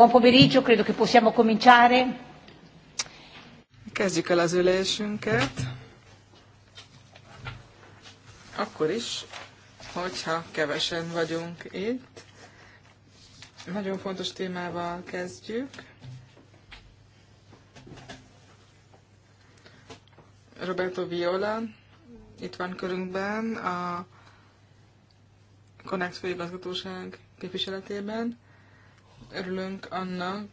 Buon pomeriggio, credo che possiamo cominciare. Kezdjük el az ülésünket. Akkor is, hogyha kevesen vagyunk itt. Nagyon fontos témával kezdjük. Roberto Viola itt van körünkben a Connect főigazgatóság képviseletében örülünk annak,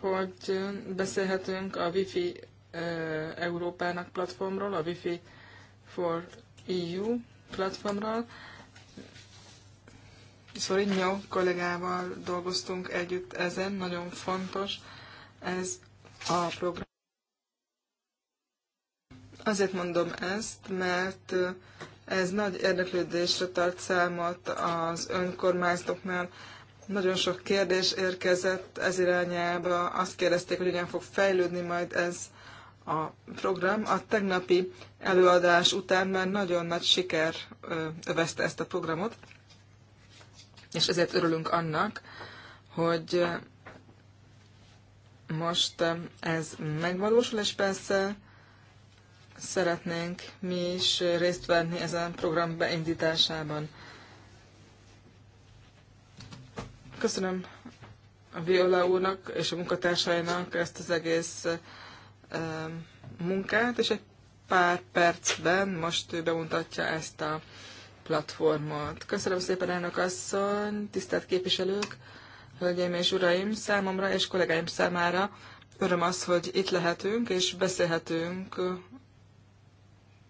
hogy beszélhetünk a Wi-Fi Európának platformról, a Wi-Fi for EU platformról. Szorinyó kollégával dolgoztunk együtt ezen, nagyon fontos ez a program. Azért mondom ezt, mert ez nagy érdeklődésre tart számot az önkormányzatoknál, nagyon sok kérdés érkezett ez irányába. Azt kérdezték, hogy hogyan fog fejlődni majd ez a program. A tegnapi előadás után már nagyon nagy siker övezte ezt a programot, és ezért örülünk annak, hogy most ez megvalósul, és persze szeretnénk mi is részt venni ezen program beindításában. Köszönöm a Viola úrnak és a munkatársainak ezt az egész munkát, és egy pár percben most ő bemutatja ezt a platformot. Köszönöm szépen, elnök asszony, tisztelt képviselők, hölgyeim és uraim, számomra és kollégáim számára öröm az, hogy itt lehetünk és beszélhetünk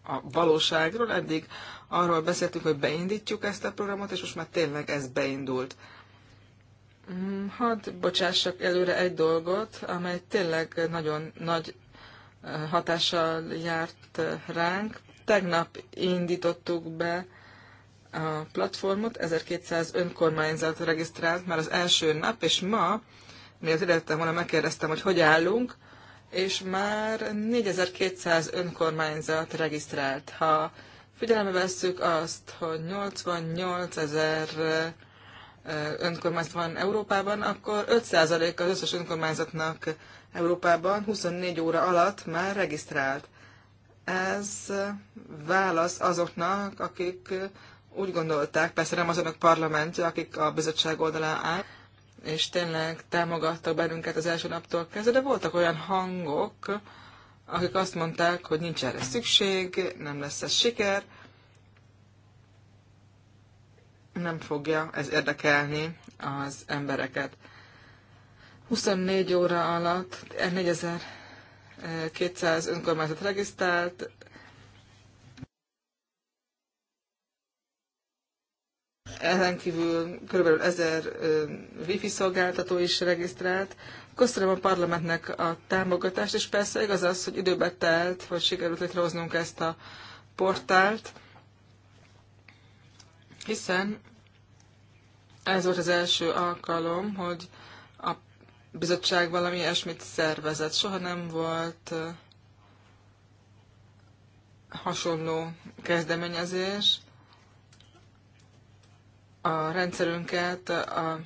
a valóságról. Eddig arról beszéltünk, hogy beindítjuk ezt a programot, és most már tényleg ez beindult. Mm, hadd bocsássak előre egy dolgot, amely tényleg nagyon nagy eh, hatással járt eh, ránk. Tegnap indítottuk be a platformot, 1200 önkormányzat regisztrált már az első nap, és ma, miért idejöttem volna, megkérdeztem, hogy hogy állunk, és már 4200 önkormányzat regisztrált. Ha figyelembe vesszük azt, hogy 88 ezer 000 eh, önkormányzat van Európában, akkor 5% az összes önkormányzatnak Európában 24 óra alatt már regisztrált. Ez válasz azoknak, akik úgy gondolták, persze nem az parlamentje, akik a bizottság oldalán áll, és tényleg támogattak bennünket az első naptól kezdve, de voltak olyan hangok, akik azt mondták, hogy nincs erre szükség, nem lesz ez siker, nem fogja ez érdekelni az embereket. 24 óra alatt 4200 önkormányzat regisztrált, ezen kívül kb. 1000 wifi szolgáltató is regisztrált. Köszönöm a parlamentnek a támogatást, és persze igaz az, hogy időbe telt, hogy sikerült létrehoznunk ezt a portált hiszen ez volt az első alkalom, hogy a bizottság valami ilyesmit szervezett. Soha nem volt hasonló kezdeményezés. A rendszerünket, a,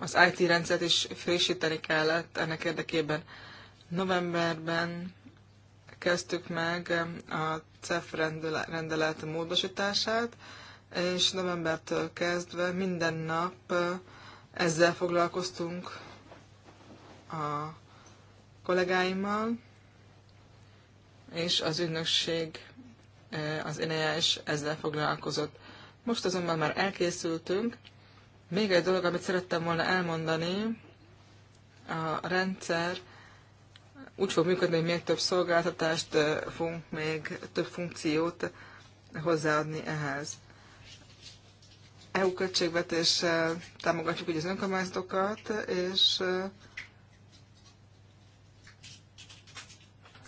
az IT rendszert is frissíteni kellett ennek érdekében. Novemberben kezdtük meg a CEF rendelet módosítását, és novembertől kezdve minden nap ezzel foglalkoztunk a kollégáimmal, és az ügynökség, az INEA is ezzel foglalkozott. Most azonban már elkészültünk. Még egy dolog, amit szerettem volna elmondani, a rendszer úgy fog működni, hogy még több szolgáltatást fogunk, még több funkciót hozzáadni ehhez. EU költségvetéssel támogatjuk ugye az önkormányzatokat, és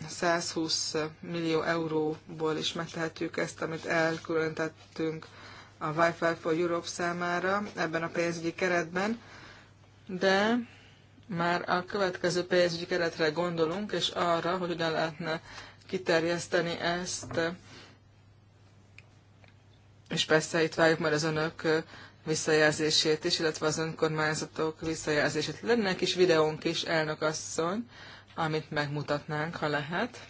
120 eh, millió euróból is megtehetjük ezt, amit elkülönítettünk a Wi-Fi for Europe számára ebben a pénzügyi keretben, de már a következő pénzügyi keretre gondolunk, és arra, hogy hogyan lehetne kiterjeszteni ezt és persze itt várjuk már az önök visszajelzését is, illetve az önkormányzatok visszajelzését. Lenne egy kis videónk is, elnök asszony, amit megmutatnánk, ha lehet.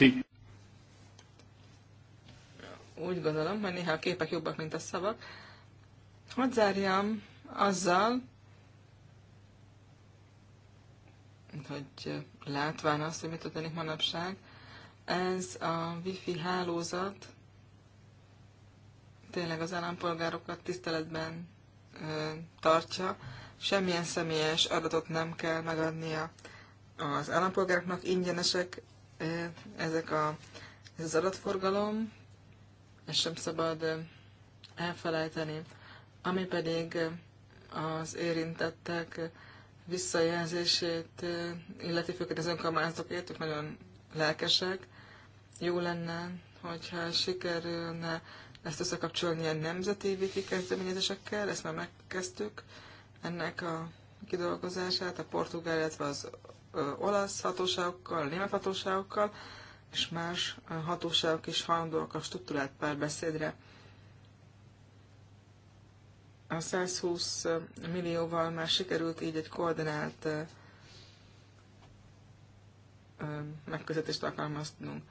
I Úgy gondolom, hogy néha a képek jobbak, mint a szavak. Hadd zárjam azzal, hogy látván azt, hogy mit történik manapság, ez a wifi hálózat tényleg az állampolgárokat tiszteletben ö, tartja, semmilyen személyes adatot nem kell megadnia az állampolgároknak, ingyenesek ezek a, ez az adatforgalom, ezt sem szabad elfelejteni. Ami pedig az érintettek visszajelzését, illeti főként az önkormányzatokért, ők nagyon lelkesek. Jó lenne, hogyha sikerülne ezt összekapcsolni a nemzeti wifi kezdeményezésekkel, ezt már megkezdtük, ennek a kidolgozását, a portugál, illetve az olasz hatóságokkal, német hatóságokkal, és más hatóságok is hajlandóak a struktúrált párbeszédre. A 120 millióval már sikerült így egy koordinált megközelítést alkalmaznunk.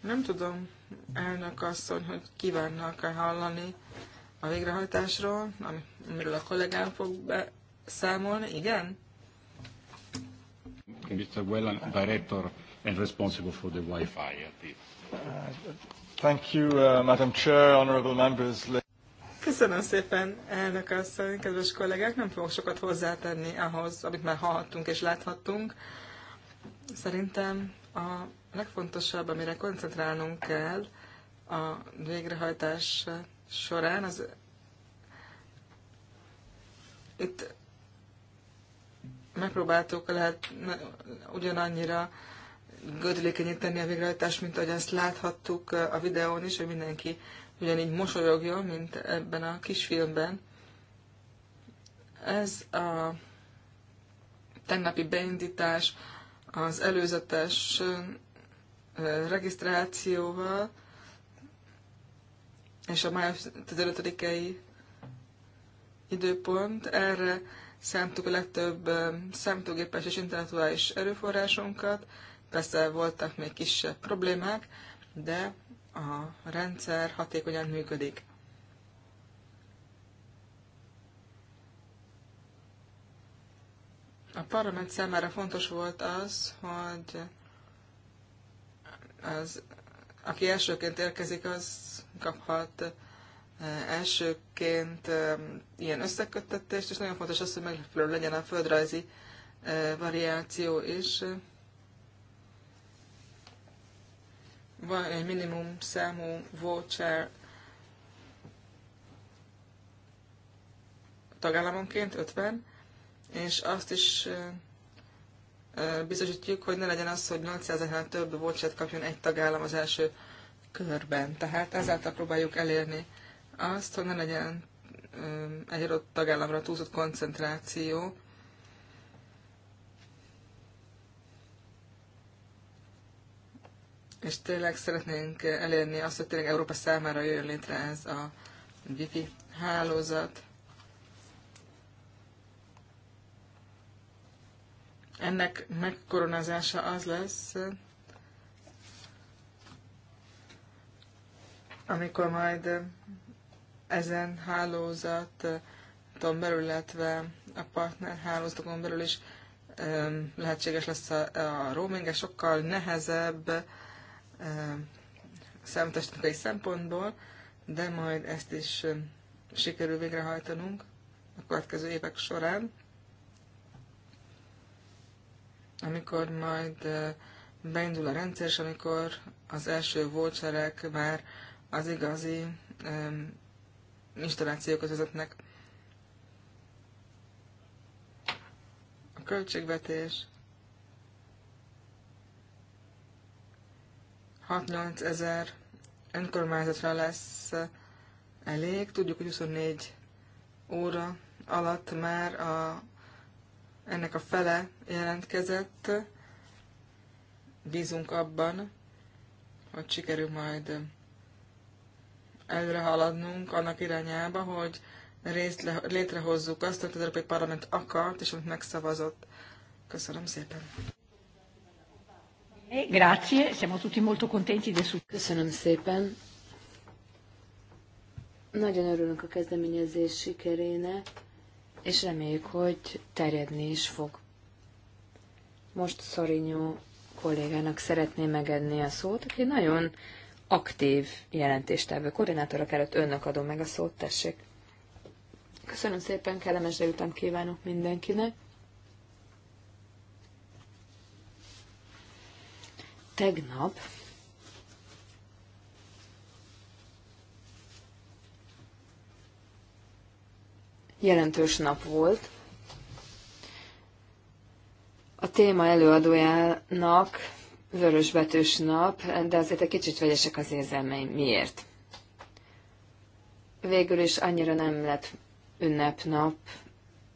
Nem tudom, elnök asszony, hogy kívánnak-e hallani a végrehajtásról, amiről a kollégám fog beszámolni. Igen? Mr. Whelan, Director and responsible for the Wi-Fi at the... Thank you, uh, Madam Chair, Honourable members. Köszönöm szépen, elnök asszony, kedves kollégák. Nem fogok sokat hozzátenni ahhoz, amit már hallhattunk és láthattunk. Szerintem a legfontosabb, amire koncentrálnunk kell a végrehajtás során, az itt megpróbáltuk lehet ugyanannyira tenni a végrehajtást, mint ahogy azt láthattuk a videón is, hogy mindenki ugyanígy mosolyogjon, mint ebben a kisfilmben. Ez a tegnapi beindítás az előzetes regisztrációval és a május 15-i időpont erre számtuk a legtöbb számítógépes és intellektuális erőforrásunkat. Persze voltak még kisebb problémák, de a rendszer hatékonyan működik. A parlament számára fontos volt az, hogy az, aki elsőként érkezik, az kaphat elsőként ilyen összeköttetést, és nagyon fontos az, hogy megfelelő legyen a földrajzi e, variáció is. Van egy minimum számú voucher tagállamonként 50, és azt is e, e, biztosítjuk, hogy ne legyen az, hogy 800-nál több voucher kapjon egy tagállam az első körben. Tehát ezáltal próbáljuk elérni azt, hogy ne legyen egy adott tagállamra túlzott koncentráció. És tényleg szeretnénk elérni azt, hogy tényleg Európa számára jöjjön létre ez a Wi-Fi hálózat. Ennek megkoronázása az lesz, amikor majd ezen hálózaton belül, illetve a partner hálózatokon belül is lehetséges lesz a, a roaming, és sokkal nehezebb számítástechnikai szempontból, de majd ezt is sikerül végrehajtanunk a következő évek során, amikor majd beindul a rendszer, és amikor az első voucherek már az igazi installációkhoz vezetnek. A költségvetés 6-8 ezer önkormányzatra lesz elég. Tudjuk, hogy 24 óra alatt már a, ennek a fele jelentkezett. Bízunk abban, hogy sikerül majd előre haladnunk annak irányába, hogy le, létrehozzuk azt, amit az Európai Parlament akart, és amit megszavazott. Köszönöm szépen. Grazie, siamo tutti molto contenti del suo... Köszönöm szépen. Nagyon örülünk a kezdeményezés sikerének, és reméljük, hogy terjedni is fog. Most Szorinyó kollégának szeretné megedni a szót, aki nagyon aktív jelentéstevő koordinátorok előtt önnek adom meg a szót, tessék. Köszönöm szépen, kellemes délután kívánok mindenkinek. Tegnap jelentős nap volt. A téma előadójának vörösbetűs nap, de azért egy kicsit vegyesek az érzelmeim. Miért? Végül is annyira nem lett ünnepnap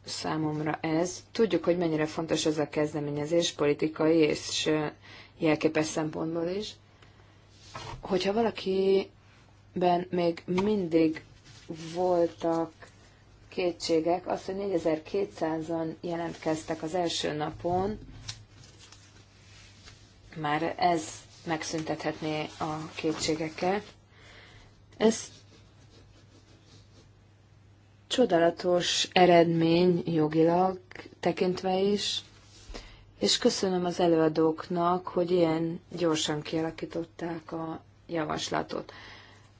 számomra ez. Tudjuk, hogy mennyire fontos ez a kezdeményezés politikai és jelképes szempontból is. Hogyha valakiben még mindig voltak kétségek, az, hogy 4200-an jelentkeztek az első napon, már ez megszüntethetné a kétségeket. Ez csodálatos eredmény jogilag tekintve is, és köszönöm az előadóknak, hogy ilyen gyorsan kialakították a javaslatot.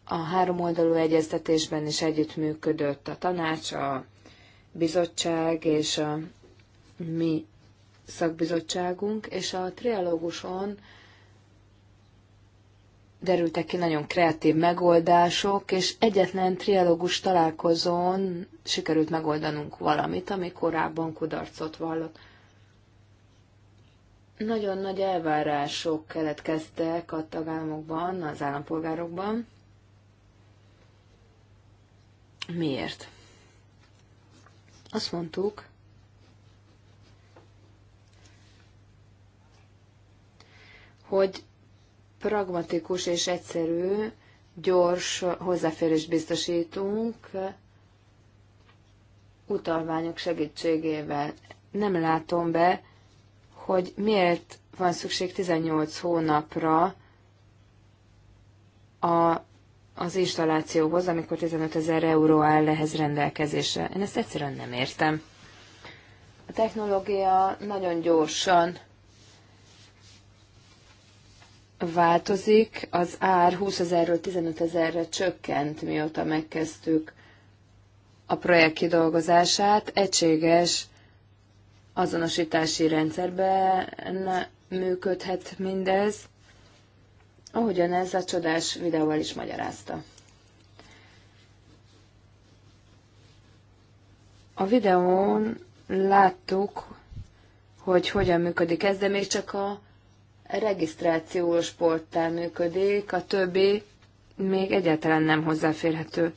A három oldalú egyeztetésben is együttműködött a tanács, a bizottság és a mi szakbizottságunk, és a trialóguson derültek ki nagyon kreatív megoldások, és egyetlen trialógus találkozón sikerült megoldanunk valamit, ami korábban kudarcot vallott. Nagyon nagy elvárások keletkeztek a tagállamokban, az állampolgárokban. Miért? Azt mondtuk, hogy pragmatikus és egyszerű, gyors hozzáférés biztosítunk utalványok segítségével. Nem látom be, hogy miért van szükség 18 hónapra a, az installációhoz, amikor 15 ezer euró áll ehhez rendelkezésre. Én ezt egyszerűen nem értem. A technológia nagyon gyorsan változik, az ár 20 ezerről 15 ezerre csökkent, mióta megkezdtük a projekt kidolgozását. Egységes azonosítási rendszerben működhet mindez, ahogyan ez a csodás videóval is magyarázta. A videón láttuk, hogy hogyan működik ez, de még csak a regisztrációs portál működik, a többi még egyáltalán nem hozzáférhető.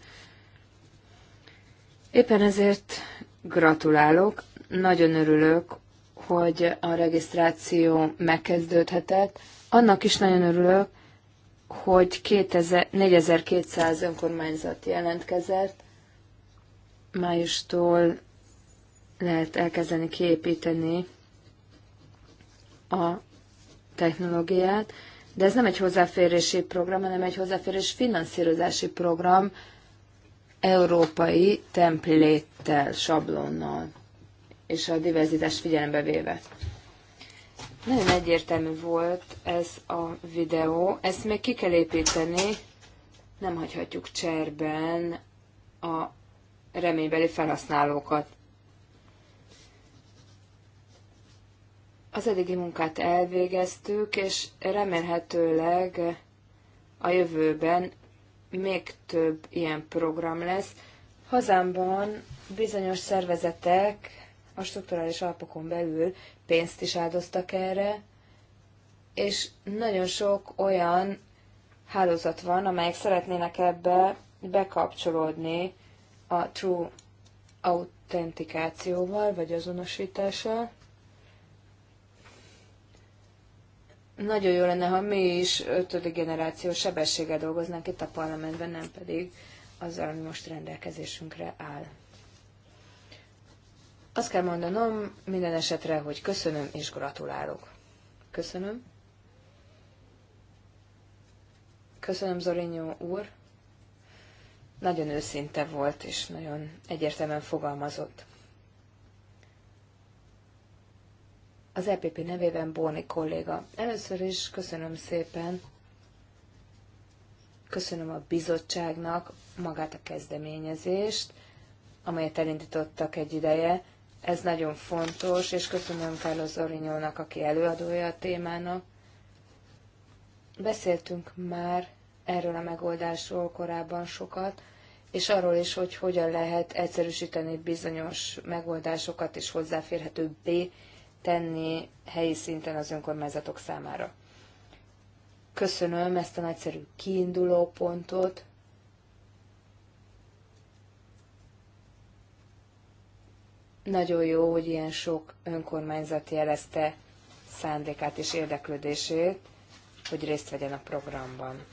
Éppen ezért gratulálok, nagyon örülök, hogy a regisztráció megkezdődhetett. Annak is nagyon örülök, hogy 2000, 4200 önkormányzat jelentkezett. Májustól lehet elkezdeni kiépíteni a technológiát, de ez nem egy hozzáférési program, hanem egy hozzáférés finanszírozási program európai templéttel, sablonnal és a diverzitást figyelembe véve. Nagyon egyértelmű volt ez a videó, ezt még ki kell építeni, nem hagyhatjuk cserben a reménybeli felhasználókat. Az eddigi munkát elvégeztük, és remélhetőleg a jövőben még több ilyen program lesz. Hazámban bizonyos szervezetek a strukturális alapokon belül pénzt is áldoztak erre, és nagyon sok olyan hálózat van, amelyek szeretnének ebbe bekapcsolódni a true autentikációval, vagy azonosítással. Nagyon jó lenne, ha mi is ötödik generációs sebességgel dolgoznánk itt a parlamentben, nem pedig azzal, ami most rendelkezésünkre áll. Azt kell mondanom minden esetre, hogy köszönöm és gratulálok. Köszönöm. Köszönöm, Zorinyó úr. Nagyon őszinte volt, és nagyon egyértelműen fogalmazott. Az EPP nevében Bóni kolléga. Először is köszönöm szépen, köszönöm a bizottságnak magát a kezdeményezést, amelyet elindítottak egy ideje. Ez nagyon fontos, és köszönöm Carlos Orinyónak, aki előadója a témának. Beszéltünk már erről a megoldásról korábban sokat, és arról is, hogy hogyan lehet egyszerűsíteni bizonyos megoldásokat és hozzáférhetőbbé tenni helyi szinten az önkormányzatok számára. Köszönöm ezt a nagyszerű kiinduló pontot. Nagyon jó, hogy ilyen sok önkormányzat jelezte szándékát és érdeklődését, hogy részt vegyen a programban.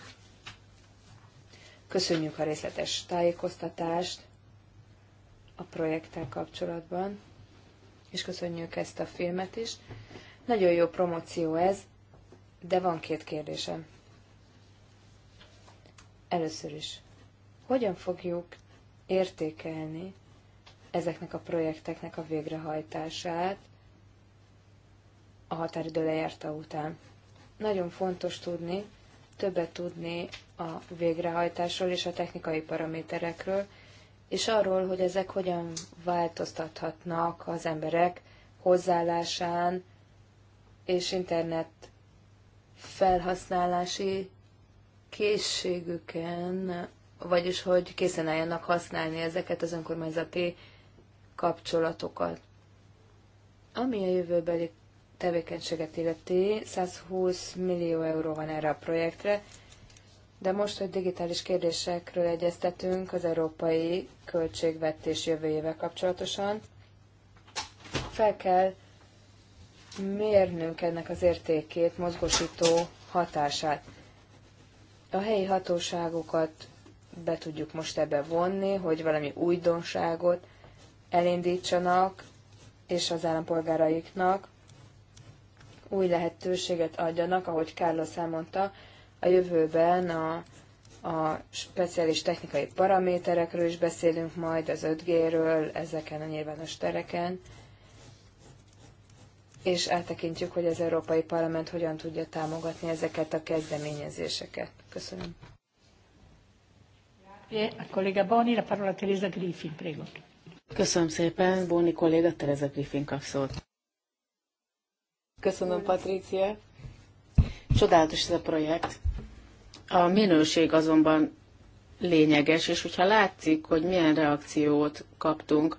Köszönjük a részletes tájékoztatást a projekttel kapcsolatban és köszönjük ezt a filmet is. Nagyon jó promóció ez, de van két kérdésem. Először is, hogyan fogjuk értékelni ezeknek a projekteknek a végrehajtását a határidő lejárta után? Nagyon fontos tudni, többet tudni a végrehajtásról és a technikai paraméterekről, és arról, hogy ezek hogyan változtathatnak az emberek hozzáállásán és internet felhasználási készségüken, vagyis hogy készen álljanak használni ezeket az önkormányzati kapcsolatokat. Ami a jövőbeli tevékenységet illeti, 120 millió euró van erre a projektre, de most, hogy digitális kérdésekről egyeztetünk az európai költségvetés jövőjével kapcsolatosan, fel kell mérnünk ennek az értékét, mozgosító hatását. A helyi hatóságokat be tudjuk most ebbe vonni, hogy valami újdonságot elindítsanak, és az állampolgáraiknak új lehetőséget adjanak, ahogy Carlos elmondta, a jövőben a, a speciális technikai paraméterekről is beszélünk majd, az 5G-ről, ezeken a nyilvános tereken, és eltekintjük, hogy az Európai Parlament hogyan tudja támogatni ezeket a kezdeményezéseket. Köszönöm. Köszönöm szépen, Bóni kolléga Tereza Griffin kap szót. Köszönöm, Patricia. Csodálatos ez a projekt. A minőség azonban lényeges, és hogyha látszik, hogy milyen reakciót kaptunk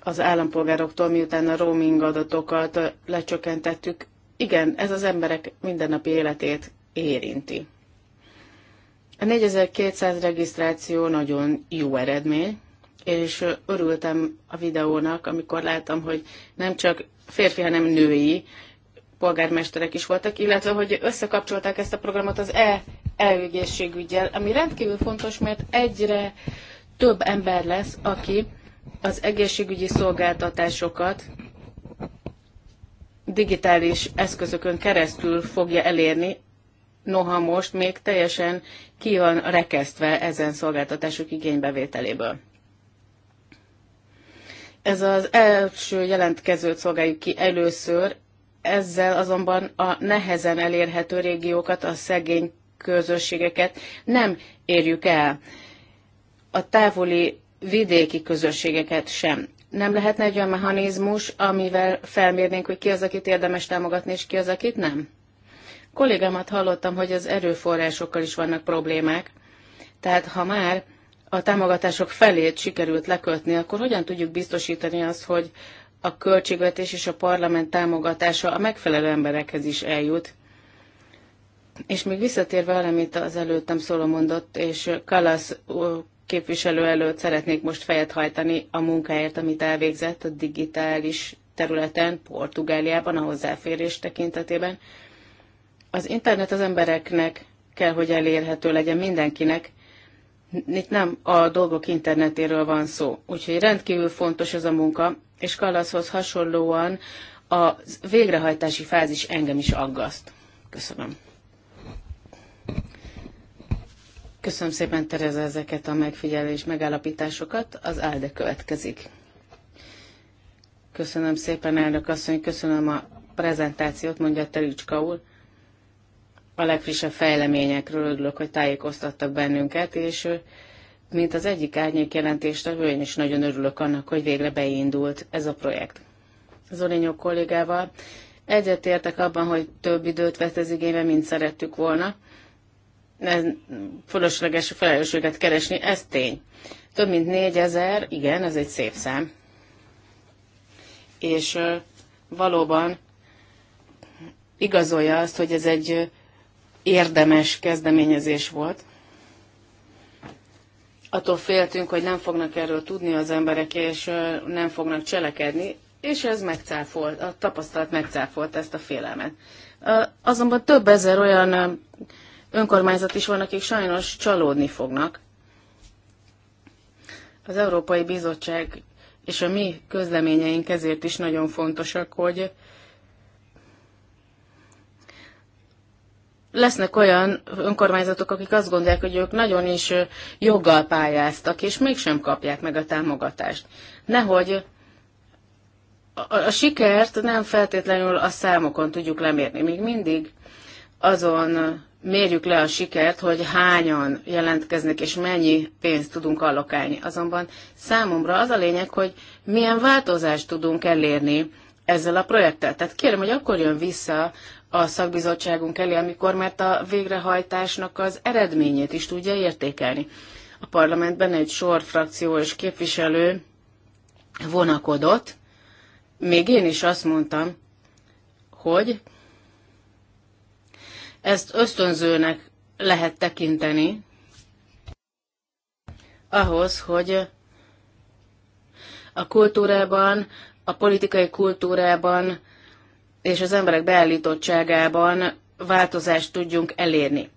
az állampolgároktól, miután a roaming adatokat lecsökkentettük, igen, ez az emberek mindennapi életét érinti. A 4200 regisztráció nagyon jó eredmény, és örültem a videónak, amikor láttam, hogy nem csak férfi, hanem női polgármesterek is voltak, illetve hogy összekapcsolták ezt a programot az e egészségügyel, ami rendkívül fontos, mert egyre több ember lesz, aki az egészségügyi szolgáltatásokat digitális eszközökön keresztül fogja elérni, noha most még teljesen ki van rekesztve ezen szolgáltatások igénybevételéből. Ez az első jelentkezőt szolgáljuk ki először, ezzel azonban a nehezen elérhető régiókat, a szegény közösségeket nem érjük el. A távoli vidéki közösségeket sem. Nem lehetne egy olyan mechanizmus, amivel felmérnénk, hogy ki az, akit érdemes támogatni, és ki az, akit nem? Kollégámat hallottam, hogy az erőforrásokkal is vannak problémák. Tehát ha már a támogatások felét sikerült lekötni, akkor hogyan tudjuk biztosítani azt, hogy a költségvetés és a parlament támogatása a megfelelő emberekhez is eljut. És még visszatérve valamit az előttem szóló mondott, és Kalasz képviselő előtt szeretnék most fejet hajtani a munkáért, amit elvégzett a digitális területen, Portugáliában, a hozzáférés tekintetében. Az internet az embereknek kell, hogy elérhető legyen mindenkinek. Itt nem a dolgok internetéről van szó. Úgyhogy rendkívül fontos ez a munka, és Kalaszhoz hasonlóan a végrehajtási fázis engem is aggaszt. Köszönöm. Köszönöm szépen, Tereza, ezeket a megfigyelés megállapításokat. Az ALDE következik. Köszönöm szépen, elnök asszony, köszönöm a prezentációt, mondja Terücska úr. A legfrissebb fejleményekről örülök, hogy tájékoztattak bennünket, és mint az egyik árnyék jelentéstevő, én is nagyon örülök annak, hogy végre beindult ez a projekt. Zolinyó kollégával egyetértek abban, hogy több időt vett ez igénybe, mint szerettük volna. Ez fölösleges felelősséget keresni, ez tény. Több mint négyezer, igen, ez egy szép szám. És valóban igazolja azt, hogy ez egy érdemes kezdeményezés volt attól féltünk, hogy nem fognak erről tudni az emberek, és nem fognak cselekedni, és ez megcáfolt, a tapasztalat megcáfolt ezt a félelmet. Azonban több ezer olyan önkormányzat is van, akik sajnos csalódni fognak. Az Európai Bizottság és a mi közleményeink ezért is nagyon fontosak, hogy lesznek olyan önkormányzatok, akik azt gondolják, hogy ők nagyon is joggal pályáztak, és mégsem kapják meg a támogatást. Nehogy a, a sikert nem feltétlenül a számokon tudjuk lemérni. Még mindig azon mérjük le a sikert, hogy hányan jelentkeznek és mennyi pénzt tudunk allokálni. Azonban számomra az a lényeg, hogy milyen változást tudunk elérni ezzel a projekttel. Tehát kérem, hogy akkor jön vissza a szakbizottságunk elé, amikor mert a végrehajtásnak az eredményét is tudja értékelni. A parlamentben egy sor frakció és képviselő vonakodott, még én is azt mondtam, hogy ezt ösztönzőnek lehet tekinteni ahhoz, hogy a kultúrában, a politikai kultúrában és az emberek beállítottságában változást tudjunk elérni.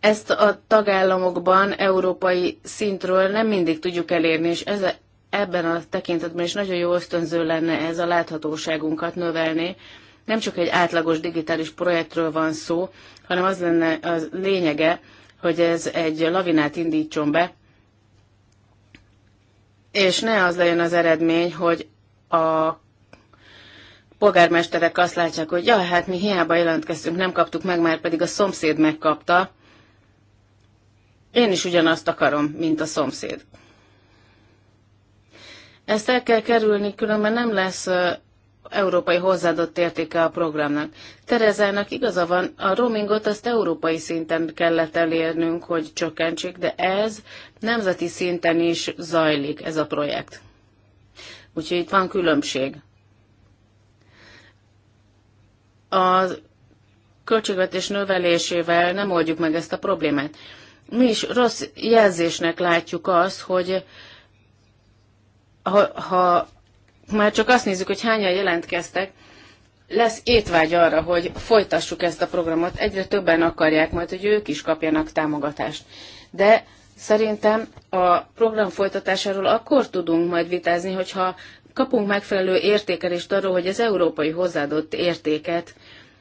Ezt a tagállamokban európai szintről nem mindig tudjuk elérni, és ez, ebben a tekintetben is nagyon jó ösztönző lenne ez a láthatóságunkat növelni. Nem csak egy átlagos digitális projektről van szó, hanem az lenne a lényege, hogy ez egy lavinát indítson be, és ne az legyen az eredmény, hogy a polgármesterek azt látják, hogy ja, hát mi hiába jelentkeztünk, nem kaptuk meg, már pedig a szomszéd megkapta. Én is ugyanazt akarom, mint a szomszéd. Ezt el kell kerülni, különben nem lesz európai hozzáadott értéke a programnak. Terezának igaza van, a roamingot azt európai szinten kellett elérnünk, hogy csökkentsék, de ez nemzeti szinten is zajlik ez a projekt. Úgyhogy itt van különbség a költségvetés növelésével nem oldjuk meg ezt a problémát. Mi is rossz jelzésnek látjuk azt, hogy ha, ha már csak azt nézzük, hogy hányan jelentkeztek, lesz étvágy arra, hogy folytassuk ezt a programot. Egyre többen akarják majd, hogy ők is kapjanak támogatást. De szerintem a program folytatásáról akkor tudunk majd vitázni, hogyha kapunk megfelelő értékelést arról, hogy az európai hozzáadott értéket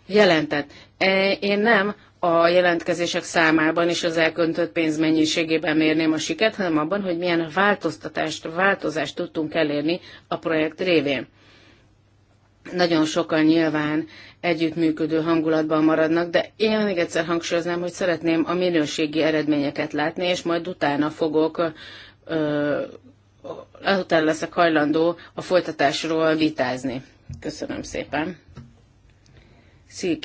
jelentett. E, én nem a jelentkezések számában és az elköntött pénz mennyiségében mérném a siket, hanem abban, hogy milyen változtatást, változást tudtunk elérni a projekt révén. Nagyon sokan nyilván együttműködő hangulatban maradnak, de én még egyszer hangsúlyoznám, hogy szeretném a minőségi eredményeket látni, és majd utána fogok ö, azután leszek hajlandó a folytatásról vitázni. Köszönöm szépen.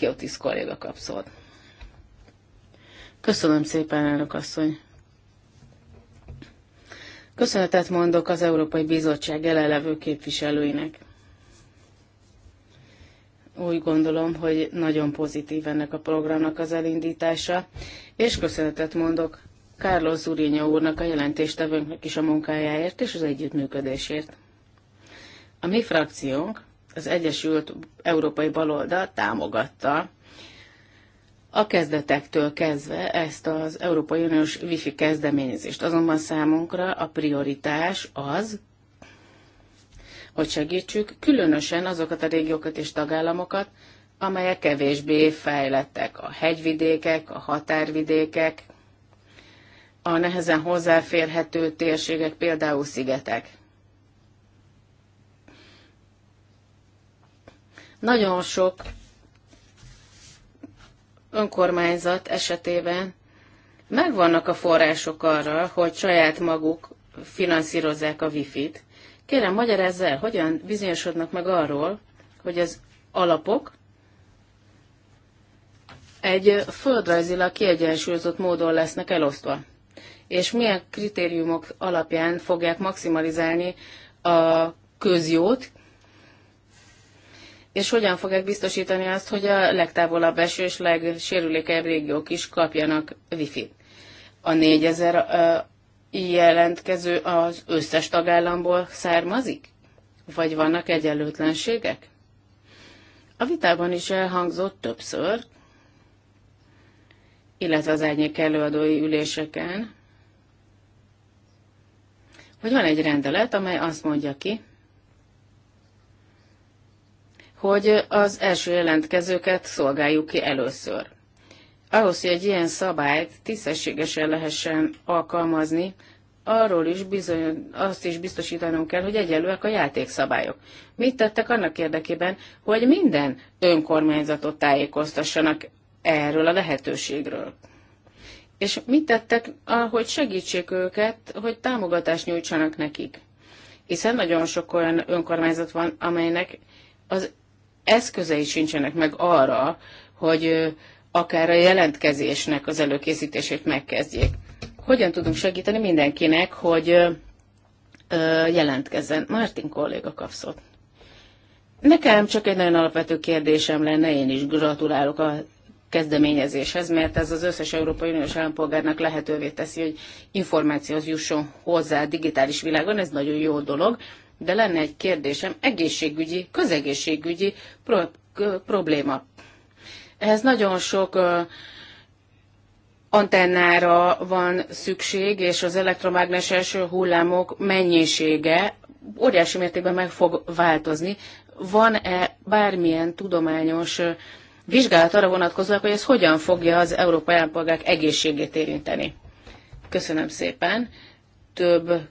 otis kolléga kapszód. Köszönöm szépen, elnök asszony. Köszönetet mondok az Európai Bizottság elelevő képviselőinek. Úgy gondolom, hogy nagyon pozitív ennek a programnak az elindítása, és köszönetet mondok Carlos Zurinyó úrnak, a jelentéstevőnknek is a munkájáért és az együttműködésért. A mi frakciónk, az Egyesült Európai Baloldal támogatta a kezdetektől kezdve ezt az Európai Uniós Wi-Fi kezdeményezést. Azonban számunkra a prioritás az, hogy segítsük különösen azokat a régiókat és tagállamokat, amelyek kevésbé fejlettek, a hegyvidékek, a határvidékek, a nehezen hozzáférhető térségek, például szigetek. Nagyon sok önkormányzat esetében megvannak a források arra, hogy saját maguk finanszírozzák a wifi-t. Kérem, magyar ezzel hogyan bizonyosodnak meg arról, hogy az alapok egy földrajzilag kiegyensúlyozott módon lesznek elosztva és milyen kritériumok alapján fogják maximalizálni a közjót, és hogyan fogják biztosítani azt, hogy a legtávolabb eső és legsérülékebb régiók is kapjanak wifi A 4000 jelentkező az összes tagállamból származik? Vagy vannak egyenlőtlenségek? A vitában is elhangzott többször, illetve az árnyék előadói üléseken, hogy van egy rendelet, amely azt mondja ki, hogy az első jelentkezőket szolgáljuk ki először. Ahhoz, hogy egy ilyen szabályt tisztességesen lehessen alkalmazni, arról is bizony, azt is biztosítanunk kell, hogy egyenlőek a játékszabályok. Mit tettek annak érdekében, hogy minden önkormányzatot tájékoztassanak erről a lehetőségről? És mit tettek, hogy segítsék őket, hogy támogatást nyújtsanak nekik? Hiszen nagyon sok olyan önkormányzat van, amelynek az eszközei sincsenek meg arra, hogy akár a jelentkezésnek az előkészítését megkezdjék. Hogyan tudunk segíteni mindenkinek, hogy jelentkezzen? Martin kolléga kapszott. Nekem csak egy nagyon alapvető kérdésem lenne, én is gratulálok a kezdeményezéshez, mert ez az összes Európai Uniós állampolgárnak lehetővé teszi, hogy információhoz jusson hozzá a digitális világon, ez nagyon jó dolog, de lenne egy kérdésem, egészségügyi, közegészségügyi pro- probléma. Ehhez nagyon sok antennára van szükség, és az elektromágneses hullámok mennyisége óriási mértékben meg fog változni. Van-e bármilyen tudományos uh, vizsgálat arra vonatkozóan, hogy ez hogyan fogja az európai állampolgárok egészségét érinteni. Köszönöm szépen. Több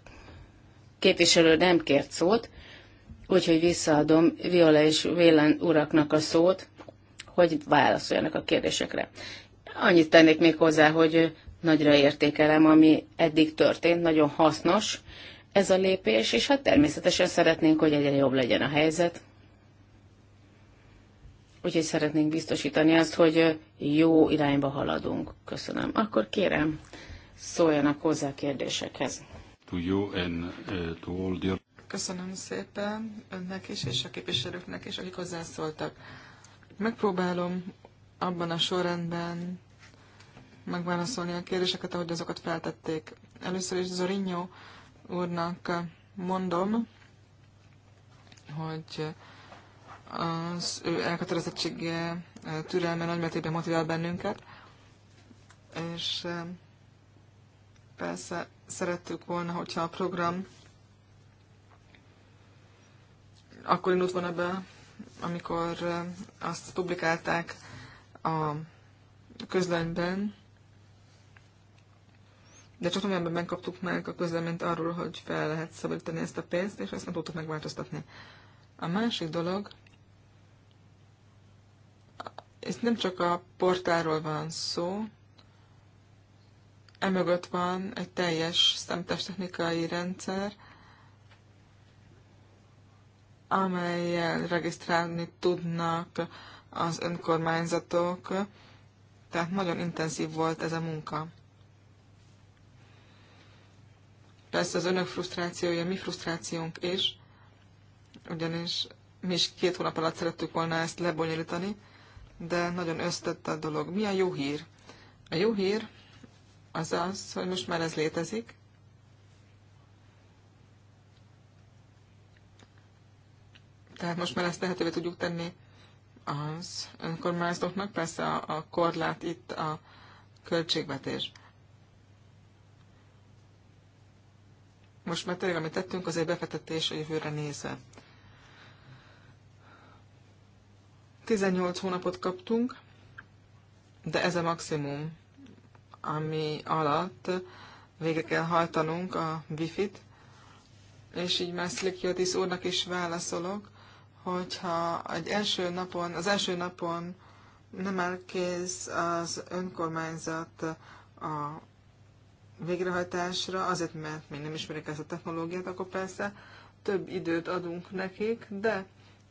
képviselő nem kért szót, úgyhogy visszaadom Viola és Vélen uraknak a szót, hogy válaszoljanak a kérdésekre. Annyit tennék még hozzá, hogy nagyra értékelem, ami eddig történt, nagyon hasznos ez a lépés, és hát természetesen szeretnénk, hogy egyre jobb legyen a helyzet. Úgyhogy szeretnénk biztosítani azt, hogy jó irányba haladunk. Köszönöm. Akkor kérem, szóljanak hozzá a kérdésekhez. Uh, Köszönöm szépen önnek is, és a képviselőknek is, akik hozzászóltak. Megpróbálom abban a sorrendben megválaszolni a kérdéseket, ahogy azokat feltették. Először is Zorinyó úrnak mondom, hogy az ő elkötelezettsége, türelme nagymértékben motivál bennünket, és persze szerettük volna, hogyha a program akkor indult volna be, amikor azt publikálták a közlönyben, de csak novemberben kaptuk meg a közleményt arról, hogy fel lehet szabadítani ezt a pénzt, és ezt nem tudtuk megváltoztatni. A másik dolog, ez nem csak a portáról van szó, emögött van egy teljes szemtestechnikai rendszer, amelyel regisztrálni tudnak az önkormányzatok, tehát nagyon intenzív volt ez a munka. Persze az önök frusztrációja, mi frusztrációnk is, ugyanis mi is két hónap alatt szerettük volna ezt lebonyolítani, de nagyon összetett a dolog. Mi a jó hír? A jó hír az az, hogy most már ez létezik. Tehát most már ezt lehetővé tudjuk tenni az önkormányzatoknak. Persze a, a korlát itt a költségvetés. Most már tényleg, amit tettünk, az egy befektetés a jövőre nézve. 18 hónapot kaptunk, de ez a maximum, ami alatt végre kell hajtanunk a wifi-t, és így már Slick úrnak is válaszolok, hogyha egy első napon, az első napon nem elkész az önkormányzat a végrehajtásra, azért mert még nem ismerik ezt a technológiát, akkor persze több időt adunk nekik, de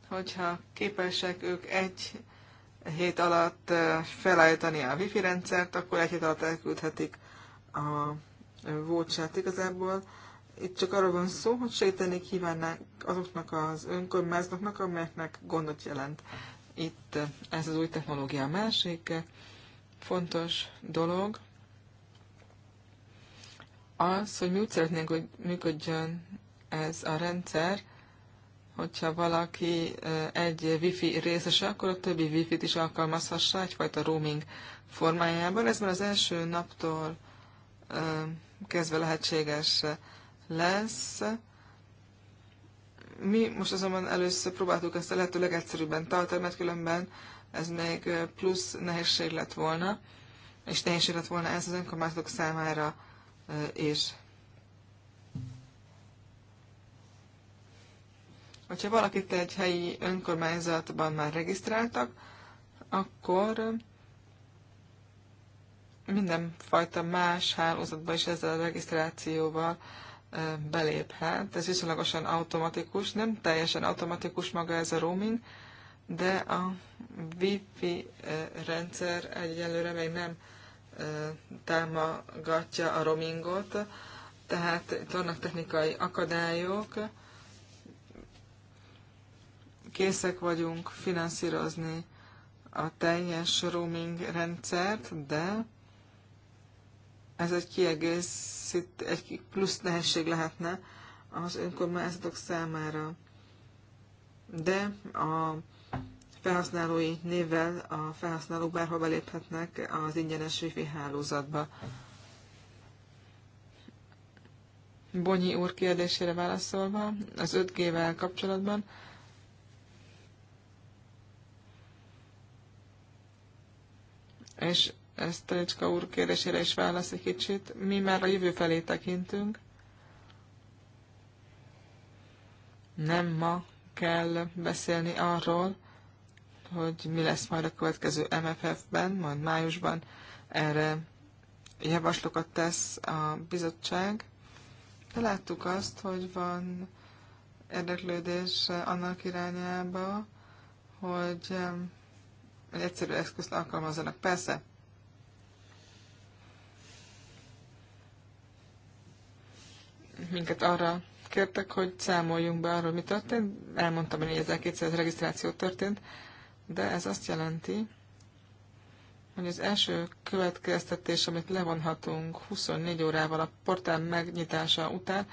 hogyha képesek ők egy hét alatt felállítani a wifi rendszert, akkor egy hét alatt elküldhetik a vouchert igazából. Itt csak arról van szó, hogy segíteni kívánnak, azoknak az önkormányzatoknak, amelyeknek gondot jelent itt ez az új technológia. A másik fontos dolog az, hogy mi úgy szeretnénk, hogy működjön ez a rendszer, hogyha valaki egy wifi részese, akkor a többi wifi-t is alkalmazhassa egyfajta roaming formájában. Ez már az első naptól kezdve lehetséges lesz. Mi most azonban először próbáltuk ezt a lehető legegyszerűbben tartani, mert különben ez még plusz nehézség lett volna, és nehézség lett volna ez az önkormányzatok számára is. Hogyha valakit egy helyi önkormányzatban már regisztráltak, akkor mindenfajta más hálózatba is ezzel a regisztrációval beléphet. Ez viszonylagosan automatikus, nem teljesen automatikus maga ez a roaming, de a Wi-Fi rendszer egyelőre még nem támogatja a roamingot, tehát itt vannak technikai akadályok, készek vagyunk finanszírozni a teljes roaming rendszert, de ez egy kiegészít, egy plusz nehézség lehetne az önkormányzatok számára. De a felhasználói névvel a felhasználók bárhol beléphetnek az ingyenes wifi hálózatba. Bonyi úr kérdésére válaszolva, az 5G-vel kapcsolatban és ezt Talicska úr kérdésére is válasz egy kicsit. Mi már a jövő felé tekintünk. Nem ma kell beszélni arról, hogy mi lesz majd a következő MFF-ben, majd májusban. Erre javaslókat tesz a bizottság. De láttuk azt, hogy van érdeklődés annak irányába, hogy egy egyszerű eszközt alkalmazzanak. Persze, minket arra kértek, hogy számoljunk be arról, mi történt. Elmondtam, hogy 4200 regisztráció történt, de ez azt jelenti, hogy az első következtetés, amit levonhatunk 24 órával a portál megnyitása után,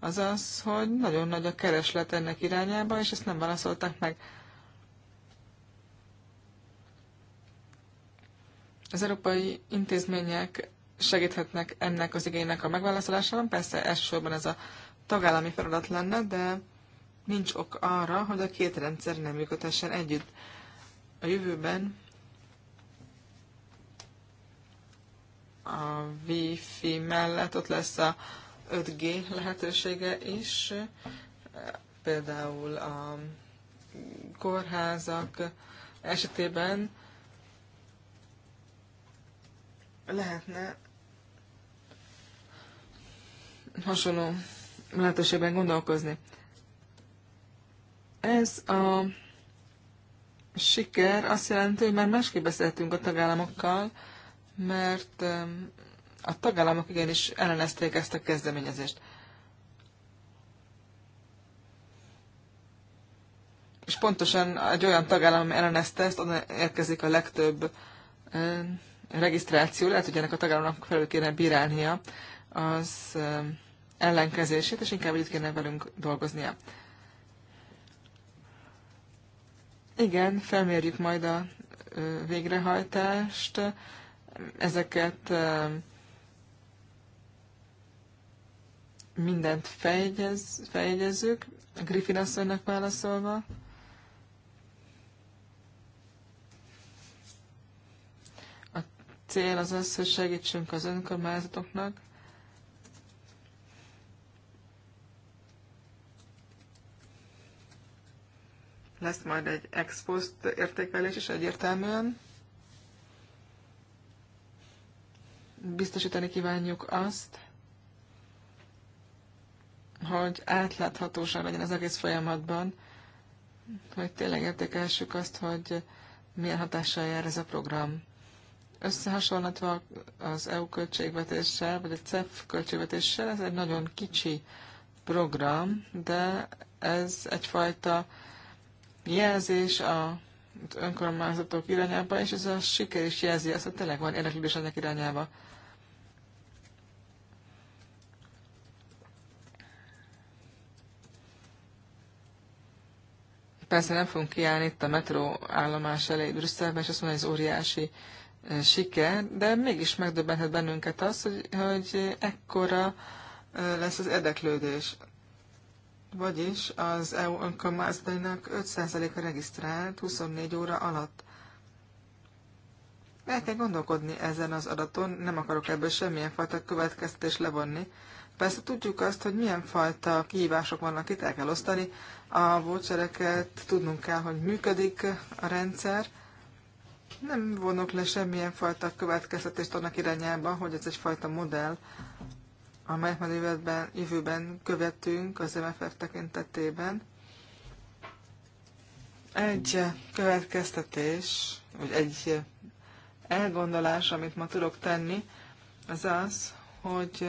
az az, hogy nagyon nagy a kereslet ennek irányába, és ezt nem válaszolták meg. Az európai intézmények segíthetnek ennek az igénynek a megválaszolásában. Persze elsősorban ez a tagállami feladat lenne, de nincs ok arra, hogy a két rendszer nem működhessen együtt. A jövőben a Wi-Fi mellett ott lesz a 5G lehetősége is, például a kórházak esetében lehetne hasonló lehetőségben gondolkozni. Ez a siker azt jelenti, hogy már másképp beszéltünk a tagállamokkal, mert a tagállamok igenis ellenezték ezt a kezdeményezést. És pontosan egy olyan tagállam ellenezte ezt, oda érkezik a legtöbb regisztráció, lehet, hogy ennek a tagállamnak felül kéne bírálnia az ellenkezését, és inkább együtt kéne velünk dolgoznia. Igen, felmérjük majd a végrehajtást, ezeket mindent feljegyezzük, Griffin asszonynak válaszolva. cél az az, hogy segítsünk az önkormányzatoknak, lesz majd egy ex post értékelés is egyértelműen. Biztosítani kívánjuk azt, hogy átláthatóság legyen az egész folyamatban, hogy tényleg értékelsük azt, hogy milyen hatással jár ez a program összehasonlítva az EU költségvetéssel, vagy a CEF költségvetéssel, ez egy nagyon kicsi program, de ez egyfajta jelzés a önkormányzatok irányába, és ez a siker is jelzi azt, hogy tényleg van érdeklődés ennek irányába. Persze nem fogunk kiállni itt a metró állomás elé Brüsszelben, és azt mondani, hogy ez óriási siker, de mégis megdöbbenhet bennünket az, hogy, hogy ekkora lesz az érdeklődés. Vagyis az EU önkormányzatainak 5%-a regisztrált 24 óra alatt. El kell gondolkodni ezen az adaton, nem akarok ebből semmilyen fajta következtetés levonni. Persze tudjuk azt, hogy milyen fajta kihívások vannak itt, el kell osztani a vouchereket, tudnunk kell, hogy működik a rendszer, nem vonok le semmilyen fajta következtetést annak irányában, hogy ez egyfajta modell, amelyet már jövőben, jövőben követünk az MFF tekintetében. Egy következtetés, vagy egy elgondolás, amit ma tudok tenni, az az, hogy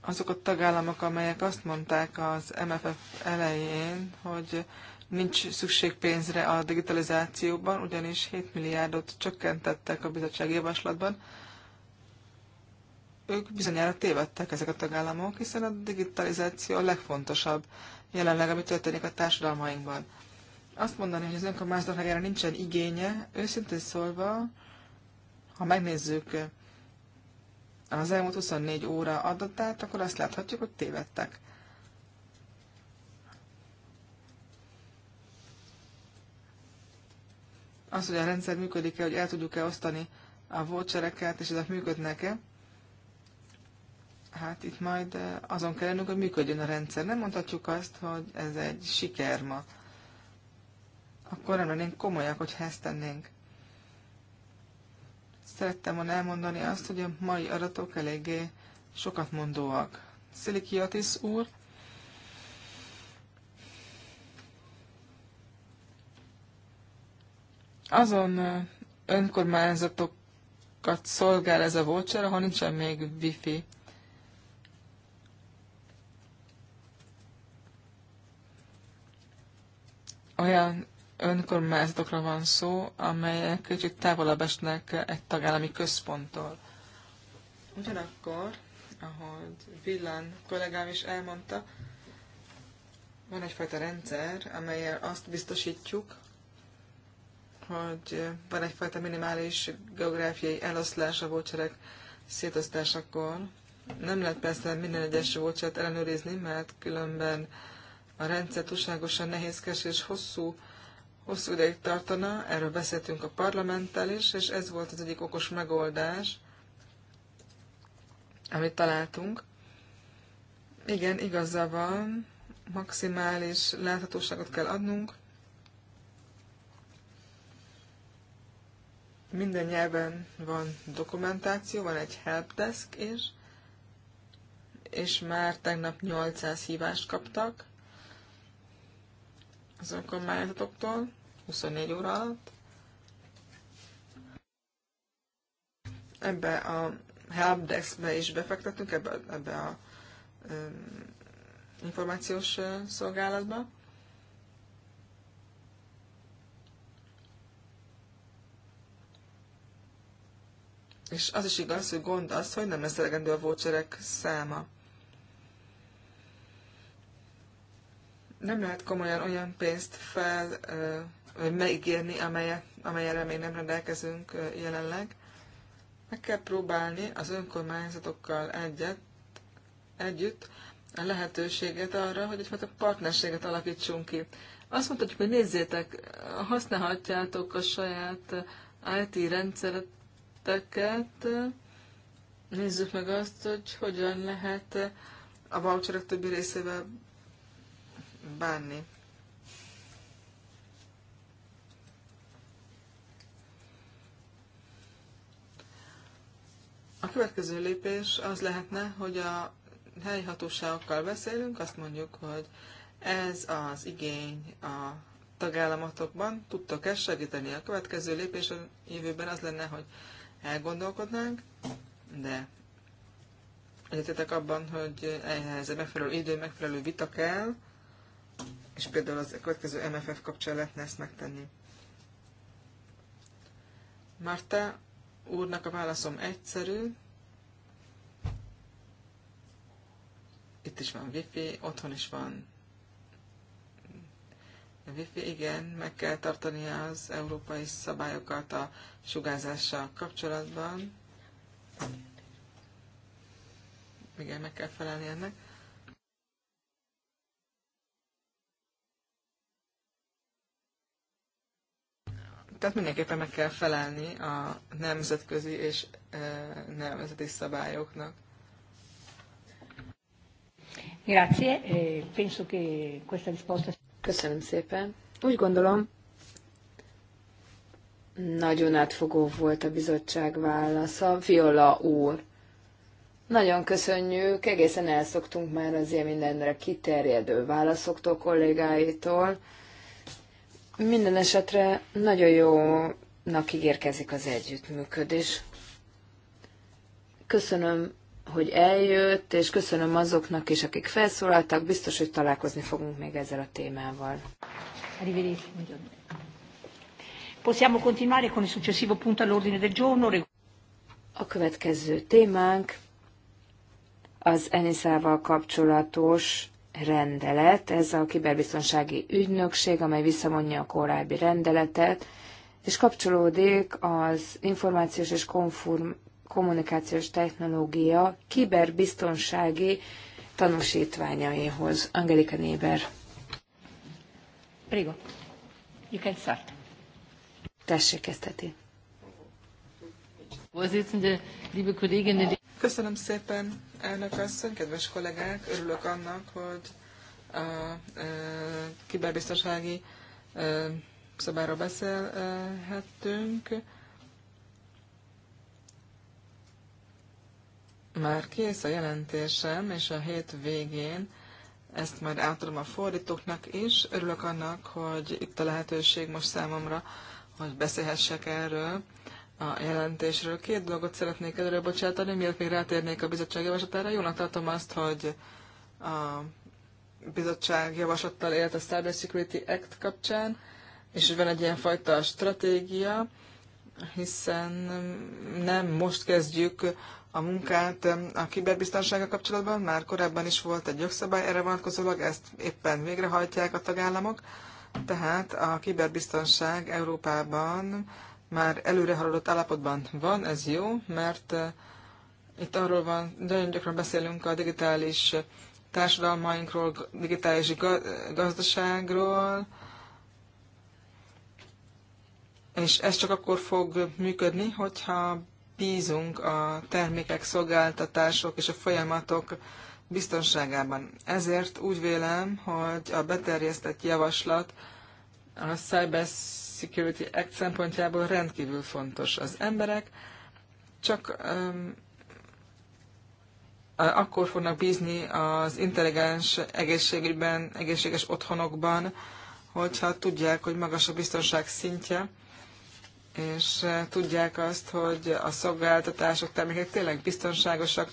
azok a tagállamok, amelyek azt mondták az MFF elején, hogy nincs szükség pénzre a digitalizációban, ugyanis 7 milliárdot csökkentettek a bizottság javaslatban. Ők bizonyára tévedtek ezek a tagállamok, hiszen a digitalizáció a legfontosabb jelenleg, ami történik a társadalmainkban. Azt mondani, hogy az önkormányzatnak erre nincsen igénye, őszintén szólva, ha megnézzük az elmúlt 24 óra adatát, akkor azt láthatjuk, hogy tévedtek. az, hogy a rendszer működik-e, hogy el tudjuk-e osztani a vouchereket, és ezek működnek-e. Hát itt majd eh, azon kell lennünk, hogy működjön a rendszer. Nem mondhatjuk azt, hogy ez egy siker ma. Akkor nem lennénk komolyak, hogy ezt tennénk. Szerettem volna elmondani azt, hogy a mai adatok eléggé sokat mondóak. Szilikiatis úr, azon önkormányzatokat szolgál ez a voucher, ahol nincsen még wifi. Olyan önkormányzatokra van szó, amelyek kicsit távolabb esnek egy tagállami központtól. Ugyanakkor, ahogy Villan kollégám is elmondta, van egyfajta rendszer, amelyel azt biztosítjuk, hogy van egyfajta minimális geográfiai eloszlása voucherek szétosztásakor. Nem lehet persze minden egyes vouchert ellenőrizni, mert különben a rendszer túlságosan nehézkes és hosszú, hosszú ideig tartana, erről beszéltünk a parlamenttel is, és ez volt az egyik okos megoldás, amit találtunk. Igen, igaza van, maximális láthatóságot kell adnunk, Minden nyelven van dokumentáció, van egy helpdesk is, és már tegnap 800 hívást kaptak az önkormányzatoktól, 24 óra alatt. Ebbe a helpdeskbe is befektetünk ebbe, ebbe a um, információs szolgálatba. És az is igaz, hogy gond az, hogy nem lesz elegendő a voucherek száma. Nem lehet komolyan olyan pénzt fel, vagy megígérni, amelyet, amelyre még nem rendelkezünk jelenleg. Meg kell próbálni az önkormányzatokkal egyet, együtt a lehetőséget arra, hogy egyfajta partnerséget alakítsunk ki. Azt mondhatjuk, hogy nézzétek, használhatjátok a saját IT rendszeret, projekteket. Nézzük meg azt, hogy hogyan lehet a voucherek többi részével bánni. A következő lépés az lehetne, hogy a helyi hatóságokkal beszélünk, azt mondjuk, hogy ez az igény a tagállamatokban, tudtok-e segíteni? A következő lépés a jövőben az lenne, hogy elgondolkodnánk, de egyetetek abban, hogy ehhez a megfelelő idő, megfelelő vita kell, és például az következő MFF kapcsán lehetne ezt megtenni. Marta úrnak a válaszom egyszerű. Itt is van wifi, otthon is van Wifi, igen, meg kell tartani az európai szabályokat a sugárzással kapcsolatban. Igen, meg kell felelni ennek. Tehát mindenképpen meg kell felelni a nemzetközi és e, nemzeti szabályoknak. Grazie, e, penso che questa risposta Köszönöm szépen. Úgy gondolom, nagyon átfogó volt a bizottság válasza. Viola úr, nagyon köszönjük, egészen elszoktunk már az ilyen mindenre kiterjedő válaszoktól, kollégáitól. Minden esetre nagyon jónak ígérkezik az együttműködés. Köszönöm hogy eljött, és köszönöm azoknak is, akik felszólaltak. Biztos, hogy találkozni fogunk még ezzel a témával. Possiamo continuare con il successivo punto all'ordine del giorno. A következő témánk az Enisával kapcsolatos rendelet. Ez a kiberbiztonsági ügynökség, amely visszavonja a korábbi rendeletet, és kapcsolódik az információs és konform, kommunikációs technológia kiberbiztonsági tanúsítványaihoz. Angelika Néber. Rigo, you can start. Tessék, kezdheti. Köszönöm szépen, elnök asszony, kedves kollégák! Örülök annak, hogy a e, kiberbiztonsági e, szabályról beszélhettünk. Már kész a jelentésem, és a hét végén ezt majd átadom a fordítóknak is. Örülök annak, hogy itt a lehetőség most számomra, hogy beszélhessek erről a jelentésről. Két dolgot szeretnék előre bocsátani, miért még rátérnék a bizottság javaslatára. Jónak tartom azt, hogy a bizottság javaslattal élt a Cyber Security Act kapcsán, és hogy van egy ilyen fajta stratégia, hiszen nem most kezdjük a munkát a kiberbiztonsága kapcsolatban. Már korábban is volt egy jogszabály erre vonatkozólag, ezt éppen végrehajtják a tagállamok. Tehát a kiberbiztonság Európában már előre haladott állapotban van, ez jó, mert eh, itt arról van, nagyon gyakran beszélünk a digitális társadalmainkról, digitális gazdaságról, és ez csak akkor fog működni, hogyha bízunk a termékek, szolgáltatások és a folyamatok biztonságában. Ezért úgy vélem, hogy a beterjesztett javaslat a Cyber Security Act szempontjából rendkívül fontos. Az emberek csak um, akkor fognak bízni az intelligens egészségügyben, egészséges otthonokban, hogyha tudják, hogy magas a biztonság szintje, és eh, tudják azt, hogy a szolgáltatások, termékek tényleg biztonságosak,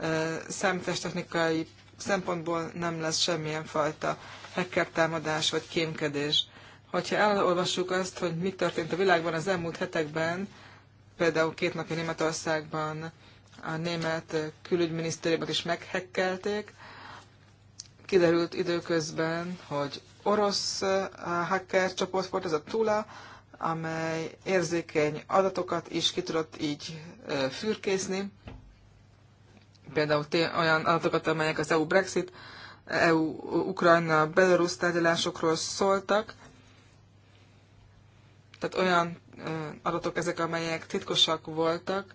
eh, számítástechnikai szempontból nem lesz semmilyen fajta hacker támadás vagy kémkedés. Hogyha elolvassuk azt, hogy mi történt a világban az elmúlt hetekben, például két napja Németországban a német külügyminisztériumot is meghekkelték, kiderült időközben, hogy orosz eh, hacker csoport volt, ez a Tula, amely érzékeny adatokat is ki tudott így fürkészni, például olyan adatokat, amelyek az EU-Brexit, EU-Ukrajna, Belarus tárgyalásokról szóltak, tehát olyan adatok ezek, amelyek titkosak voltak,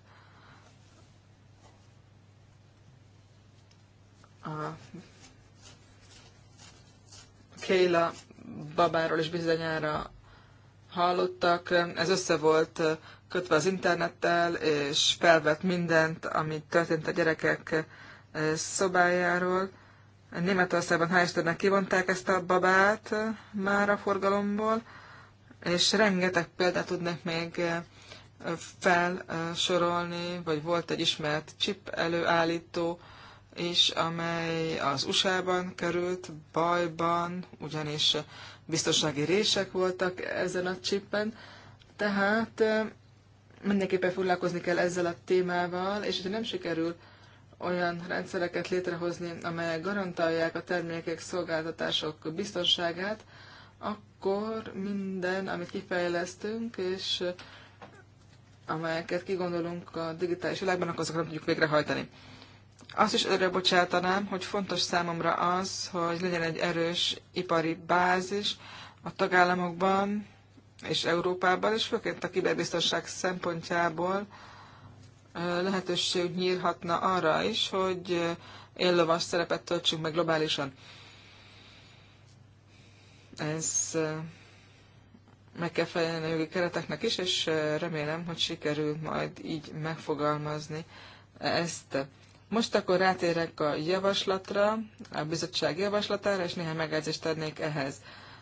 a Kéla babáról is bizonyára hallottak. Ez össze volt kötve az internettel, és felvett mindent, amit történt a gyerekek eh, szobájáról. Németországban Heisternek kivonták ezt a babát eh, már a forgalomból, és rengeteg példát tudnék még eh, felsorolni, vagy volt egy ismert chip előállító, és amely az USA-ban került bajban, ugyanis biztonsági rések voltak ezen a csippen, tehát mindenképpen foglalkozni kell ezzel a témával, és hogyha nem sikerül olyan rendszereket létrehozni, amelyek garantálják a termékek, szolgáltatások biztonságát, akkor minden, amit kifejlesztünk, és amelyeket kigondolunk a digitális világban, akkor azokat nem tudjuk végrehajtani. Azt is előre bocsátanám, hogy fontos számomra az, hogy legyen egy erős ipari bázis a tagállamokban és Európában, és főként a kiberbiztonság szempontjából lehetőség nyírhatna arra is, hogy éllovas szerepet töltsünk meg globálisan. Ez meg kell felelni a jogi kereteknek is, és remélem, hogy sikerül majd így megfogalmazni ezt. Most akkor rátérek a javaslatra, a bizottság javaslatára, és néhány megjegyzést adnék ehhez.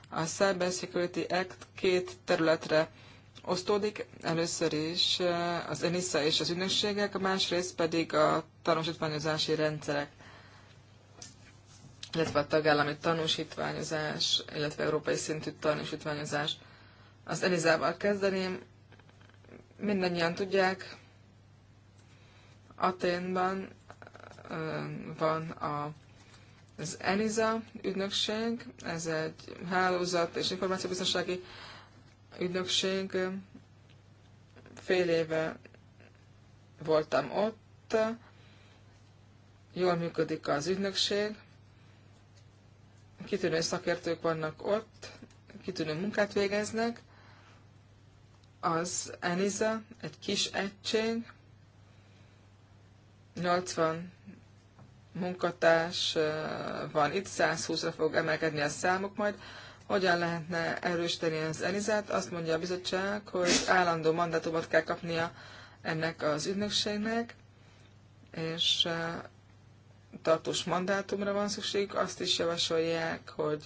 A Cyber Security Act két területre osztódik, először is eh, az ENISA és az ügynökségek, másrészt pedig a tanúsítványozási rendszerek, illetve a tagállami tanúsítványozás, illetve európai szintű tanúsítványozás. Az Enizával kezdeném. Mindennyian tudják, Aténban van a, az ELISA ügynökség, ez egy hálózat és információbiztonsági ügynökség. Fél éve voltam ott, jól működik az ügynökség, kitűnő szakértők vannak ott, kitűnő munkát végeznek. Az ENISA egy kis egység, 80 munkatárs van itt, 120-ra fog emelkedni a számok majd. Hogyan lehetne erősíteni az Elizát? Azt mondja a bizottság, hogy állandó mandátumot kell kapnia ennek az ügynökségnek, és tartós mandátumra van szükség. Azt is javasolják, hogy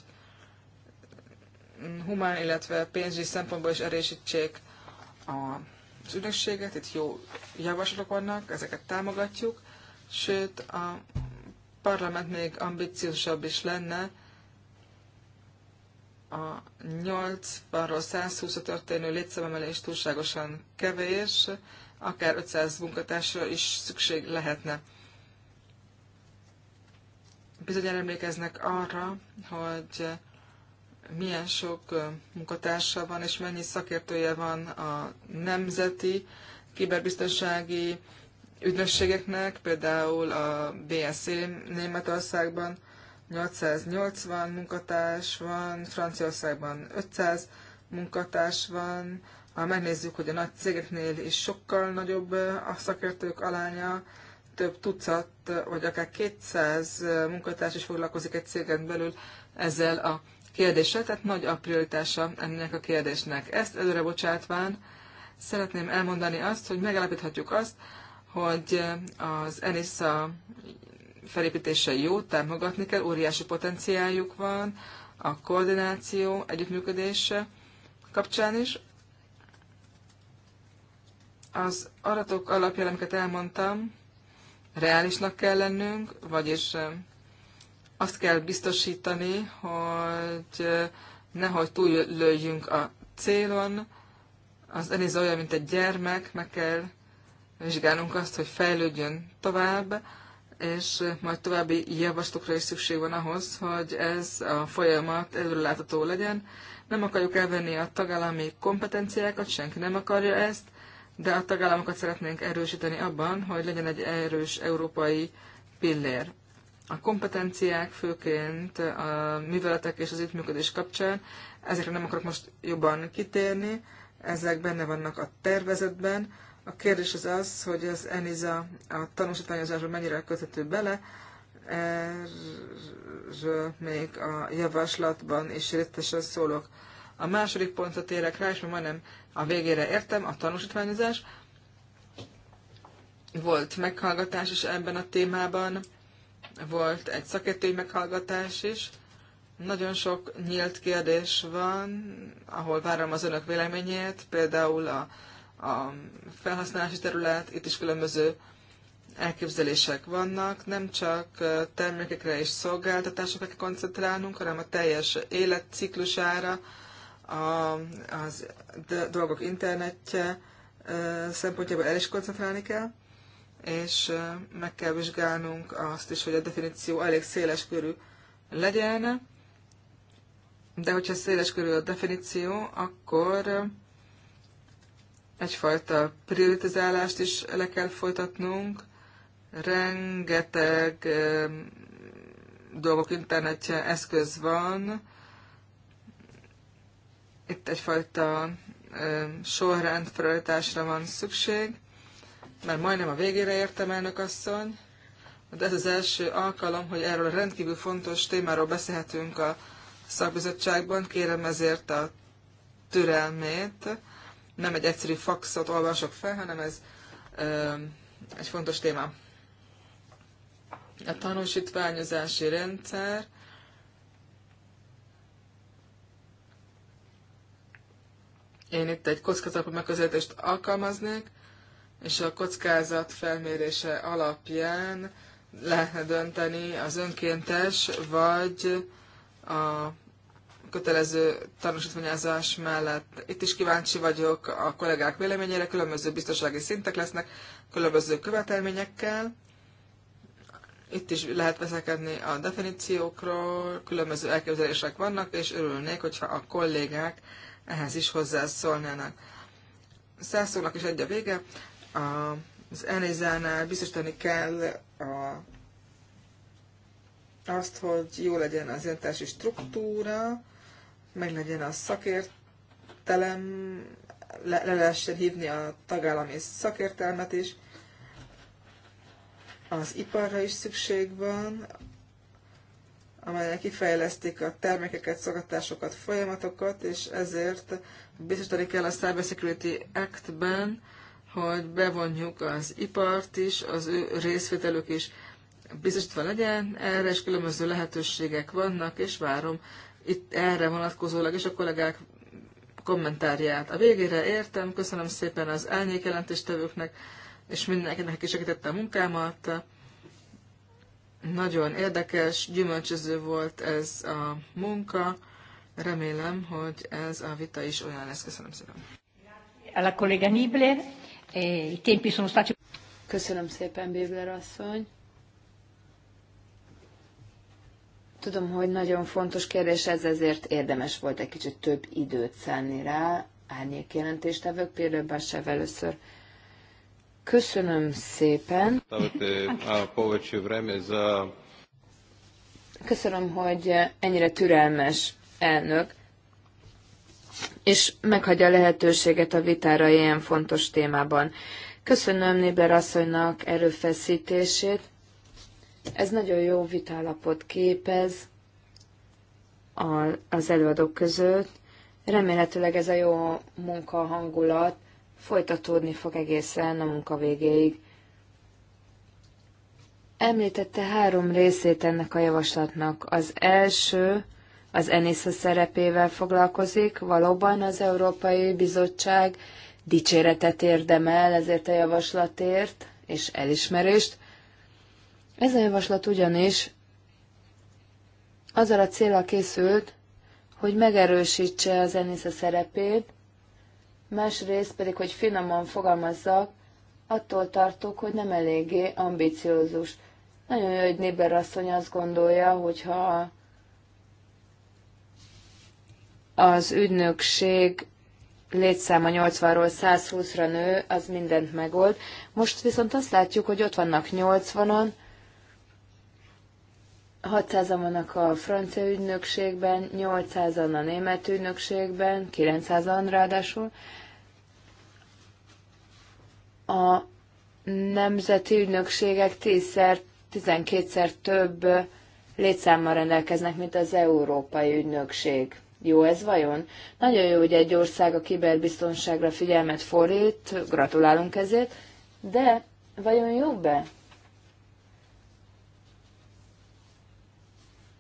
humán, illetve pénzügyi szempontból is erősítsék az ügynökséget. Itt jó javaslatok vannak, ezeket támogatjuk. Sőt, a parlament még ambiciósabb is lenne, a 8 ról 120 történő létszememelés túlságosan kevés, akár 500 munkatársra is szükség lehetne. Bizony emlékeznek arra, hogy milyen sok munkatársa van, és mennyi szakértője van a nemzeti kiberbiztonsági ügynökségeknek, például a BSC Németországban 880 munkatárs van, Franciaországban 500 munkatárs van, ha megnézzük, hogy a nagy cégeknél is sokkal nagyobb a szakértők alánya, több tucat, vagy akár 200 munkatárs is foglalkozik egy cégen belül ezzel a kérdéssel, tehát nagy a prioritása ennek a kérdésnek. Ezt előre bocsátván szeretném elmondani azt, hogy megállapíthatjuk azt, hogy az ENISZA felépítése jó, támogatni kell, óriási potenciáljuk van a koordináció, együttműködése kapcsán is. Az aratok alapján, amiket elmondtam, reálisnak kell lennünk, vagyis azt kell biztosítani, hogy nehogy túl lőjünk a célon. Az Eniza olyan, mint egy gyermek, meg kell vizsgálunk azt, hogy fejlődjön tovább, és majd további javaslatokra is szükség van ahhoz, hogy ez a folyamat előrelátható legyen. Nem akarjuk elvenni a tagállami kompetenciákat, senki nem akarja ezt, de a tagállamokat szeretnénk erősíteni abban, hogy legyen egy erős európai pillér. A kompetenciák főként a műveletek és az együttműködés kapcsán, ezekre nem akarok most jobban kitérni, ezek benne vannak a tervezetben, a kérdés az az, hogy az Eniza a tanúsítványozásban mennyire köthető bele, erről még a javaslatban is részletesen szólok. A második pontra térek rá, és már majdnem a végére értem, a tanúsítványozás. Volt meghallgatás is ebben a témában, volt egy szakértői meghallgatás is. Nagyon sok nyílt kérdés van, ahol várom az önök véleményét, például a a felhasználási terület, itt is különböző elképzelések vannak, nem csak termékekre és szolgáltatásokra kell koncentrálnunk, hanem a teljes életciklusára, a, az dolgok internetje szempontjából el is koncentrálni kell, és meg kell vizsgálnunk azt is, hogy a definíció elég széles körű legyen, de hogyha széles körül a definíció, akkor egyfajta prioritizálást is le kell folytatnunk. Rengeteg dolgok internetje eszköz van. Itt egyfajta sorrend prioritásra van szükség, mert majdnem a végére értem, elnök asszony. De ez az első alkalom, hogy erről a rendkívül fontos témáról beszélhetünk a szakbizottságban. Kérem ezért a türelmét nem egy egyszerű faxot olvasok fel, hanem ez ö, egy fontos téma. A tanúsítványozási rendszer én itt egy kockázatú megközelítést alkalmaznék, és a kockázat felmérése alapján lehetne dönteni az önkéntes vagy a kötelező tanúsítványozás mellett. Itt is kíváncsi vagyok a kollégák véleményére, különböző biztonsági szintek lesznek, különböző követelményekkel. Itt is lehet veszekedni a definíciókról, különböző elképzelések vannak, és örülnék, hogyha a kollégák ehhez is hozzászólnának. Szászónak is egy a vége. Az Enizánál biztosítani kell a azt, hogy jó legyen az irányítási struktúra, meglegyen a szakértelem, le, le lehessen hívni a tagállami szakértelmet is. Az iparra is szükség van, amelyek kifejlesztik a termékeket, szolgáltatásokat, folyamatokat, és ezért biztosítani kell a Cybersecurity Act-ben, hogy bevonjuk az ipart is, az ő részvételük is biztosítva legyen, erre is különböző lehetőségek vannak, és várom itt erre vonatkozólag és a kollégák kommentárját. A végére értem, köszönöm szépen az elnyékjelentéstevőknek, és mindenkinek, aki segítette a munkámat. Nagyon érdekes, gyümölcsöző volt ez a munka. Remélem, hogy ez a vita is olyan lesz. Köszönöm szépen. Alla collega eh, tempi sono stati... Köszönöm szépen, Bébler asszony. Tudom, hogy nagyon fontos kérdés ez, ezért érdemes volt egy kicsit több időt szánni rá. Árnyék jelentéstevők, például Básev először. Köszönöm szépen. Köszönöm, hogy ennyire türelmes elnök, és meghagyja a lehetőséget a vitára ilyen fontos témában. Köszönöm Néber asszonynak erőfeszítését. Ez nagyon jó vitálapot képez az előadók között. Remélhetőleg ez a jó munka hangulat folytatódni fog egészen a munka végéig. Említette három részét ennek a javaslatnak. Az első az Enisza szerepével foglalkozik, valóban az Európai Bizottság dicséretet érdemel ezért a javaslatért és elismerést. Ez a javaslat ugyanis azzal a célra készült, hogy megerősítse a zenésze szerepét, másrészt pedig, hogy finoman fogalmazzak, attól tartok, hogy nem eléggé ambiciózus. Nagyon jó, hogy Néber asszony azt gondolja, hogyha az ügynökség létszáma 80-ról 120-ra nő, az mindent megold. Most viszont azt látjuk, hogy ott vannak 80-an, 600-an vannak a francia ügynökségben, 800-an a német ügynökségben, 900-an ráadásul. A nemzeti ügynökségek 10-szer, 12-szer több létszámmal rendelkeznek, mint az európai ügynökség. Jó ez vajon? Nagyon jó, hogy egy ország a kiberbiztonságra figyelmet fordít, gratulálunk ezért, de vajon jobb-e?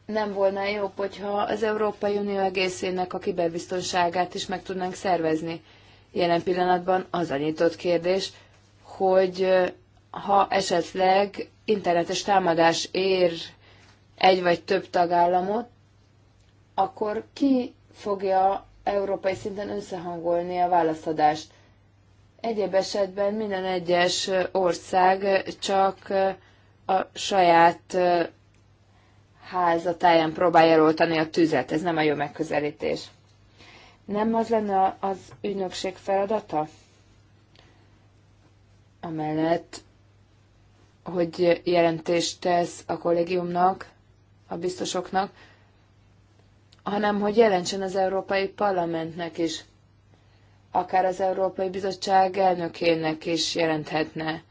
nem volna jobb, hogyha az Európai Unió egészének a kiberbiztonságát is meg tudnánk szervezni. Jelen pillanatban az a nyitott kérdés, hogy ha esetleg internetes támadás ér egy vagy több tagállamot, akkor ki fogja európai szinten összehangolni a választadást? Egyéb esetben minden egyes ország csak a saját házatáján próbálja eloltani a tüzet. Ez nem a jó megközelítés. Nem az lenne az ügynökség feladata? Amellett, hogy jelentést tesz a kollégiumnak, a biztosoknak, hanem hogy jelentsen az Európai Parlamentnek is. Akár az Európai Bizottság elnökének is jelenthetne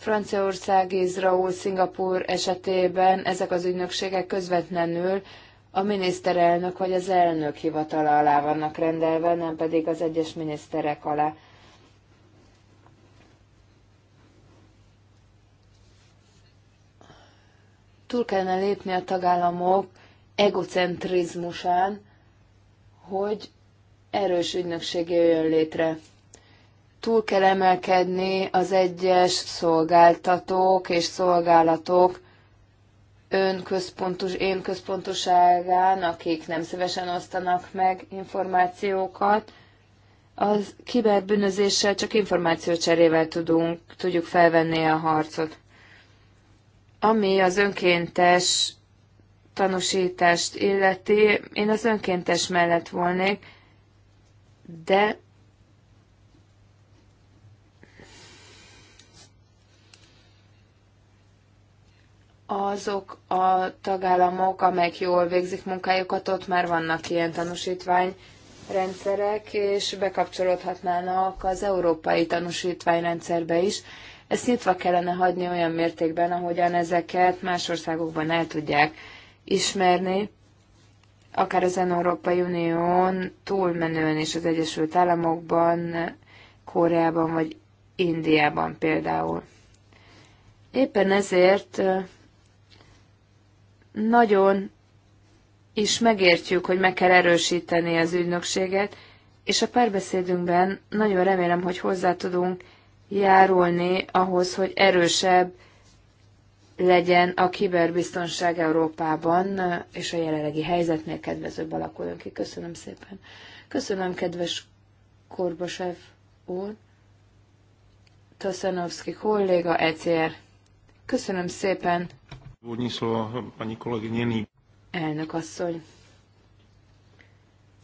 Franciaország, Izrael, Szingapúr esetében ezek az ügynökségek közvetlenül a miniszterelnök vagy az elnök hivatala alá vannak rendelve, nem pedig az egyes miniszterek alá. Túl kellene lépni a tagállamok egocentrizmusán, hogy erős ügynökség jöjjön létre túl kell emelkedni az egyes szolgáltatók és szolgálatok önközpontos, én központoságán, akik nem szívesen osztanak meg információkat, az kiberbűnözéssel csak információcserével tudunk, tudjuk felvenni a harcot. Ami az önkéntes tanúsítást illeti, én az önkéntes mellett volnék, de azok a tagállamok, amelyek jól végzik munkájukat, ott már vannak ilyen tanúsítványrendszerek, és bekapcsolódhatnának az európai tanúsítványrendszerbe is. Ezt nyitva kellene hagyni olyan mértékben, ahogyan ezeket más országokban el tudják ismerni, akár az Európai Unión túlmenően is az Egyesült Államokban, Koreában vagy Indiában például. Éppen ezért nagyon is megértjük, hogy meg kell erősíteni az ügynökséget, és a párbeszédünkben nagyon remélem, hogy hozzá tudunk járulni ahhoz, hogy erősebb legyen a kiberbiztonság Európában, és a jelenlegi helyzetnél kedvezőbb alakuljon ki. Köszönöm szépen. Köszönöm, kedves Korbosev úr. Tosanovski kolléga, ECR. Köszönöm szépen, Elnök asszony.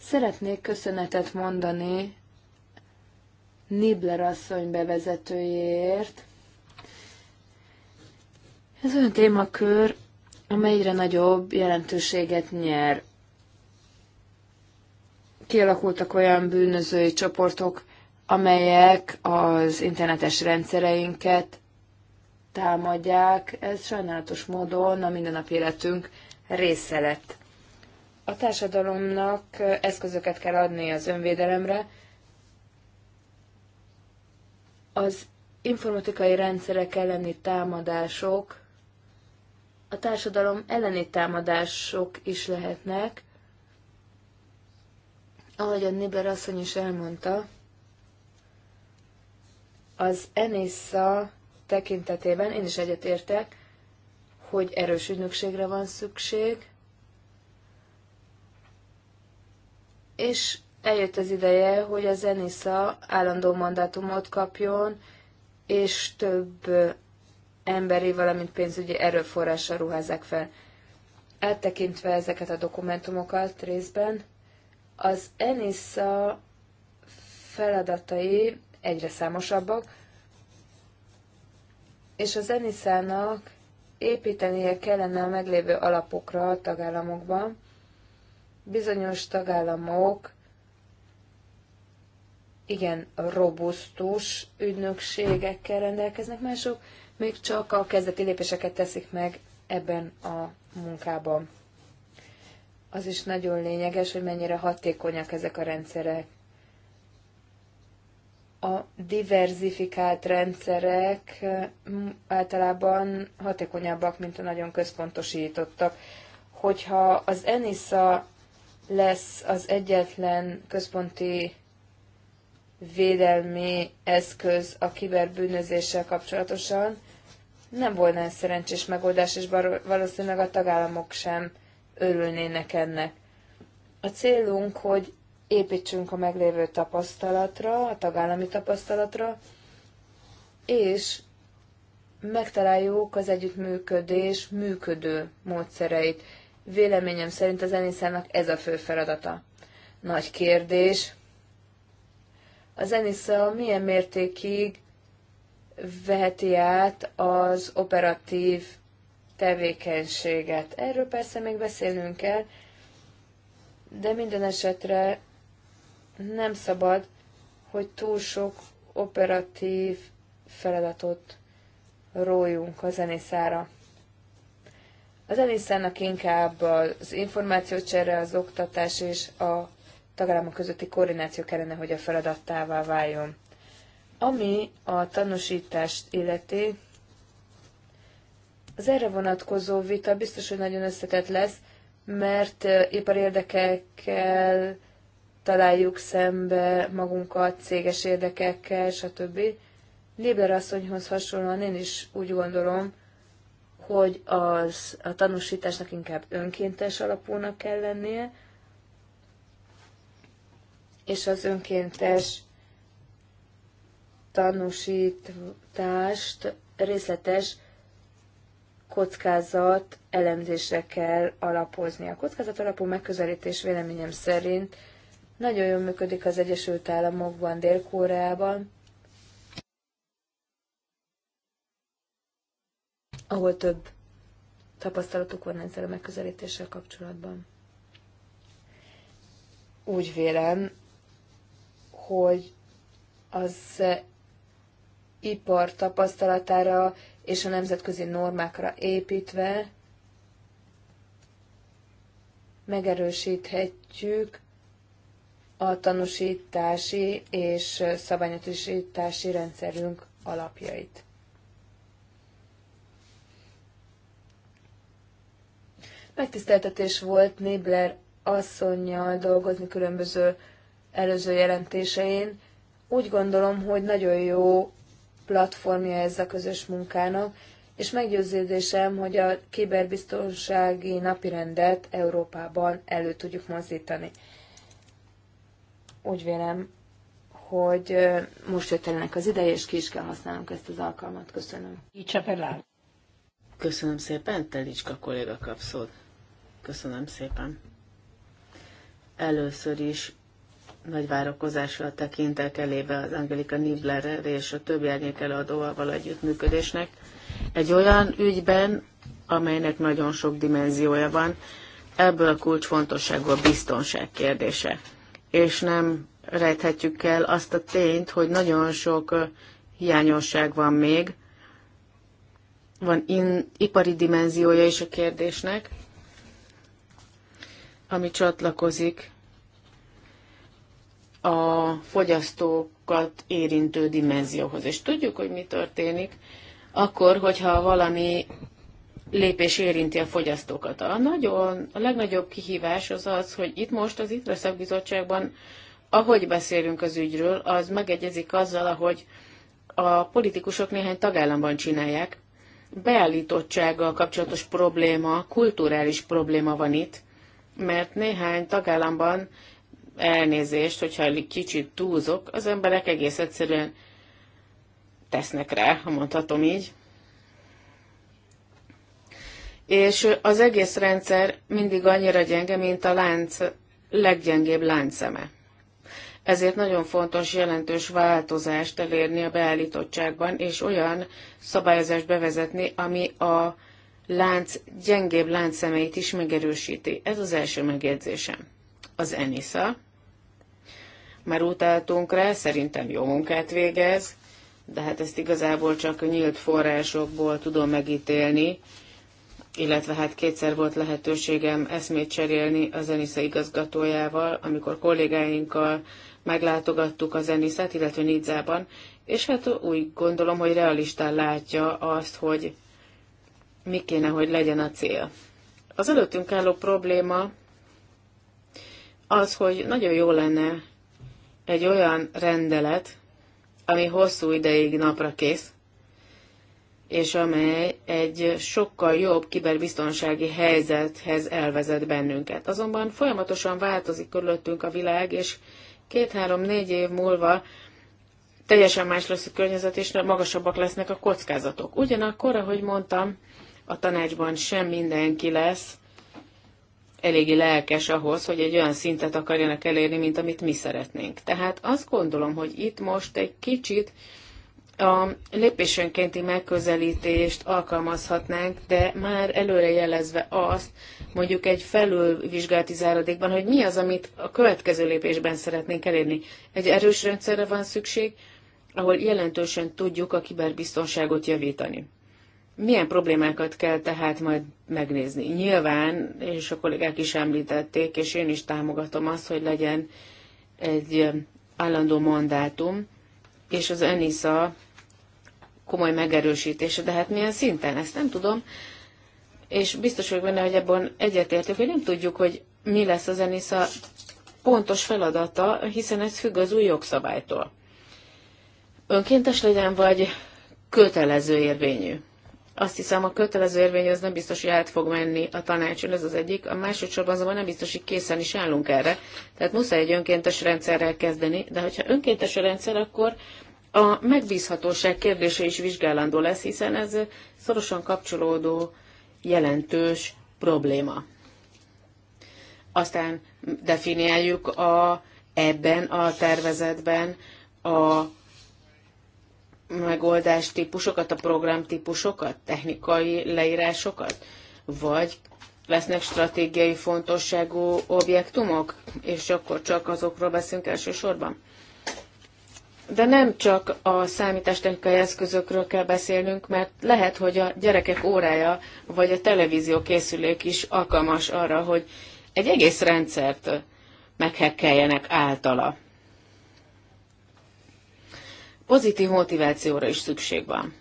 Szeretnék köszönetet mondani Nibler asszony bevezetőjéért. Ez olyan témakör, amelyre nagyobb jelentőséget nyer. Kialakultak olyan bűnözői csoportok, amelyek az internetes rendszereinket támadják, ez sajnálatos módon a mindennapi életünk része lett. A társadalomnak eszközöket kell adni az önvédelemre. Az informatikai rendszerek elleni támadások a társadalom elleni támadások is lehetnek, ahogy a Niber asszony is elmondta, az Enissa tekintetében én is egyetértek, hogy erős ügynökségre van szükség, és eljött az ideje, hogy a Zenisza állandó mandátumot kapjon, és több emberi, valamint pénzügyi erőforrással ruházzák fel. Áttekintve ezeket a dokumentumokat részben, az Enisza feladatai egyre számosabbak, és az Eniszának építenie kellene a meglévő alapokra a tagállamokban. Bizonyos tagállamok igen robusztus ügynökségekkel rendelkeznek, mások még csak a kezdeti lépéseket teszik meg ebben a munkában. Az is nagyon lényeges, hogy mennyire hatékonyak ezek a rendszerek a diverzifikált rendszerek mm, általában hatékonyabbak, mint a nagyon központosítottak. Hogyha az ENISA lesz az egyetlen központi védelmi eszköz a kiberbűnözéssel kapcsolatosan, nem volna ez szerencsés megoldás, és valószínűleg a tagállamok sem örülnének ennek. A célunk, hogy építsünk a meglévő tapasztalatra, a tagállami tapasztalatra, és megtaláljuk az együttműködés működő módszereit. Véleményem szerint az Eniszának ez a fő feladata. Nagy kérdés. Az Enisza milyen mértékig veheti át az operatív tevékenységet? Erről persze még beszélnünk kell, de minden esetre nem szabad, hogy túl sok operatív feladatot rójunk a zenészára. A zenészának inkább az információcsere, az oktatás és a tagállamok közötti koordináció kellene, hogy a feladattává váljon. Ami a tanúsítást illeti, az erre vonatkozó vita biztos, hogy nagyon összetett lesz, mert eh, ipar érdekekkel találjuk szembe magunkat céges érdekekkel, stb. Léber asszonyhoz hasonlóan én is úgy gondolom, hogy az, a tanúsításnak inkább önkéntes alapúnak kell lennie, és az önkéntes tanúsítást részletes kockázat elemzésre kell alapozni. A kockázat alapú megközelítés véleményem szerint nagyon jól működik az Egyesült Államokban, Dél-Koreában, ahol több tapasztalatuk van ezzel a megközelítéssel kapcsolatban. Úgy vélem, hogy az ipar tapasztalatára és a nemzetközi normákra építve megerősíthetjük a tanúsítási és szabályosítási rendszerünk alapjait. Megtiszteltetés volt Nibler asszonynal dolgozni különböző előző jelentésein. Úgy gondolom, hogy nagyon jó platformja ez a közös munkának, és meggyőződésem, hogy a kiberbiztonsági napirendet Európában elő tudjuk mozdítani úgy vélem, hogy most jött ennek az ideje, és ki is kell használnunk ezt az alkalmat. Köszönöm. Köszönöm szépen, Telicska kolléga kap szót. Köszönöm szépen. Először is nagy várakozással tekintek elébe az Angelika Niblerrel és a többi árnyék előadóval való együttműködésnek. Egy olyan ügyben, amelynek nagyon sok dimenziója van, ebből a kulcsfontosságú a biztonság kérdése és nem rejthetjük el azt a tényt, hogy nagyon sok hiányosság van még. Van in, ipari dimenziója is a kérdésnek, ami csatlakozik a fogyasztókat érintő dimenzióhoz. És tudjuk, hogy mi történik, akkor, hogyha valami lépés érinti a fogyasztókat. A, nagyon, a legnagyobb kihívás az az, hogy itt most az ITRE szakbizottságban, ahogy beszélünk az ügyről, az megegyezik azzal, ahogy a politikusok néhány tagállamban csinálják. Beállítottsággal kapcsolatos probléma, kulturális probléma van itt, mert néhány tagállamban elnézést, hogyha kicsit túlzok, az emberek egész egyszerűen tesznek rá, ha mondhatom így, és az egész rendszer mindig annyira gyenge, mint a lánc leggyengébb láncszeme. Ezért nagyon fontos jelentős változást elérni a beállítottságban, és olyan szabályozást bevezetni, ami a lánc gyengébb láncszemeit is megerősíti. Ez az első megjegyzésem. Az Enisa. Már utáltunk rá, szerintem jó munkát végez, de hát ezt igazából csak a nyílt forrásokból tudom megítélni, illetve hát kétszer volt lehetőségem eszmét cserélni a zenisze igazgatójával, amikor kollégáinkkal meglátogattuk a zeniszet, illetve Nidzában, és hát úgy gondolom, hogy realistán látja azt, hogy mi kéne, hogy legyen a cél. Az előttünk álló probléma az, hogy nagyon jó lenne egy olyan rendelet, ami hosszú ideig napra kész, és amely egy sokkal jobb kiberbiztonsági helyzethez elvezet bennünket. Azonban folyamatosan változik körülöttünk a világ, és két-három-négy év múlva teljesen más lesz a környezet, és magasabbak lesznek a kockázatok. Ugyanakkor, ahogy mondtam, a tanácsban sem mindenki lesz eléggé lelkes ahhoz, hogy egy olyan szintet akarjanak elérni, mint amit mi szeretnénk. Tehát azt gondolom, hogy itt most egy kicsit a lépésönkénti megközelítést alkalmazhatnánk, de már előre jelezve azt, mondjuk egy felülvizsgálati záradékban, hogy mi az, amit a következő lépésben szeretnénk elérni. Egy erős rendszerre van szükség, ahol jelentősen tudjuk a kiberbiztonságot javítani. Milyen problémákat kell tehát majd megnézni? Nyilván, és a kollégák is említették, és én is támogatom azt, hogy legyen egy állandó mandátum, és az ENISA komoly megerősítése, de hát milyen szinten, ezt nem tudom. És biztos vagyok benne, hogy ebben egyetértünk, hogy nem tudjuk, hogy mi lesz az ENISZA pontos feladata, hiszen ez függ az új jogszabálytól. Önkéntes legyen, vagy kötelező érvényű. Azt hiszem, a kötelező érvény az nem biztos, hogy át fog menni a tanácson, ez az egyik. A másodszorban azonban nem biztos, hogy készen is állunk erre. Tehát muszáj egy önkéntes rendszerrel kezdeni, de hogyha önkéntes a rendszer, akkor a megbízhatóság kérdése is vizsgálandó lesz, hiszen ez szorosan kapcsolódó jelentős probléma. Aztán definiáljuk a, ebben a tervezetben a megoldás típusokat, a program típusokat, technikai leírásokat, vagy lesznek stratégiai fontosságú objektumok, és akkor csak azokról beszélünk elsősorban. De nem csak a számítástechnikai eszközökről kell beszélnünk, mert lehet, hogy a gyerekek órája vagy a televízió készülék is alkalmas arra, hogy egy egész rendszert meghekkeljenek általa. Pozitív motivációra is szükség van.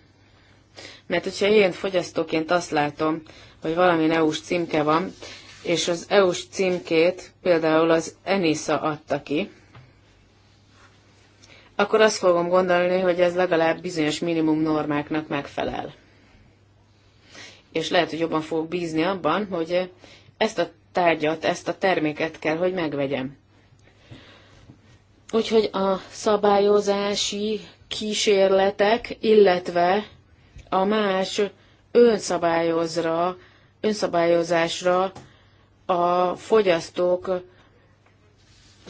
Mert hogyha én fogyasztóként azt látom, hogy valami EU-s címke van, és az EU-s címkét például az ENISA adta ki, akkor azt fogom gondolni, hogy ez legalább bizonyos minimum normáknak megfelel. És lehet, hogy jobban fogok bízni abban, hogy ezt a tárgyat, ezt a terméket kell, hogy megvegyem. Úgyhogy a szabályozási kísérletek, illetve a más önszabályozra, önszabályozásra a fogyasztók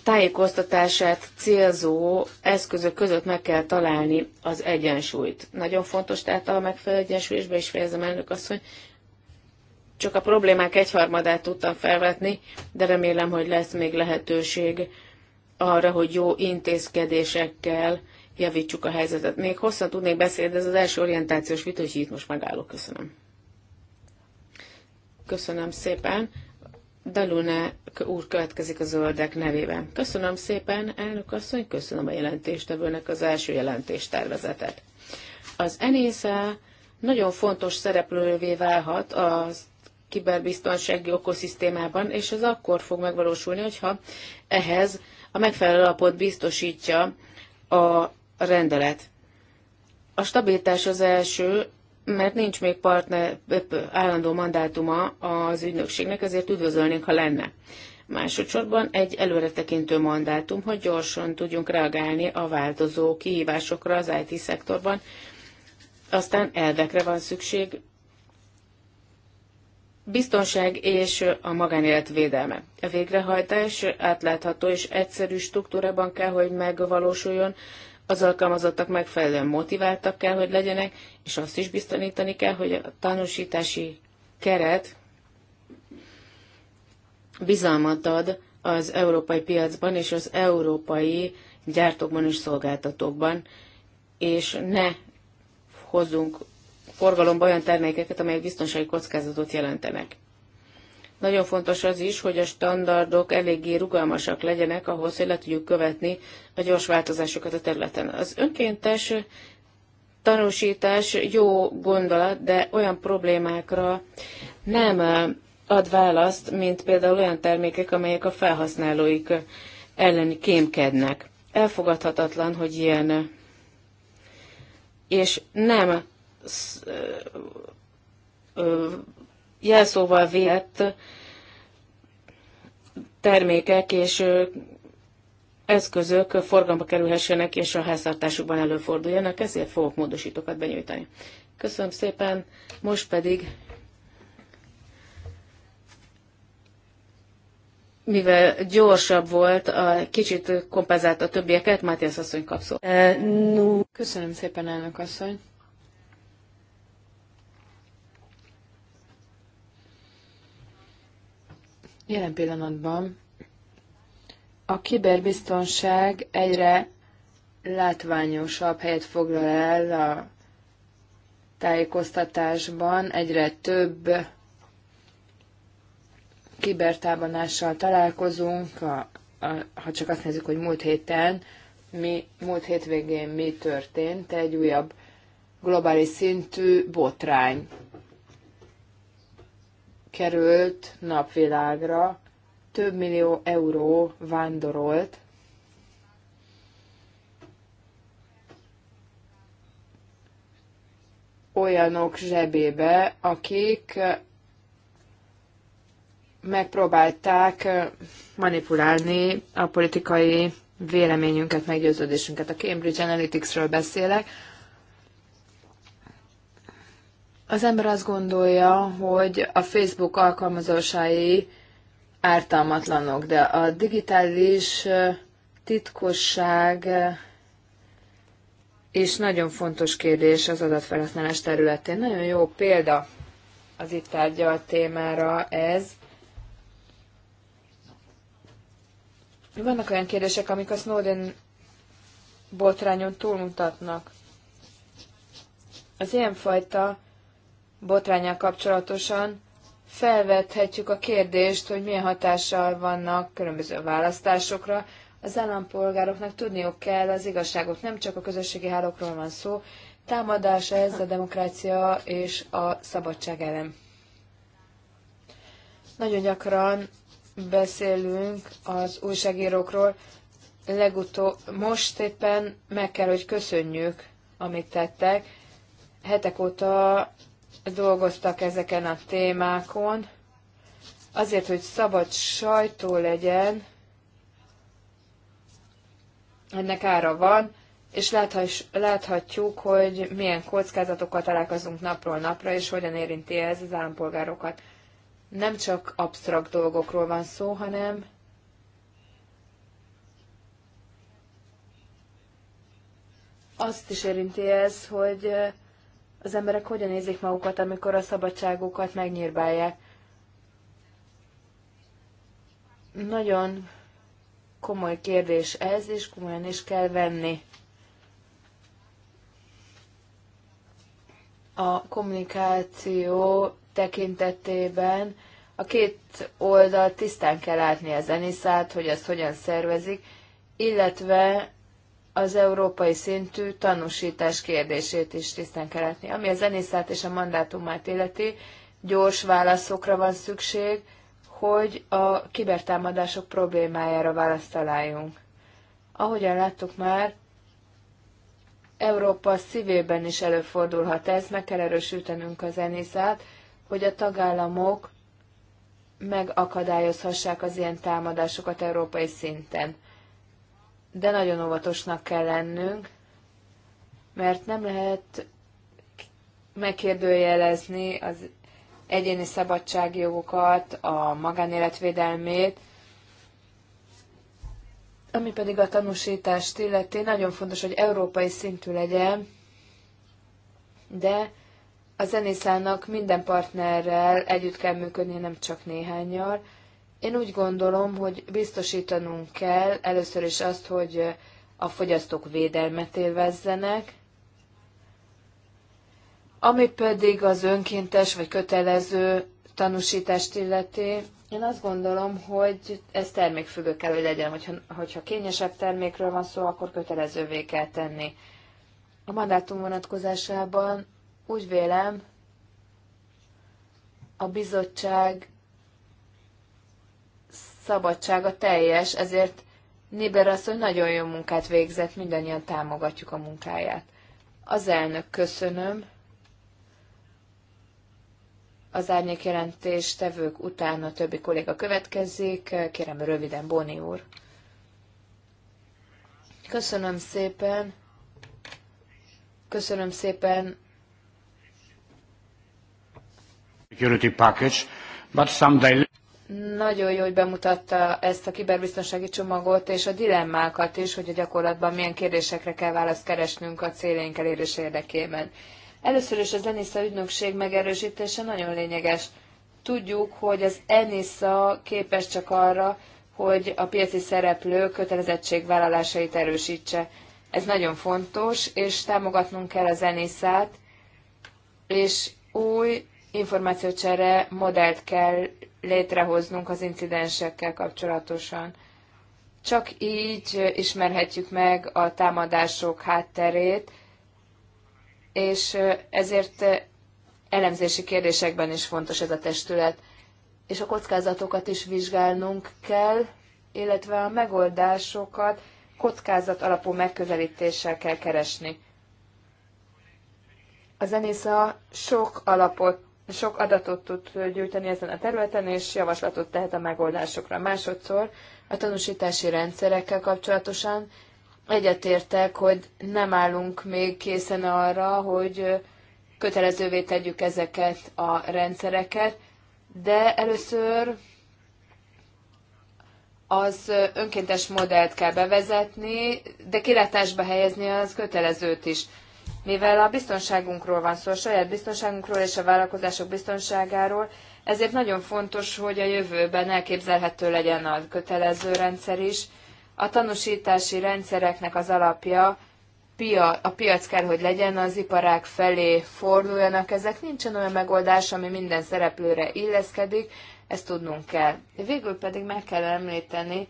tájékoztatását célzó eszközök között meg kell találni az egyensúlyt. Nagyon fontos tehát a megfelelő egyensúly, és be is fejezem elnök azt, hogy csak a problémák egyharmadát tudtam felvetni, de remélem, hogy lesz még lehetőség arra, hogy jó intézkedésekkel javítsuk a helyzetet. Még hosszan tudnék beszélni, de ez az első orientációs vita, hogy itt most megállok. Köszönöm. Köszönöm szépen. Dalune úr következik a zöldek nevében. Köszönöm szépen, elnök asszony, köszönöm a jelentéstevőnek az első jelentéstervezetet. Az NSA nagyon fontos szereplővé válhat az kiberbiztonsági okoszisztémában, és ez akkor fog megvalósulni, hogyha ehhez a megfelelő alapot biztosítja a rendelet. A stabilitás az első, mert nincs még partner, állandó mandátuma az ügynökségnek, ezért üdvözölnénk, ha lenne. Másodszorban egy előretekintő mandátum, hogy gyorsan tudjunk reagálni a változó kihívásokra az IT-szektorban. Aztán elvekre van szükség, biztonság és a magánélet védelme. A végrehajtás átlátható és egyszerű struktúrában kell, hogy megvalósuljon, az alkalmazottak megfelelően motiváltak kell, hogy legyenek, és azt is biztosítani kell, hogy a tanúsítási keret bizalmat ad az európai piacban és az európai gyártókban és szolgáltatókban, és ne hozzunk forgalomba olyan termékeket, amelyek biztonsági kockázatot jelentenek. Nagyon fontos az is, hogy a standardok eléggé rugalmasak legyenek ahhoz, hogy le tudjuk követni a gyors változásokat a területen. Az önkéntes tanúsítás jó gondolat, de olyan problémákra nem ad választ, mint például olyan termékek, amelyek a felhasználóik ellen kémkednek. Elfogadhatatlan, hogy ilyen és nem jelszóval vélt termékek és eszközök forgalomba kerülhessenek és a háztartásukban előforduljanak, ezért fogok módosítókat benyújtani. Köszönöm szépen, most pedig, mivel gyorsabb volt, a kicsit kompenzált a többieket, mátyás asszony kapszó. Köszönöm szépen, elnök asszony. Jelen pillanatban a kiberbiztonság egyre látványosabb helyet foglal el a tájékoztatásban, egyre több kibertábanással találkozunk, a, a, ha csak azt nézzük, hogy múlt héten, mi, múlt hétvégén mi történt, egy újabb globális szintű botrány került napvilágra, több millió euró vándorolt. olyanok zsebébe, akik megpróbálták manipulálni a politikai véleményünket, meggyőződésünket. A Cambridge Analytics-ről beszélek, az ember azt gondolja, hogy a Facebook alkalmazásai ártalmatlanok, de a digitális titkosság és nagyon fontos kérdés az adatfelhasználás területén. Nagyon jó példa az itt tárgyalt témára ez. Vannak olyan kérdések, amik a Snowden botrányon túlmutatnak. Az ilyenfajta botrányá kapcsolatosan felvethetjük a kérdést, hogy milyen hatással vannak különböző választásokra. Az állampolgároknak tudniuk kell az igazságot, nem csak a közösségi hálókról van szó, támadása ez a demokrácia és a szabadság elem. Nagyon gyakran beszélünk az újságírókról, legutóbb, most éppen meg kell, hogy köszönjük, amit tettek. Hetek óta dolgoztak ezeken a témákon, azért, hogy szabad sajtó legyen, ennek ára van, és láthatjuk, hogy milyen kockázatokat találkozunk napról napra, és hogyan érinti ez az állampolgárokat. Nem csak absztrakt dolgokról van szó, hanem azt is érinti ez, hogy az emberek hogyan érzik magukat, amikor a szabadságukat megnyírbálják. Nagyon komoly kérdés ez, és komolyan is kell venni. A kommunikáció tekintetében a két oldal tisztán kell látni a zenészát, hogy ezt hogyan szervezik, illetve az európai szintű tanúsítás kérdését is tisztán kell látni. Ami a zenészát és a mandátumát életi, gyors válaszokra van szükség, hogy a kibertámadások problémájára választ találjunk. Ahogyan láttuk már, Európa szívében is előfordulhat ez, meg kell erősítenünk a zenészát, hogy a tagállamok megakadályozhassák az ilyen támadásokat európai szinten de nagyon óvatosnak kell lennünk, mert nem lehet megkérdőjelezni az egyéni szabadságjogokat, a magánéletvédelmét, ami pedig a tanúsítást illeti, nagyon fontos, hogy európai szintű legyen, de a zenészának minden partnerrel együtt kell működni, nem csak néhányal. Én úgy gondolom, hogy biztosítanunk kell először is azt, hogy a fogyasztók védelmet élvezzenek, ami pedig az önkéntes vagy kötelező tanúsítást illeti, én azt gondolom, hogy ez termékfüggő kell, hogy legyen. Hogyha, hogyha kényesebb termékről van szó, akkor kötelezővé kell tenni. A mandátum vonatkozásában úgy vélem, a bizottság szabadsága teljes, ezért Niber asszony nagyon jó munkát végzett, mindannyian támogatjuk a munkáját. Az elnök köszönöm. Az árnyékjelentés tevők után a többi kolléga következik. Kérem röviden, Boni úr. Köszönöm szépen. Köszönöm szépen. Security package, but some nagyon jó, hogy bemutatta ezt a kiberbiztonsági csomagot, és a dilemmákat is, hogy a gyakorlatban milyen kérdésekre kell választ keresnünk a céljaink elérés érdekében. Először is az ENISZA ügynökség megerősítése nagyon lényeges. Tudjuk, hogy az ENISZA képes csak arra, hogy a piaci szereplő kötelezettségvállalásait erősítse. Ez nagyon fontos, és támogatnunk kell az ENISZ-át, és új információcsere modellt kell létrehoznunk az incidensekkel kapcsolatosan. Csak így ismerhetjük meg a támadások hátterét, és ezért elemzési kérdésekben is fontos ez a testület. És a kockázatokat is vizsgálnunk kell, illetve a megoldásokat kockázat alapú megközelítéssel kell keresni. Az Enisza sok alapot sok adatot tud gyűjteni ezen a területen, és javaslatot tehet a megoldásokra. Másodszor a tanúsítási rendszerekkel kapcsolatosan egyetértek, hogy nem állunk még készen arra, hogy kötelezővé tegyük ezeket a rendszereket, de először az önkéntes modellt kell bevezetni, de kilátásba helyezni az kötelezőt is. Mivel a biztonságunkról van szó, a saját biztonságunkról és a vállalkozások biztonságáról, ezért nagyon fontos, hogy a jövőben elképzelhető legyen a kötelező rendszer is. A tanúsítási rendszereknek az alapja a piac kell, hogy legyen, az iparák felé forduljanak. Ezek nincsen olyan megoldás, ami minden szereplőre illeszkedik, ezt tudnunk kell. Végül pedig meg kell említeni,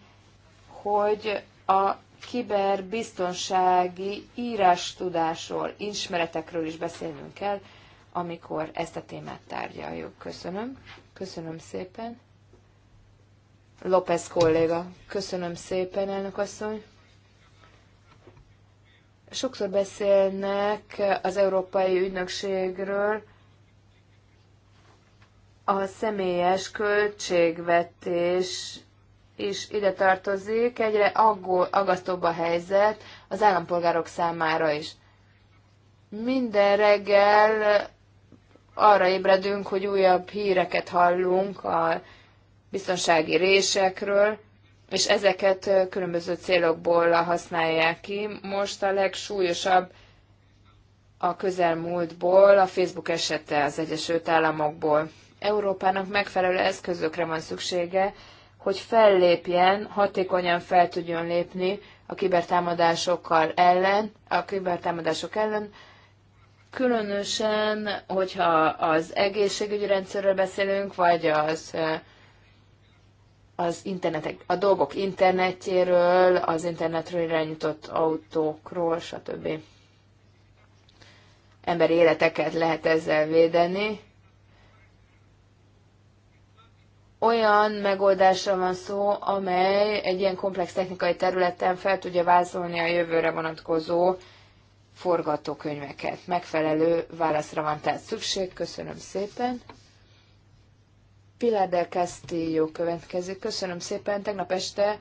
hogy a kiberbiztonsági írástudásról, ismeretekről is beszélnünk kell, amikor ezt a témát tárgyaljuk. Köszönöm. Köszönöm szépen. López kolléga, köszönöm szépen, elnök asszony. Sokszor beszélnek az Európai Ügynökségről, a személyes költségvetés is ide tartozik, egyre aggol, aggasztóbb a helyzet az állampolgárok számára is. Minden reggel arra ébredünk, hogy újabb híreket hallunk a biztonsági résekről, és ezeket különböző célokból használják ki. Most a legsúlyosabb a közelmúltból a Facebook esete az Egyesült Államokból. Európának megfelelő eszközökre van szüksége, hogy fellépjen, hatékonyan fel tudjon lépni a kibertámadásokkal ellen, a kibertámadások ellen, különösen, hogyha az egészségügyi rendszerről beszélünk, vagy az az internetek, a dolgok internetjéről, az internetről irányított autókról, stb. Emberi életeket lehet ezzel védeni. olyan megoldásra van szó, amely egy ilyen komplex technikai területen fel tudja vázolni a jövőre vonatkozó forgatókönyveket. Megfelelő válaszra van tehát szükség. Köszönöm szépen. Pilar del Castillo következik. Köszönöm szépen. Tegnap este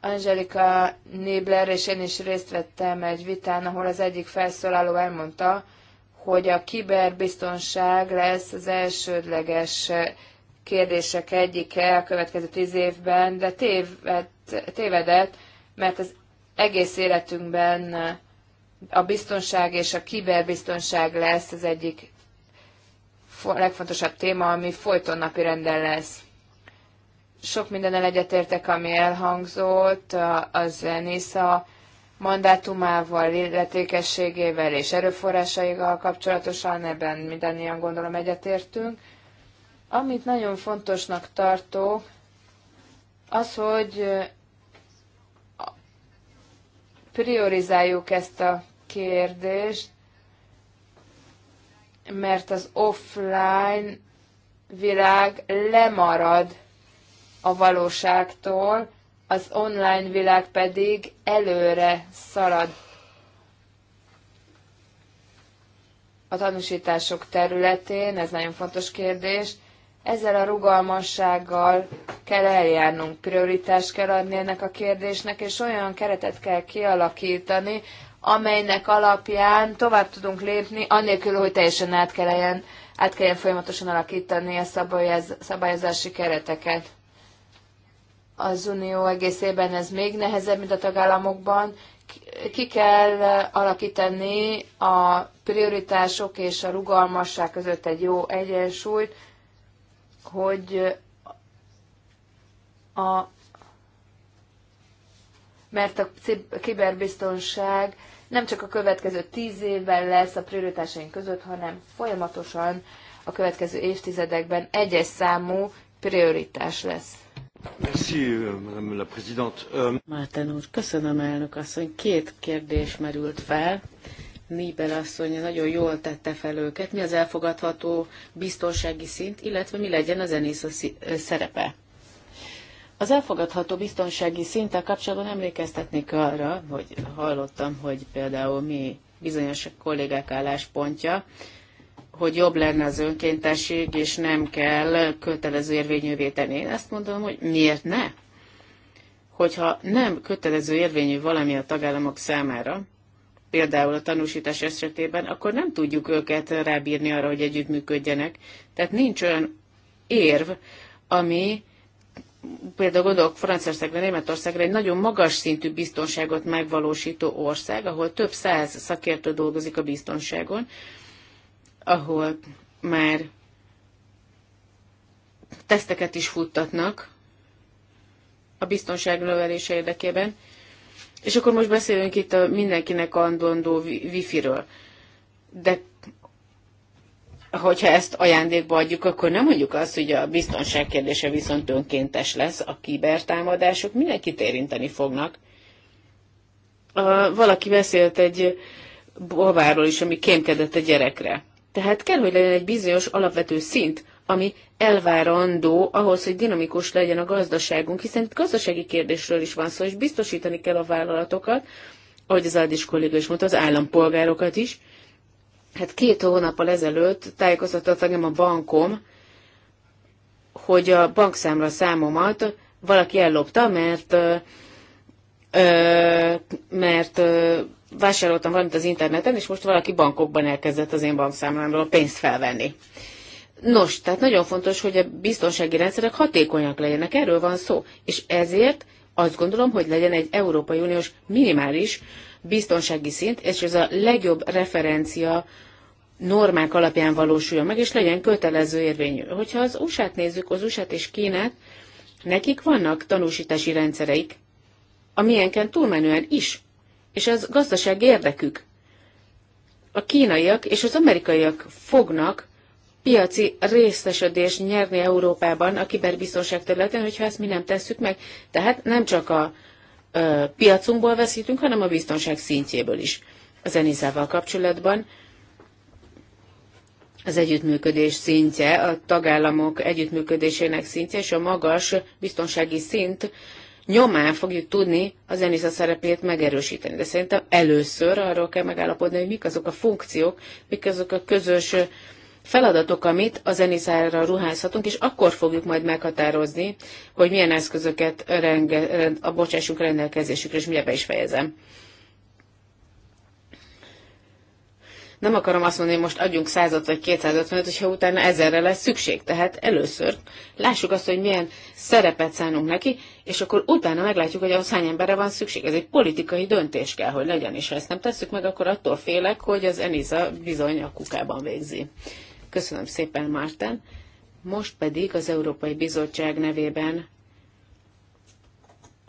Angelika Nébler és én is részt vettem egy vitán, ahol az egyik felszólaló elmondta, hogy a kiberbiztonság lesz az elsődleges kérdések egyike a következő tíz évben, de téved, tévedett, mert az egész életünkben a biztonság és a kiberbiztonság lesz az egyik legfontosabb téma, ami folyton napi renden lesz. Sok mindennel egyetértek, ami elhangzott, az NISA mandátumával, illetékességével és erőforrásaival kapcsolatosan, ebben mindannyian gondolom egyetértünk. Amit nagyon fontosnak tartok, az, hogy priorizáljuk ezt a kérdést, mert az offline világ lemarad a valóságtól, az online világ pedig előre szalad. A tanúsítások területén, ez nagyon fontos kérdés, ezzel a rugalmassággal kell eljárnunk, prioritást kell adni ennek a kérdésnek, és olyan keretet kell kialakítani, amelynek alapján tovább tudunk lépni, anélkül, hogy teljesen át kelljen, át kelljen folyamatosan alakítani a szabályozási kereteket. Az Unió egészében ez még nehezebb, mint a tagállamokban. Ki kell alakítani a prioritások és a rugalmasság között egy jó egyensúlyt, hogy a mert a kiberbiztonság nem csak a következő tíz évben lesz a prioritásaink között, hanem folyamatosan a következő évtizedekben egyes számú prioritás lesz. Merci, Madame la Présidente. Euh, Márten úr, köszönöm elnök asszony. Két kérdés merült fel. Nibel asszony nagyon jól tette fel őket, mi az elfogadható biztonsági szint, illetve mi legyen a zenész szerepe. Az elfogadható biztonsági szinttel kapcsolatban emlékeztetnék arra, hogy hallottam, hogy például mi bizonyos kollégák álláspontja, hogy jobb lenne az önkéntesség, és nem kell kötelező érvényűvé tenni. Én azt mondom, hogy miért ne? Hogyha nem kötelező érvényű valami a tagállamok számára, például a tanúsítás esetében, akkor nem tudjuk őket rábírni arra, hogy együttműködjenek. Tehát nincs olyan érv, ami például gondolok Franciaországra, Németországra, egy nagyon magas szintű biztonságot megvalósító ország, ahol több száz szakértő dolgozik a biztonságon, ahol már teszteket is futtatnak a biztonság növelése érdekében, és akkor most beszélünk itt a mindenkinek andondó wifi-ről. De hogyha ezt ajándékba adjuk, akkor nem mondjuk azt, hogy a biztonság kérdése viszont önkéntes lesz, a kibertámadások mindenkit érinteni fognak. Valaki beszélt egy babáról is, ami kémkedett a gyerekre. Tehát kell, hogy legyen egy bizonyos alapvető szint, ami elvárandó ahhoz, hogy dinamikus legyen a gazdaságunk, hiszen itt gazdasági kérdésről is van szó, és biztosítani kell a vállalatokat, ahogy az Aldis kolléga is mondta, az állampolgárokat is. Hát két hónappal ezelőtt tájékoztatott engem a bankom, hogy a bankszámla számomat valaki ellopta, mert mert vásároltam valamit az interneten, és most valaki bankokban elkezdett az én bankszámlámról pénzt felvenni. Nos, tehát nagyon fontos, hogy a biztonsági rendszerek hatékonyak legyenek, erről van szó. És ezért azt gondolom, hogy legyen egy Európai Uniós minimális biztonsági szint, és ez a legjobb referencia normák alapján valósuljon meg, és legyen kötelező érvényű. Hogyha az USA-t nézzük, az USA-t és Kínát, nekik vannak tanúsítási rendszereik, amilyenken túlmenően is, és az gazdaság érdekük. A kínaiak és az amerikaiak fognak piaci részesedést nyerni Európában a kiberbiztonság területén, hogyha ezt mi nem tesszük meg. Tehát nem csak a ö, piacunkból veszítünk, hanem a biztonság szintjéből is. A zenizával kapcsolatban az együttműködés szintje, a tagállamok együttműködésének szintje és a magas biztonsági szint nyomán fogjuk tudni a zenésza szerepét megerősíteni. De szerintem először arról kell megállapodni, hogy mik azok a funkciók, mik azok a közös feladatok, amit a zeniszárra ruházhatunk, és akkor fogjuk majd meghatározni, hogy milyen eszközöket renge, rend, a bocsássuk rendelkezésükre, és mindjárt be is fejezem. Nem akarom azt mondani, hogy most adjunk 100 vagy 250-et, hogyha utána ezerre lesz szükség. Tehát először lássuk azt, hogy milyen szerepet szánunk neki, és akkor utána meglátjuk, hogy ahhoz hány emberre van szükség. Ez egy politikai döntés kell, hogy legyen, és ha ezt nem tesszük meg, akkor attól félek, hogy az Eniza bizony a kukában végzi Köszönöm szépen, Márten. Most pedig az Európai Bizottság nevében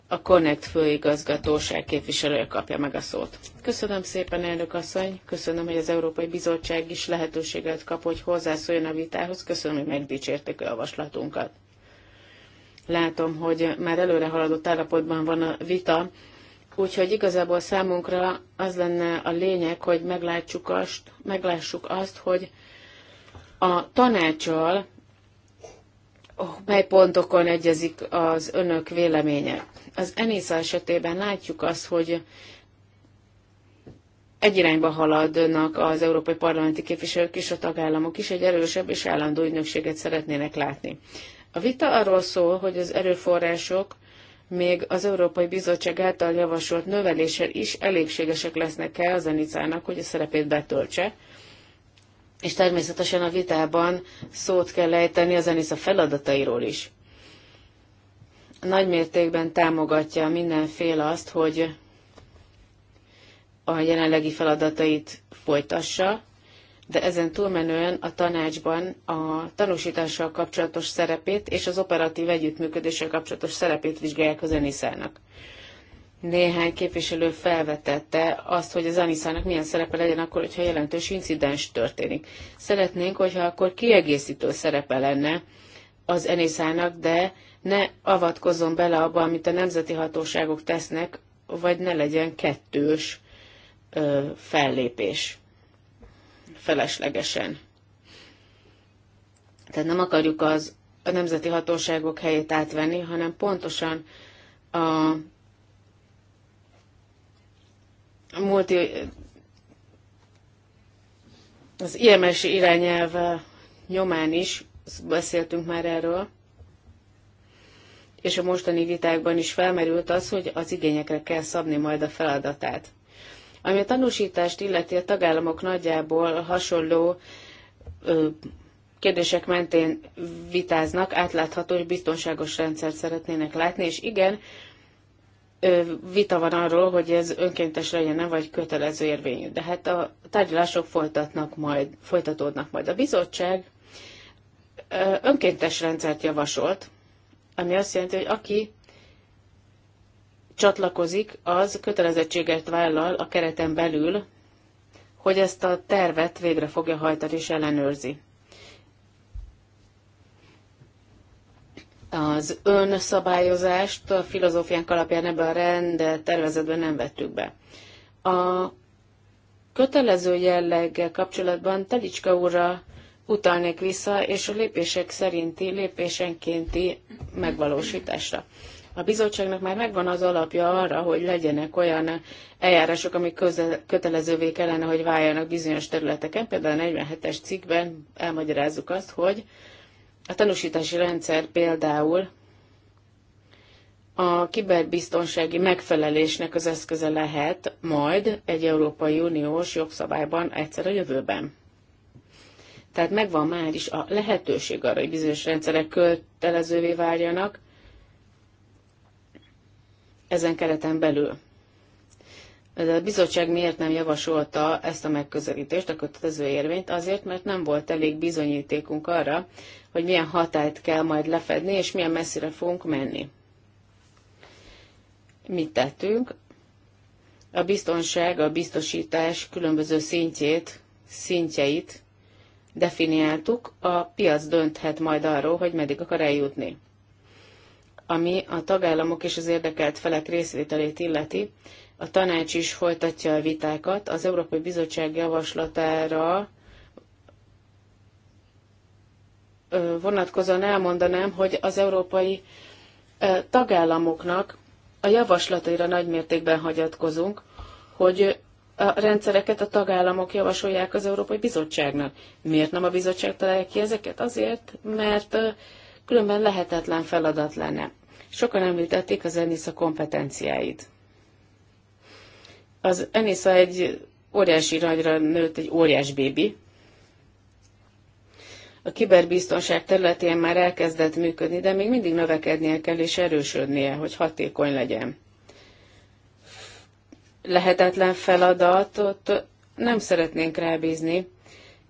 a Connect főigazgatóság képviselője kapja meg a szót. Köszönöm szépen, elnök asszony, köszönöm, hogy az Európai Bizottság is lehetőséget kap, hogy hozzászóljon a vitához, köszönöm, hogy megdicsérték a javaslatunkat. Látom, hogy már előre haladott állapotban van a vita, úgyhogy igazából számunkra az lenne a lényeg, hogy meglássuk azt, meglássuk azt hogy a tanácsal, mely pontokon egyezik az önök véleménye. Az Enisa esetében látjuk azt, hogy egy irányba haladnak az európai parlamenti képviselők és a tagállamok is, egy erősebb és állandó ügynökséget szeretnének látni. A vita arról szól, hogy az erőforrások még az Európai Bizottság által javasolt növeléssel is elégségesek lesznek-e az Enicának, hogy a szerepét betöltse, és természetesen a vitában szót kell ejteni az ENISZA feladatairól is. Nagy mértékben támogatja mindenféle azt, hogy a jelenlegi feladatait folytassa, de ezen túlmenően a tanácsban a tanúsítással kapcsolatos szerepét és az operatív együttműködéssel kapcsolatos szerepét vizsgálják az ENISZ-nak. Néhány képviselő felvetette azt, hogy az Aniszának milyen szerepe legyen akkor, hogyha jelentős incidens történik. Szeretnénk, hogyha akkor kiegészítő szerepe lenne az Aniszának, de ne avatkozzon bele abba, amit a nemzeti hatóságok tesznek, vagy ne legyen kettős ö, fellépés feleslegesen. Tehát nem akarjuk az a nemzeti hatóságok helyét átvenni, hanem pontosan a multi, az IMS irányelv nyomán is beszéltünk már erről, és a mostani vitákban is felmerült az, hogy az igényekre kell szabni majd a feladatát. Ami a tanúsítást illeti, a tagállamok nagyjából hasonló ö, kérdések mentén vitáznak, átlátható és biztonságos rendszert szeretnének látni, és igen, vita van arról, hogy ez önkéntes legyen-e, vagy kötelező érvényű. De hát a tárgyalások folytatnak majd, folytatódnak majd. A bizottság önkéntes rendszert javasolt, ami azt jelenti, hogy aki csatlakozik, az kötelezettséget vállal a kereten belül, hogy ezt a tervet végre fogja hajtani és ellenőrzi. az önszabályozást a filozófiánk alapján ebben a rend tervezetben nem vettük be. A kötelező jelleggel kapcsolatban Telicska úrra utalnék vissza, és a lépések szerinti, lépésenkénti megvalósításra. A bizottságnak már megvan az alapja arra, hogy legyenek olyan eljárások, amik köze, kötelezővé kellene, hogy váljanak bizonyos területeken. Például a 47-es cikkben elmagyarázzuk azt, hogy a tanúsítási rendszer például a kiberbiztonsági megfelelésnek az eszköze lehet majd egy Európai Uniós jogszabályban egyszer a jövőben. Tehát megvan már is a lehetőség arra, hogy bizonyos rendszerek kötelezővé váljanak ezen kereten belül de a bizottság miért nem javasolta ezt a megközelítést, a kötelező érvényt? Azért, mert nem volt elég bizonyítékunk arra, hogy milyen hatályt kell majd lefedni, és milyen messzire fogunk menni. Mit tettünk? A biztonság, a biztosítás különböző szintjét, szintjeit definiáltuk, a piac dönthet majd arról, hogy meddig akar eljutni. Ami a tagállamok és az érdekelt felek részvételét illeti, a tanács is folytatja a vitákat. Az Európai Bizottság javaslatára vonatkozóan elmondanám, hogy az európai tagállamoknak a javaslataira nagymértékben hagyatkozunk, hogy a rendszereket a tagállamok javasolják az Európai Bizottságnak. Miért nem a bizottság találja ki ezeket? Azért, mert különben lehetetlen feladat lenne. Sokan említették az ENISZA kompetenciáit. Az Enisa egy óriási nagyra nőtt egy óriás bébi. A kiberbiztonság területén már elkezdett működni, de még mindig növekednie kell és erősödnie, hogy hatékony legyen. Lehetetlen feladatot nem szeretnénk rábízni.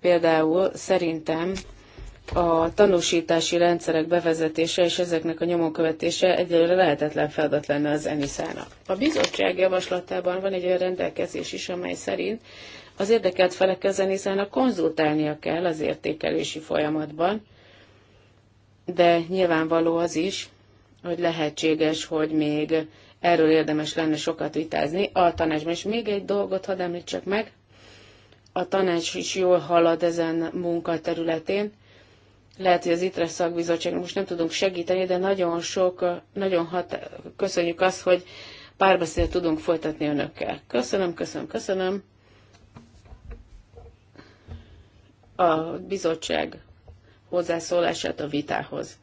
Például szerintem a tanúsítási rendszerek bevezetése és ezeknek a nyomonkövetése egyelőre lehetetlen feladat lenne az ENISZÁ-nak. A bizottság javaslatában van egy olyan rendelkezés is, amely szerint az érdekelt felek az Eniszának konzultálnia kell az értékelési folyamatban, de nyilvánvaló az is, hogy lehetséges, hogy még erről érdemes lenne sokat vitázni a tanácsban. És még egy dolgot hadd említsek meg, a tanács is jól halad ezen munkaterületén, lehet, hogy az ITRE szakbizottság most nem tudunk segíteni, de nagyon sok, nagyon hat, köszönjük azt, hogy párbeszélt tudunk folytatni önökkel. Köszönöm, köszönöm, köszönöm. A bizottság hozzászólását a vitához.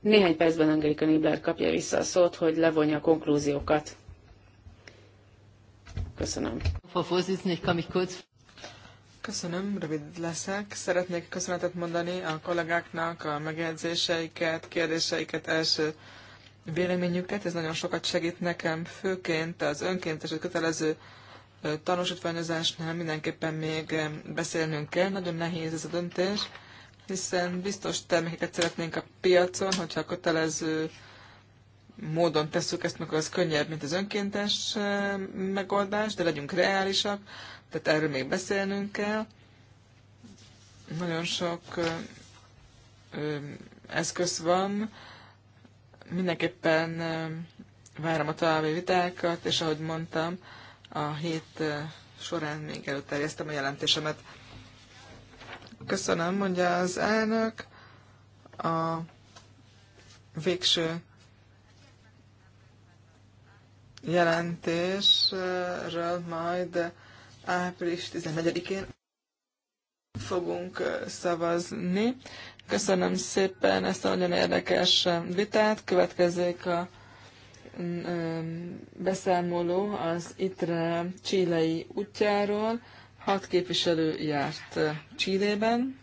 Néhány percben Angelika Nibler kapja vissza a szót, hogy levonja a konklúziókat. Köszönöm. Köszönöm, rövid leszek. Szeretnék köszönetet mondani a kollégáknak a megjegyzéseiket, kérdéseiket, első véleményüket. Ez nagyon sokat segít nekem, főként az önkéntes, a kötelező tanúsítványozásnál mindenképpen még beszélnünk kell. Nagyon nehéz ez a döntés, hiszen biztos termékeket szeretnénk a piacon, hogyha a kötelező módon tesszük ezt, akkor az könnyebb, mint az önkéntes megoldás, de legyünk reálisak tehát erről még beszélnünk kell. Nagyon sok eszköz van, mindenképpen várom a további vitákat, és ahogy mondtam, a hét során még előterjesztem a jelentésemet. Köszönöm, mondja az elnök. A végső jelentésről majd április 14-én fogunk szavazni. Köszönöm szépen ezt a nagyon érdekes vitát. Következik a mm, beszámoló az ITRE csílei útjáról. Hat képviselő járt Csílében.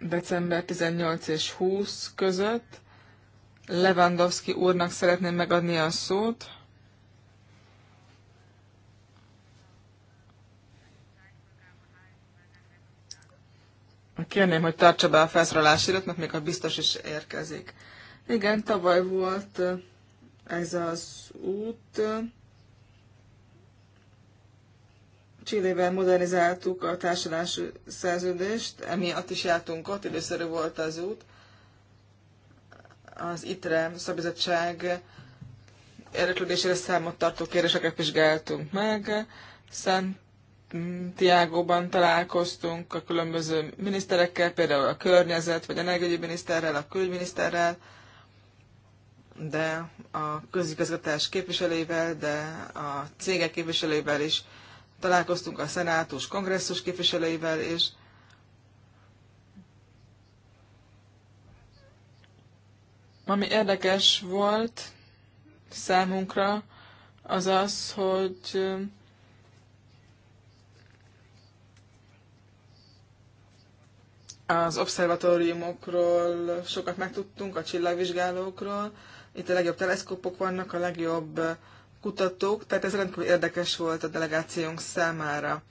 December 18 és 20 között Lewandowski úrnak szeretném megadni a szót. Kérném, hogy tartsa be a felszólalási időt, mert még a biztos is érkezik. Igen, tavaly volt ez az út. Csillével modernizáltuk a társadalmi szerződést, emiatt is jártunk ott, időszerű volt az út az ITRE szabizottság érdeklődésére számot tartó kérdéseket vizsgáltunk meg. Szentiágóban találkoztunk a különböző miniszterekkel, például a környezet, vagy a energiaügyi miniszterrel, a külügyminiszterrel, de a közigazgatás képviselével, de a cégek képviselőivel is találkoztunk a szenátus kongresszus képviselőivel, és Ami érdekes volt számunkra, az az, hogy az obszervatóriumokról sokat megtudtunk, a csillagvizsgálókról. Itt a legjobb teleszkópok vannak, a legjobb kutatók, tehát ez rendkívül érdekes volt a delegációnk számára.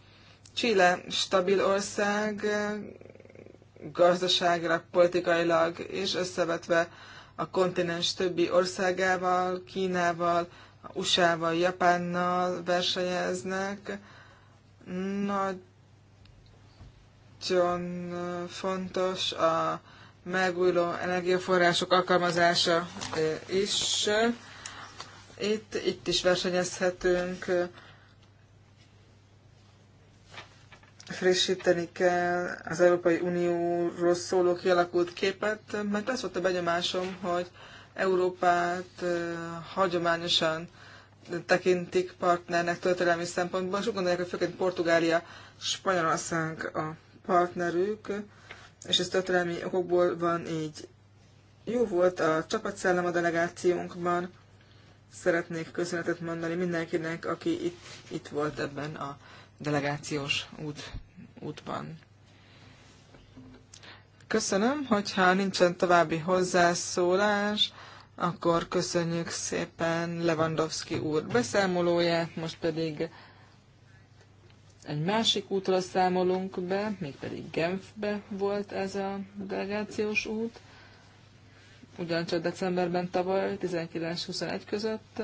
Chile stabil ország, gazdaságra, politikailag és összevetve a kontinens többi országával, Kínával, USA-val, Japánnal versenyeznek. Nagyon fontos a megújuló energiaforrások alkalmazása is. Itt, itt is versenyezhetünk frissíteni kell az Európai Unióról szóló kialakult képet, mert az volt a benyomásom, hogy Európát hagyományosan tekintik partnernek történelmi szempontból, és úgy gondolják, hogy főként Portugália, Spanyolország a partnerük, és ez történelmi okokból van így. Jó volt a csapatszellem a delegációnkban, szeretnék köszönetet mondani mindenkinek, aki itt, itt volt ebben a delegációs út, útban. Köszönöm, hogyha nincsen további hozzászólás, akkor köszönjük szépen Lewandowski úr beszámolóját, most pedig egy másik útra számolunk be, mégpedig Genfbe volt ez a delegációs út, ugyancsak decemberben tavaly 19-21 között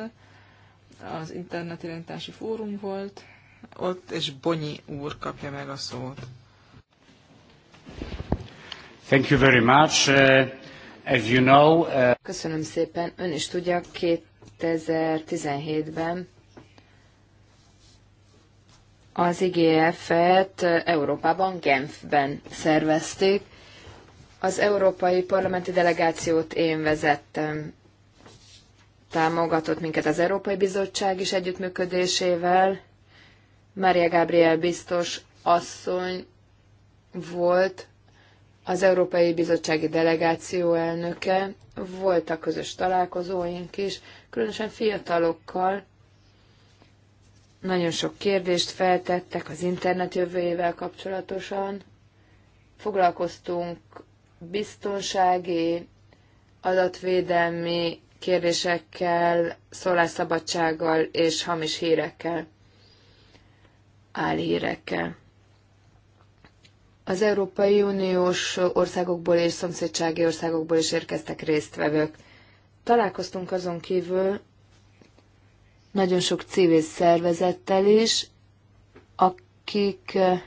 az internetirányítási fórum volt, ott, és Bonyi úr kapja meg a szót. Thank you very much. Uh, as you know, uh... Köszönöm szépen. Ön is tudja, 2017-ben az IGF-et Európában, Genfben szervezték. Az Európai Parlamenti Delegációt én vezettem. Támogatott minket az Európai Bizottság is együttműködésével, Mária Gabriel biztos asszony volt az Európai Bizottsági Delegáció elnöke, voltak közös találkozóink is, különösen fiatalokkal. Nagyon sok kérdést feltettek az internet jövőjével kapcsolatosan. Foglalkoztunk biztonsági, adatvédelmi kérdésekkel, szólásszabadsággal és hamis hírekkel álhírekkel. Az Európai Uniós országokból és szomszédsági országokból is érkeztek résztvevők. Találkoztunk azon kívül nagyon sok civil szervezettel is, akik eh,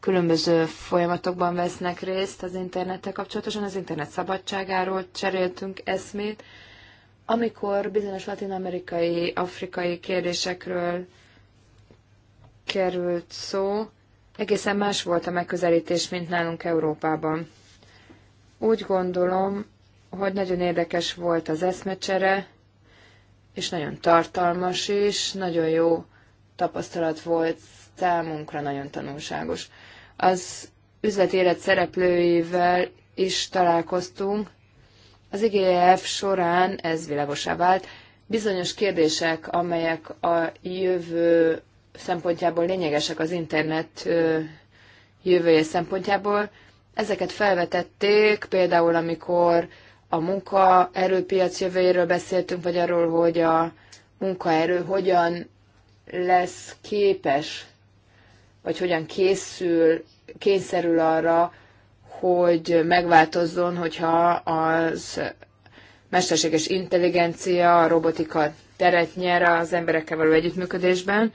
különböző folyamatokban vesznek részt az internettel kapcsolatosan, az internet szabadságáról cseréltünk eszmét, amikor bizonyos latin-amerikai, afrikai kérdésekről került szó, egészen más volt a megközelítés, mint nálunk Európában. Úgy gondolom, hogy nagyon érdekes volt az eszmecsere, és nagyon tartalmas is, nagyon jó tapasztalat volt számunkra, nagyon tanulságos. Az üzleti élet szereplőivel is találkoztunk. Az IGF során ez világosá vált. Bizonyos kérdések, amelyek a jövő szempontjából lényegesek az internet jövője szempontjából. Ezeket felvetették, például amikor a munkaerőpiac jövőjéről beszéltünk, vagy arról, hogy a munkaerő hogyan lesz képes, vagy hogyan készül, kényszerül arra, hogy megváltozzon, hogyha az mesterséges intelligencia, a robotika teret nyer az emberekkel való együttműködésben.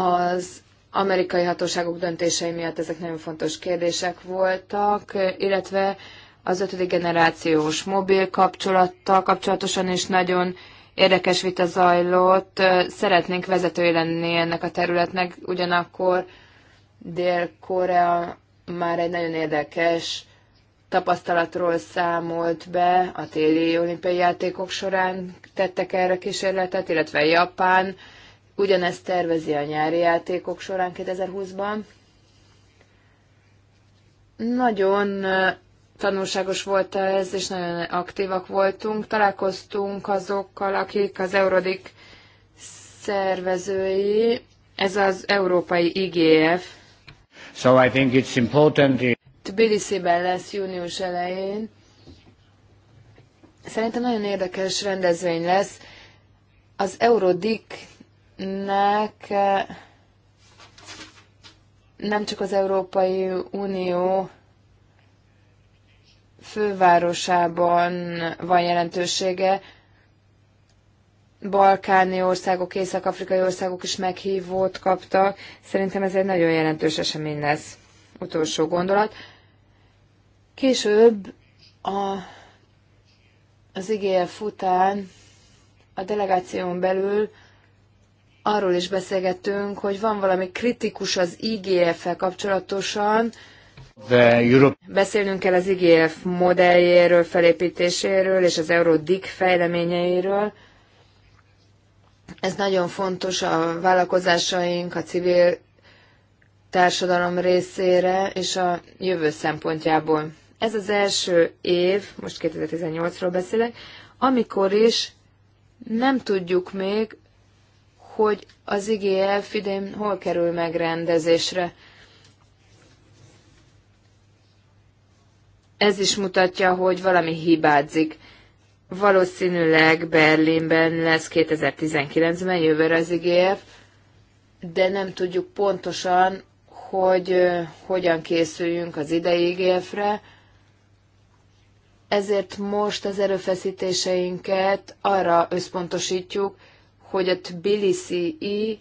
Az amerikai hatóságok döntései miatt ezek nagyon fontos kérdések voltak, illetve az ötödik generációs mobil kapcsolattal kapcsolatosan is nagyon érdekes vita zajlott. Szeretnénk vezetői lenni ennek a területnek, ugyanakkor Dél-Korea már egy nagyon érdekes tapasztalatról számolt be a téli olimpiai játékok során tettek erre kísérletet, illetve Japán Ugyanezt tervezi a nyári játékok során 2020-ban. Nagyon tanulságos volt ez, és nagyon aktívak voltunk. Találkoztunk azokkal, akik az Eurodik szervezői, ez az európai IGF. So I think it's important... Tbilisi-ben lesz június elején. Szerintem nagyon érdekes rendezvény lesz. Az Eurodik nek eh, nem csak az Európai Unió fővárosában van jelentősége, balkáni országok, észak-afrikai országok is meghívót kaptak. Szerintem ez egy nagyon jelentős esemény lesz. Utolsó gondolat. Később a, az IGF után a delegáción belül arról is beszélgettünk, hogy van valami kritikus az IGF-fel kapcsolatosan. Europe... Beszélnünk kell az IGF modelljéről, felépítéséről és az Eurodic fejleményeiről. Ez nagyon fontos a vállalkozásaink, a civil társadalom részére és a jövő szempontjából. Ez az első év, most 2018-ról beszélek, amikor is nem tudjuk még, hogy az IGF idén hol kerül megrendezésre. Ez is mutatja, hogy valami hibázik. Valószínűleg Berlinben lesz 2019-ben jövőre az IGF, de nem tudjuk pontosan, hogy hogyan készüljünk az idei IGF-re, ezért most az erőfeszítéseinket arra összpontosítjuk, hogy a Tbilisi-i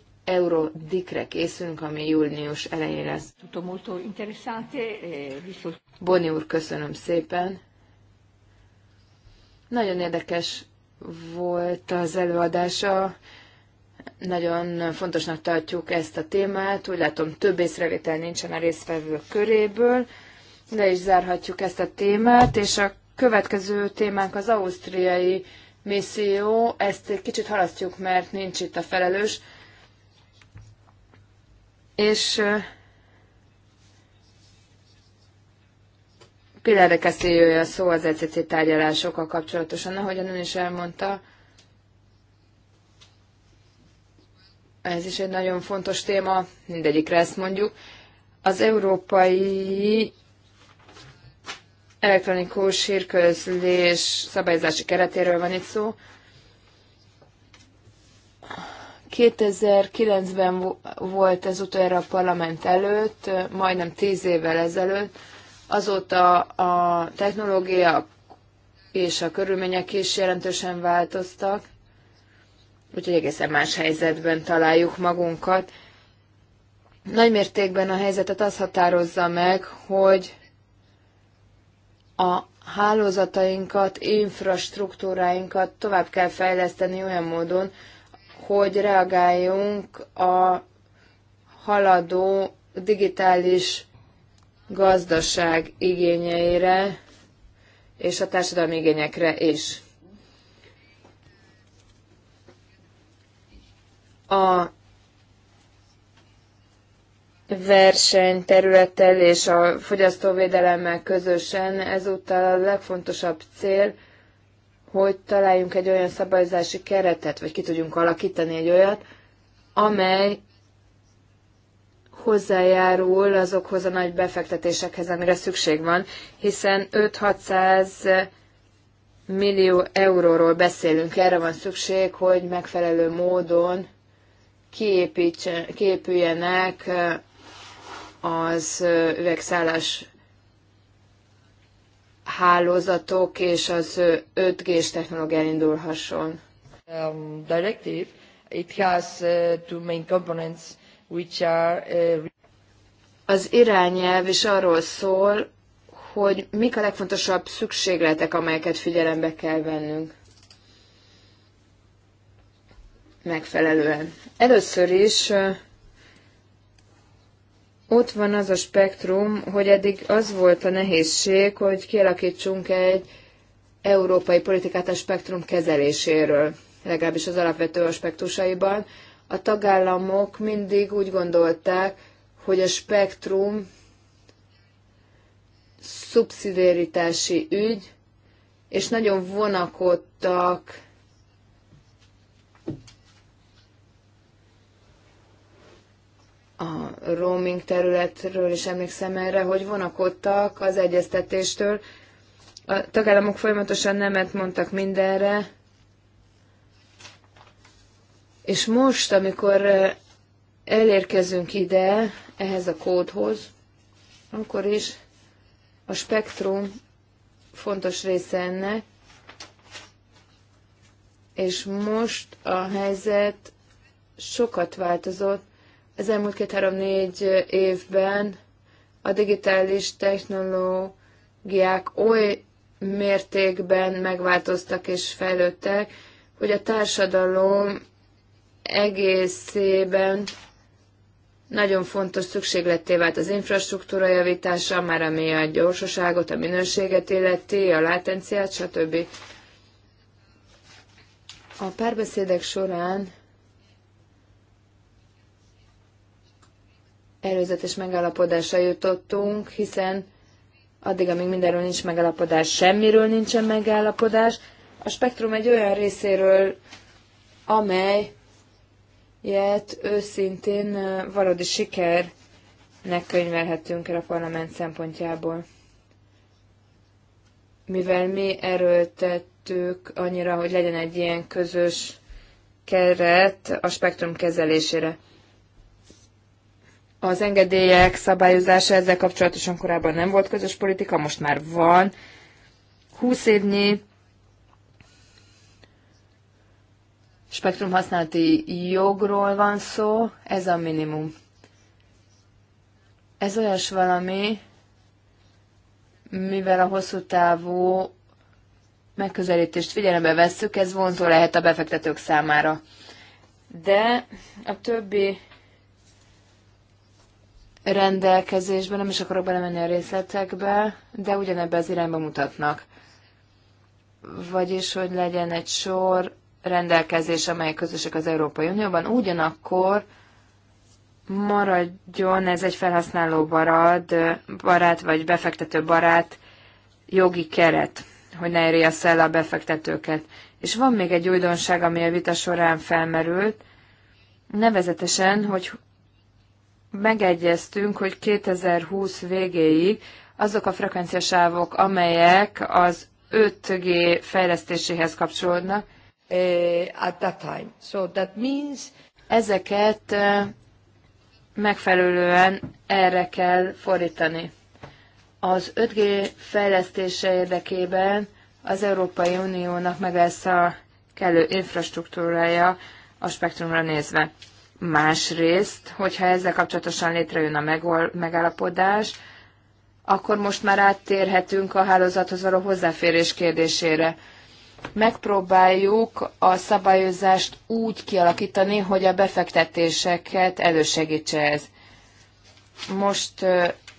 dikre készülünk, ami június elején lesz. Eh, Boni úr, köszönöm szépen. Nagyon érdekes volt az előadása. Nagyon fontosnak tartjuk ezt a témát. Úgy látom, több észrevétel nincsen a résztvevő köréből. Le is zárhatjuk ezt a témát, és a következő témánk az ausztriai misszió, ezt kicsit halasztjuk, mert nincs itt a felelős. És Pilar de a szó az ECC tárgyalásokkal kapcsolatosan, ahogyan ön is elmondta, ez is egy nagyon fontos téma, mindegyikre ezt mondjuk. Az európai elektronikus hírközlés szabályozási keretéről van itt szó. 2009-ben volt ez utoljára a parlament előtt, majdnem 10 évvel ezelőtt. Azóta a technológia és a körülmények is jelentősen változtak, úgyhogy egészen más helyzetben találjuk magunkat. Nagy mértékben a helyzetet az határozza meg, hogy a hálózatainkat, infrastruktúráinkat tovább kell fejleszteni olyan módon, hogy reagáljunk a haladó digitális gazdaság igényeire és a társadalmi igényekre is. A versenyterülettel és a fogyasztóvédelemmel közösen. Ezúttal a legfontosabb cél, hogy találjunk egy olyan szabályozási keretet, vagy ki tudjunk alakítani egy olyat, amely hozzájárul azokhoz a nagy befektetésekhez, amire szükség van, hiszen 5-600 millió euróról beszélünk, erre van szükség, hogy megfelelő módon kiépüljenek az üvegszállás hálózatok és az 5G-s technológia elindulhasson. Um, directive, it has uh, two main components which are uh... az irányelv is arról szól, hogy mik a legfontosabb szükségletek, amelyeket figyelembe kell vennünk megfelelően. Először is uh, ott van az a spektrum, hogy eddig az volt a nehézség, hogy kialakítsunk egy európai politikát a spektrum kezeléséről, legalábbis az alapvető aspektusaiban. A tagállamok mindig úgy gondolták, hogy a spektrum szubszidéritási ügy, és nagyon vonakodtak a roaming területről is emlékszem erre, hogy vonakodtak az egyeztetéstől. A tagállamok folyamatosan nemet mondtak mindenre, és most, amikor elérkezünk ide, ehhez a kódhoz, akkor is a spektrum fontos része ennek, és most a helyzet sokat változott, az elmúlt két-három-négy évben a digitális technológiák oly mértékben megváltoztak és fejlődtek, hogy a társadalom egészében nagyon fontos szükségletté vált az infrastruktúra javítása, már ami a gyorsaságot, a minőséget illeti, a látenciát, stb. A párbeszédek során előzetes megállapodásra jutottunk, hiszen addig, amíg mindenről nincs megállapodás, semmiről nincsen megállapodás. A spektrum egy olyan részéről, amelyet őszintén valódi sikernek könyvelhetünk el a parlament szempontjából. Mivel mi erőltettük annyira, hogy legyen egy ilyen közös keret a spektrum kezelésére. Az engedélyek szabályozása ezzel kapcsolatosan korábban nem volt közös politika, most már van. 20 évnyi spektrum használati jogról van szó, ez a minimum. Ez olyas valami, mivel a hosszú távú megközelítést figyelembe vesszük, ez vonzó lehet a befektetők számára. De a többi rendelkezésben, nem is akarok belemenni a részletekbe, de ugyanebbe az irányba mutatnak. Vagyis, hogy legyen egy sor rendelkezés, amely közösek az Európai Unióban, ugyanakkor maradjon ez egy felhasználó barát, barát vagy befektető barát jogi keret, hogy ne érje el a befektetőket. És van még egy újdonság, ami a vita során felmerült, nevezetesen, hogy megegyeztünk, hogy 2020 végéig azok a frekvenciasávok, amelyek az 5G fejlesztéséhez kapcsolódnak, eh, at that time. So that means ezeket eh, megfelelően erre kell fordítani. Az 5G fejlesztése érdekében az Európai Uniónak meg lesz a kellő infrastruktúrája a spektrumra nézve. Másrészt, hogyha ezzel kapcsolatosan létrejön a megállapodás, akkor most már áttérhetünk a hálózathoz való hozzáférés kérdésére. Megpróbáljuk a szabályozást úgy kialakítani, hogy a befektetéseket elősegítse ez. Most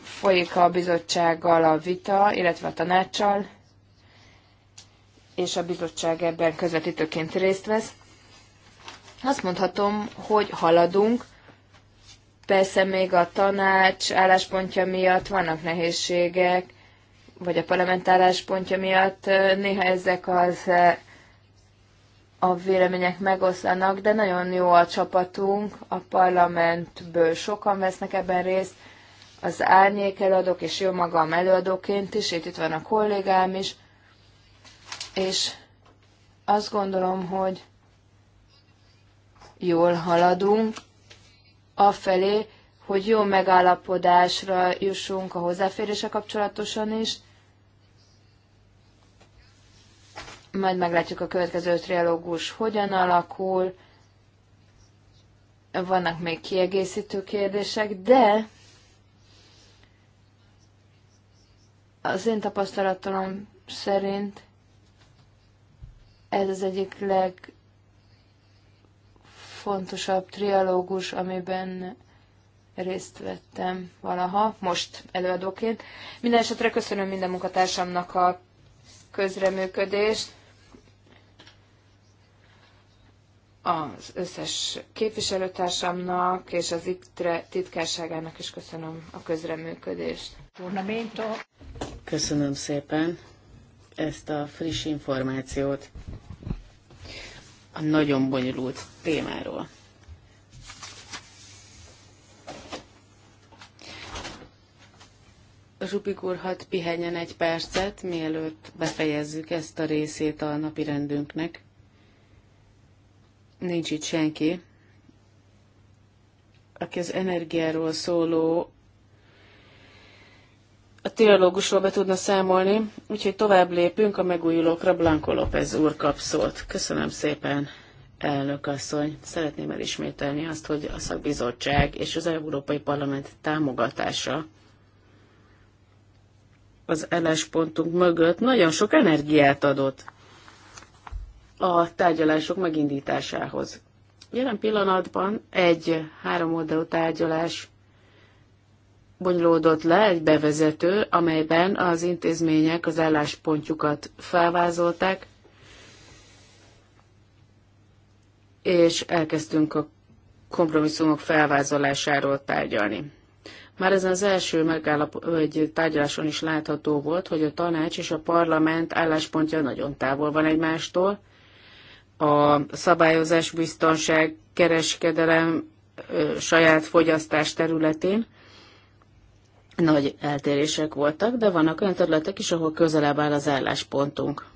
folyik a bizottsággal a vita, illetve a tanácssal, és a bizottság ebben közvetítőként részt vesz. Azt mondhatom, hogy haladunk. Persze még a tanács álláspontja miatt vannak nehézségek, vagy a parlament álláspontja miatt néha ezek az a vélemények megoszlanak, de nagyon jó a csapatunk, a parlamentből sokan vesznek ebben részt, az árnyék előadók, és jó magam előadóként is, itt, itt van a kollégám is, és azt gondolom, hogy jól haladunk, afelé, hogy jó megállapodásra jussunk a hozzáférése kapcsolatosan is. Majd meglátjuk a következő trialógus hogyan alakul. Vannak még kiegészítő kérdések, de az én tapasztalatom szerint ez az egyik leg legfontosabb trialógus, amiben részt vettem valaha, most előadóként. Minden esetre köszönöm minden munkatársamnak a közreműködést, az összes képviselőtársamnak és az ITRE titkárságának is köszönöm a közreműködést. Köszönöm szépen ezt a friss információt a nagyon bonyolult témáról. Zsupik úr, hadd pihenjen egy percet, mielőtt befejezzük ezt a részét a napi rendünknek. Nincs itt senki, aki az energiáról szóló a trialógusról be tudna számolni, úgyhogy tovább lépünk a megújulókra. Blanco López úr kap szót. Köszönöm szépen, elnök asszony. Szeretném elismételni azt, hogy a szakbizottság és az Európai Parlament támogatása az pontunk mögött nagyon sok energiát adott a tárgyalások megindításához. Jelen pillanatban egy három oldalú tárgyalás bonyolódott le egy bevezető, amelyben az intézmények az álláspontjukat felvázolták, és elkezdtünk a kompromisszumok felvázolásáról tárgyalni. Már ezen az első megállap, vagy tárgyaláson is látható volt, hogy a tanács és a parlament álláspontja nagyon távol van egymástól. A szabályozás, biztonság, kereskedelem, saját fogyasztás területén – nagy eltérések voltak, de vannak olyan területek is, ahol közelebb áll az álláspontunk.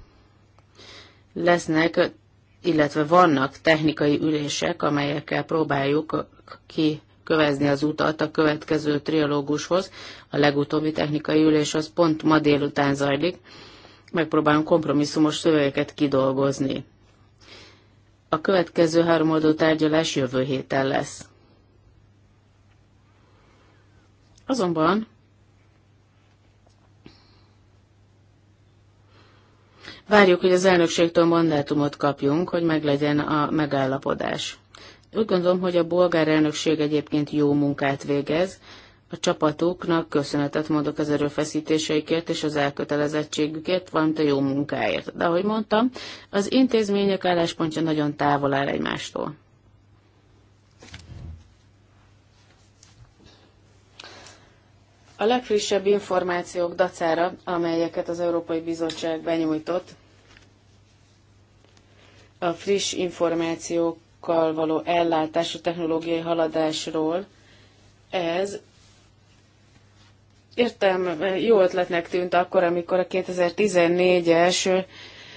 Lesznek, illetve vannak technikai ülések, amelyekkel próbáljuk ki kövezni az utat a következő trialógushoz. A legutóbbi technikai ülés az pont ma délután zajlik. Megpróbálunk kompromisszumos szövegeket kidolgozni. A következő háromoldó tárgyalás jövő héten lesz. Azonban Várjuk, hogy az elnökségtől mandátumot kapjunk, hogy meglegyen a megállapodás. Úgy gondolom, hogy a bolgár elnökség egyébként jó munkát végez. A csapatuknak köszönetet mondok az erőfeszítéseikért és az elkötelezettségükért, valamint a jó munkáért. De ahogy mondtam, az intézmények álláspontja nagyon távol áll egymástól. A legfrissebb információk dacára, amelyeket az Európai Bizottság benyújtott, a friss információkkal való ellátás a technológiai haladásról, ez értem, jó ötletnek tűnt akkor, amikor a 2014-es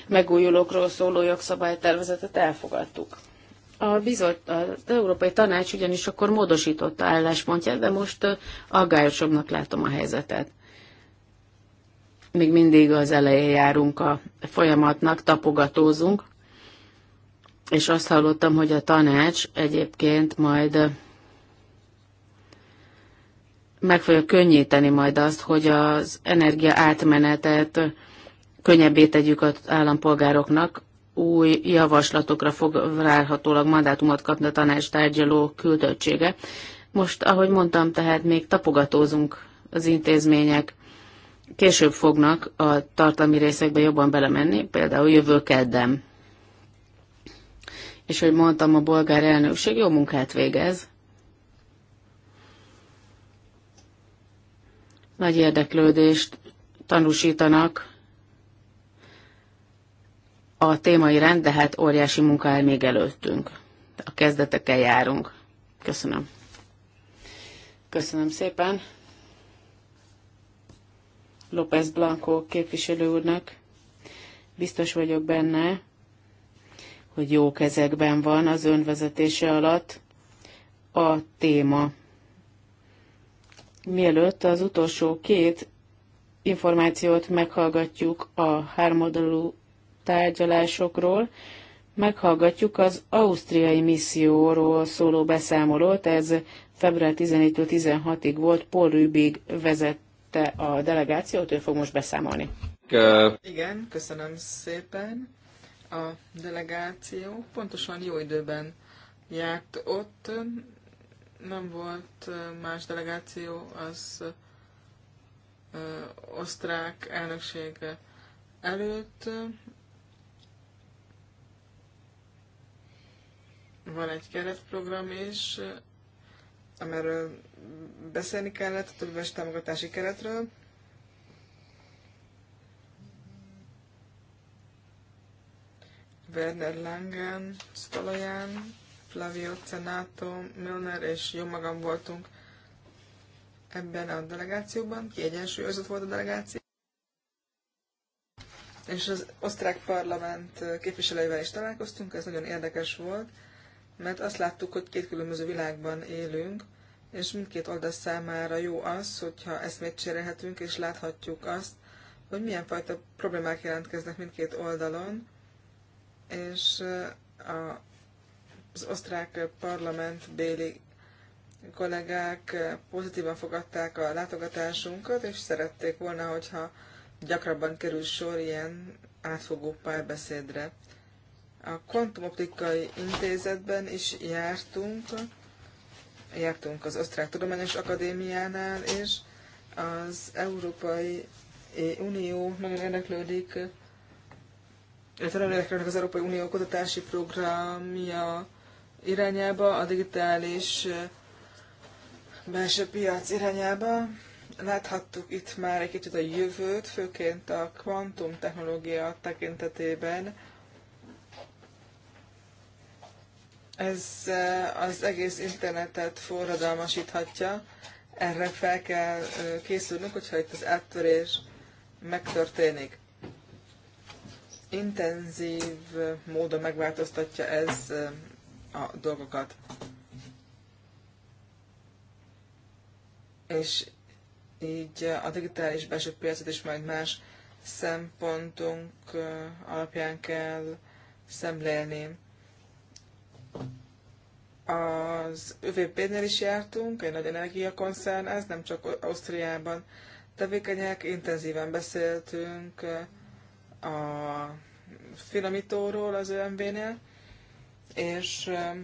megújulókról szóló jogszabálytervezetet elfogadtuk. A bizott, az Európai Tanács ugyanis akkor módosította álláspontját, de most aggályosabbnak látom a helyzetet. Még mindig az elején járunk a folyamatnak, tapogatózunk, és azt hallottam, hogy a tanács egyébként majd meg fogja könnyíteni majd azt, hogy az energia átmenetet könnyebbé tegyük az állampolgároknak, új javaslatokra fog várhatólag mandátumot kapni a tanács tárgyaló küldöttsége. Most, ahogy mondtam, tehát még tapogatózunk az intézmények. Később fognak a tartalmi részekbe jobban belemenni, például jövő keddem. És hogy mondtam, a bolgár elnökség jó munkát végez. Nagy érdeklődést tanúsítanak a témai rend, de hát óriási munka el még előttünk. A kezdetekkel járunk. Köszönöm. Köszönöm szépen. López Blanco képviselő úrnak. Biztos vagyok benne, hogy jó kezekben van az önvezetése alatt a téma. Mielőtt az utolsó két információt meghallgatjuk a hármodalú tárgyalásokról, meghallgatjuk az ausztriai misszióról szóló beszámolót. Ez február 14-től 16-ig volt, Paul Rübig vezette a delegációt, ő fog most beszámolni. Igen, köszönöm szépen. A delegáció pontosan jó időben járt ott, nem volt más delegáció az osztrák elnökség előtt. Van egy keretprogram is, amiről beszélni kellett, a többes támogatási keretről. Werner Langen, Stolajan, Flavio Cenato, Milner és jó magam voltunk ebben a delegációban, kiegyensúlyozott volt a delegáció. És az osztrák parlament képviselőivel is találkoztunk, ez nagyon érdekes volt mert azt láttuk, hogy két különböző világban élünk, és mindkét oldal számára jó az, hogyha eszmét cserélhetünk, és láthatjuk azt, hogy milyen fajta problémák jelentkeznek mindkét oldalon, és eh, a, az osztrák parlament béli kollégák eh, pozitívan fogadták a látogatásunkat, és szerették volna, hogyha gyakrabban kerül sor ilyen átfogó párbeszédre. A Kontumoptikai Intézetben is jártunk, jártunk az Osztrák Tudományos Akadémiánál, és az Európai Unió nagyon érdeklődik, illetve nagyon érdeklődik az Európai Unió kutatási programja irányába, a digitális belső piac irányába. Láthattuk itt már egy kicsit a jövőt, főként a kvantum technológia tekintetében, ez eh, az egész internetet forradalmasíthatja. Erre fel kell eh, készülnünk, hogyha itt az áttörés megtörténik. Intenzív módon megváltoztatja ez eh, a dolgokat. És így a digitális belső piacot is majd más szempontunk alapján kell szemlélni az ÖVP-nél is jártunk, egy nagy energiakoncern, ez nem csak Ausztriában tevékenyek, intenzíven beszéltünk a finomítóról az ÖMV-nél, és um,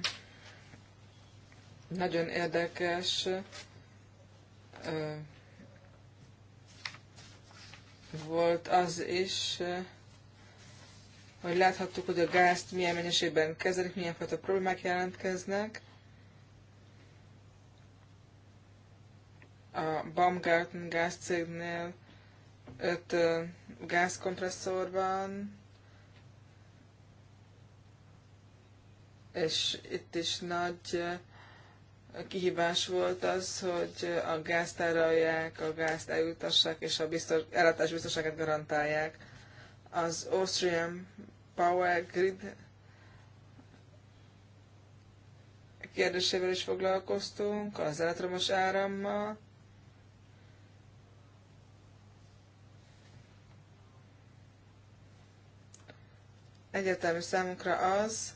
nagyon érdekes uh, volt az is, uh, hogy láthattuk, hogy a gázt milyen mennyiségben kezelik, milyen fajta problémák jelentkeznek. A Baumgarten gázcégnél öt gázkompresszor van, és itt is nagy kihívás volt az, hogy a gáztárolják, a gázt eljutassák, és a biztos, ellátás biztonságát garantálják az Austrian Power Grid kérdésével is foglalkoztunk, az elektromos árammal. Egyértelmű számunkra az,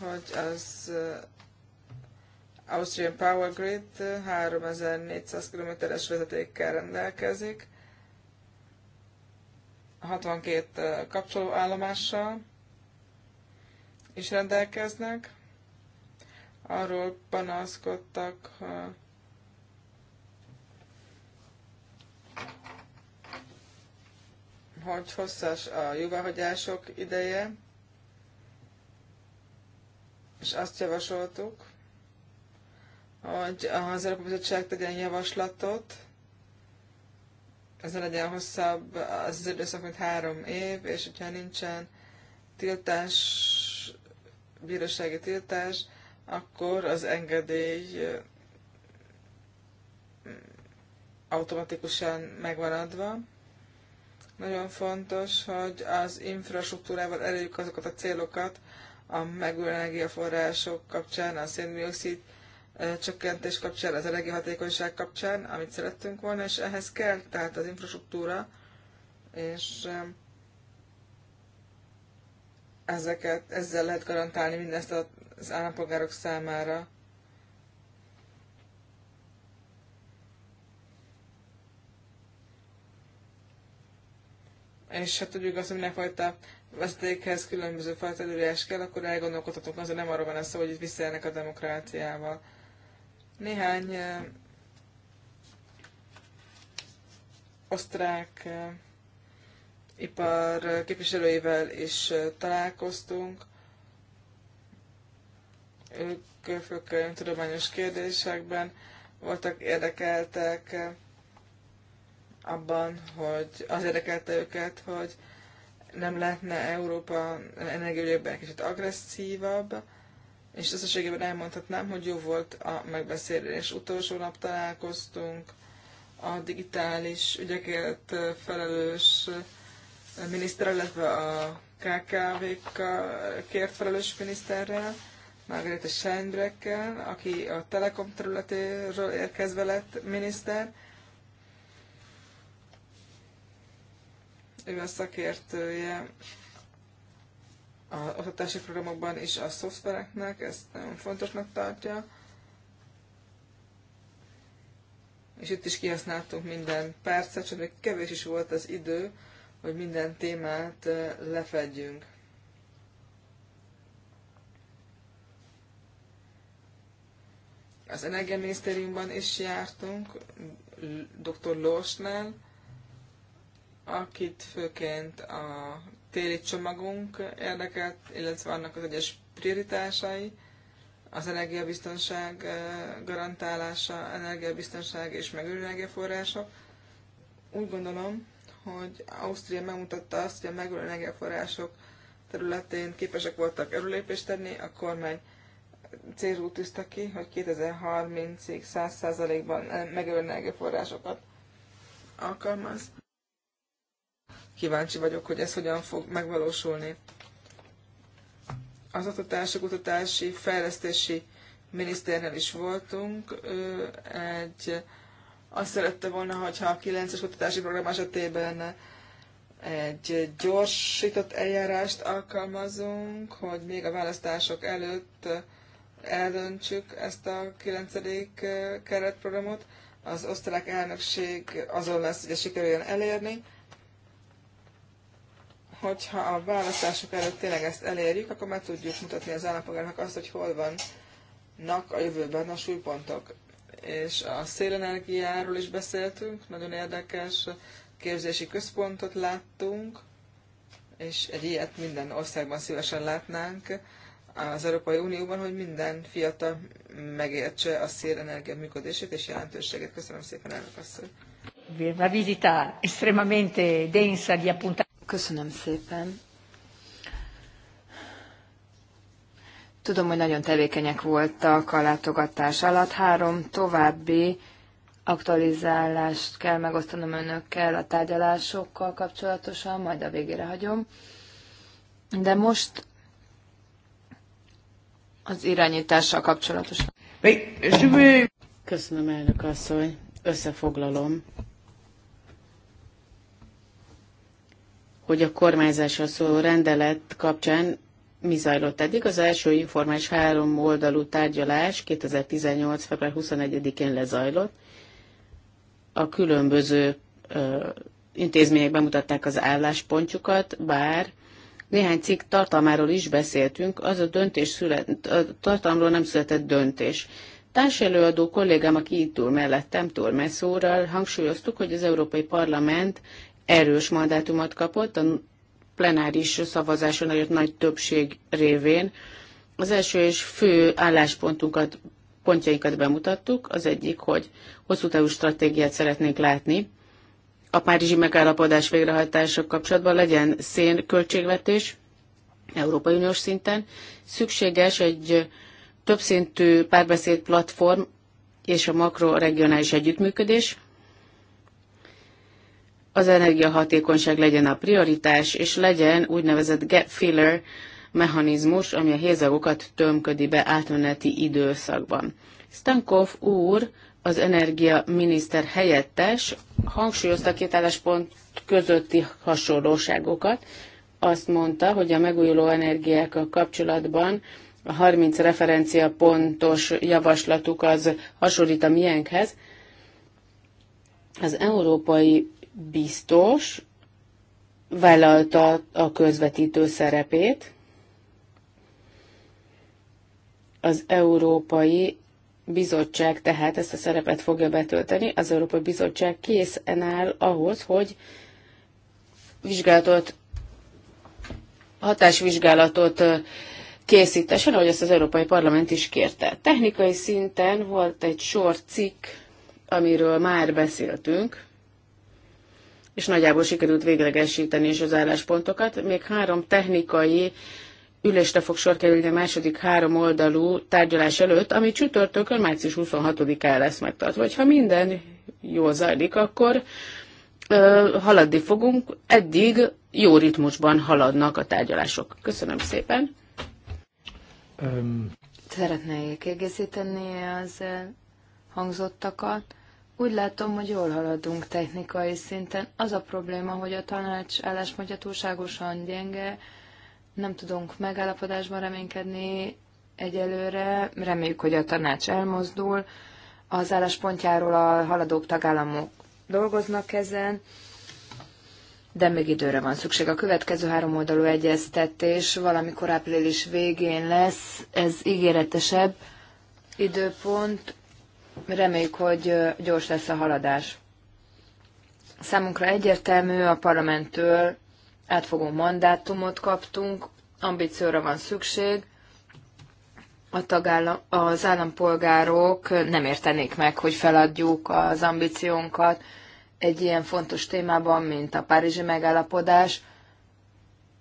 hogy az eh, Austrian Power Grid 3400 eh, km-es vezetékkel rendelkezik, 62 kapcsolóállomással is rendelkeznek. Arról panaszkodtak, hogy hosszas a jóváhagyások ideje, és azt javasoltuk, hogy a Európai Bizottság tegyen javaslatot, ez legyen hosszabb az, az időszak, mint három év, és hogyha nincsen tiltás, bírósági tiltás, akkor az engedély automatikusan megvan adva. Nagyon fontos, hogy az infrastruktúrával elérjük azokat a célokat, a megújuló energiaforrások kapcsán, a széndiokszid csökkentés kapcsán, az energiahatékonyság kapcsán, amit szerettünk volna, és ehhez kell tehát az infrastruktúra, és ezeket, ezzel lehet garantálni mindezt az állampolgárok számára. És hát tudjuk azt, hogy mindenfajta vesztékhez különböző fajta előírás kell, akkor elgondolkodhatunk azért nem arról van szó, hogy itt visszaélnek a demokráciával. Néhány osztrák ipar képviselőivel is találkoztunk. Ők főként tudományos kérdésekben voltak érdekeltek abban, hogy az érdekelte őket, hogy nem lehetne Európa energiaügyekben kicsit agresszívabb, és összességében elmondhatnám, hogy jó volt a megbeszélés. Utolsó nap találkoztunk a digitális ügyekért felelős miniszter, illetve a KKV-kért felelős miniszterrel, Margarete Scheinbreckkel, aki a Telekom területéről érkezve lett miniszter. Ő a szakértője az oktatási programokban is a szoftvereknek, ezt nagyon fontosnak tartja. És itt is kihasználtunk minden percet, csak még kevés is volt az idő, hogy minden témát lefedjünk. Az energiaminisztériumban is jártunk, dr. Lorsnál, akit főként a téli csomagunk érdekelt, illetve annak az egyes prioritásai, az energiabiztonság garantálása, energiabiztonság és megújuló energiaforrások. Úgy gondolom, hogy Ausztria megmutatta azt, hogy a megújuló energiaforrások területén képesek voltak előlépést tenni, a kormány célú tűzte ki, hogy 2030-ig 100%-ban megújuló energiaforrásokat alkalmaz kíváncsi vagyok, hogy ez hogyan fog megvalósulni. Az oktatási, kutatási, fejlesztési miniszternél is voltunk. Ő egy, azt szerette volna, hogyha a 9-es kutatási program esetében egy gyorsított eljárást alkalmazunk, hogy még a választások előtt eldöntsük ezt a 9. keretprogramot. Az osztrák elnökség azon lesz, hogy sikerüljön elérni hogyha a választások előtt tényleg ezt elérjük, akkor meg tudjuk mutatni az állampolgárnak azt, hogy hol vannak a jövőben a súlypontok. És a szélenergiáról is beszéltünk, nagyon érdekes képzési központot láttunk, és egy ilyet minden országban szívesen látnánk az Európai Unióban, hogy minden fiatal megértse a szélenergia működését és jelentőségét. Köszönöm szépen, elnök asszony! La visita estremamente densa di appuntamenti. Köszönöm szépen. Tudom, hogy nagyon tevékenyek voltak a látogatás alatt. Három további aktualizálást kell megosztanom önökkel a tárgyalásokkal kapcsolatosan, majd a végére hagyom. De most az irányítással kapcsolatosan. Köszönöm, elnök asszony. Összefoglalom hogy a kormányzásra szóló rendelet kapcsán mi zajlott eddig? Az első informális három oldalú tárgyalás 2018. február 21-én lezajlott. A különböző ö, intézmények bemutatták az álláspontjukat, bár néhány cikk tartalmáról is beszéltünk, az a döntés szület, a tartalmról nem született döntés. Társelőadó kollégám, aki itt túl mellettem, túl úrral hangsúlyoztuk, hogy az Európai Parlament erős mandátumot kapott a plenáris szavazáson nagyon nagy többség révén. Az első és fő álláspontunkat, pontjainkat bemutattuk. Az egyik, hogy hosszú távú stratégiát szeretnénk látni. A párizsi megállapodás végrehajtása kapcsolatban legyen szénköltségvetés Európai Uniós szinten. Szükséges egy többszintű párbeszéd platform és a makroregionális együttműködés, az energiahatékonyság legyen a prioritás, és legyen úgynevezett gap filler mechanizmus, ami a hézagokat tömködi be átmeneti időszakban. Stankov úr, az energiaminiszter helyettes hangsúlyozta két álláspont közötti hasonlóságokat. Azt mondta, hogy a megújuló energiákkal kapcsolatban a 30 referencia pontos javaslatuk az hasonlít a miénkhez. Az európai biztos vállalta a közvetítő szerepét. Az Európai Bizottság tehát ezt a szerepet fogja betölteni. Az Európai Bizottság készen áll ahhoz, hogy vizsgálatot, hatásvizsgálatot készítesen, ahogy ezt az Európai Parlament is kérte. Technikai szinten volt egy sor cikk, amiről már beszéltünk, és nagyjából sikerült véglegesíteni is az álláspontokat. Még három technikai ülésre fog sor kerülni a második három oldalú tárgyalás előtt, ami csütörtökön március 26-án lesz megtartva. Ha minden jól zajlik, akkor ö, haladni fogunk. Eddig jó ritmusban haladnak a tárgyalások. Köszönöm szépen. Um. Szeretnék egészíteni az hangzottakat. Úgy látom, hogy jól haladunk technikai szinten. Az a probléma, hogy a tanács álláspontja túlságosan gyenge, nem tudunk megállapodásban reménykedni egyelőre. Reméljük, hogy a tanács elmozdul. Az álláspontjáról a haladók tagállamok dolgoznak ezen, de még időre van szükség. A következő három oldalú egyeztetés valamikor április végén lesz, ez ígéretesebb időpont, Reméljük, hogy gyors lesz a haladás. Számunkra egyértelmű, a parlamenttől átfogó mandátumot kaptunk, ambícióra van szükség, a tagállam, az állampolgárok nem értenék meg, hogy feladjuk az ambíciónkat egy ilyen fontos témában, mint a Párizsi megállapodás.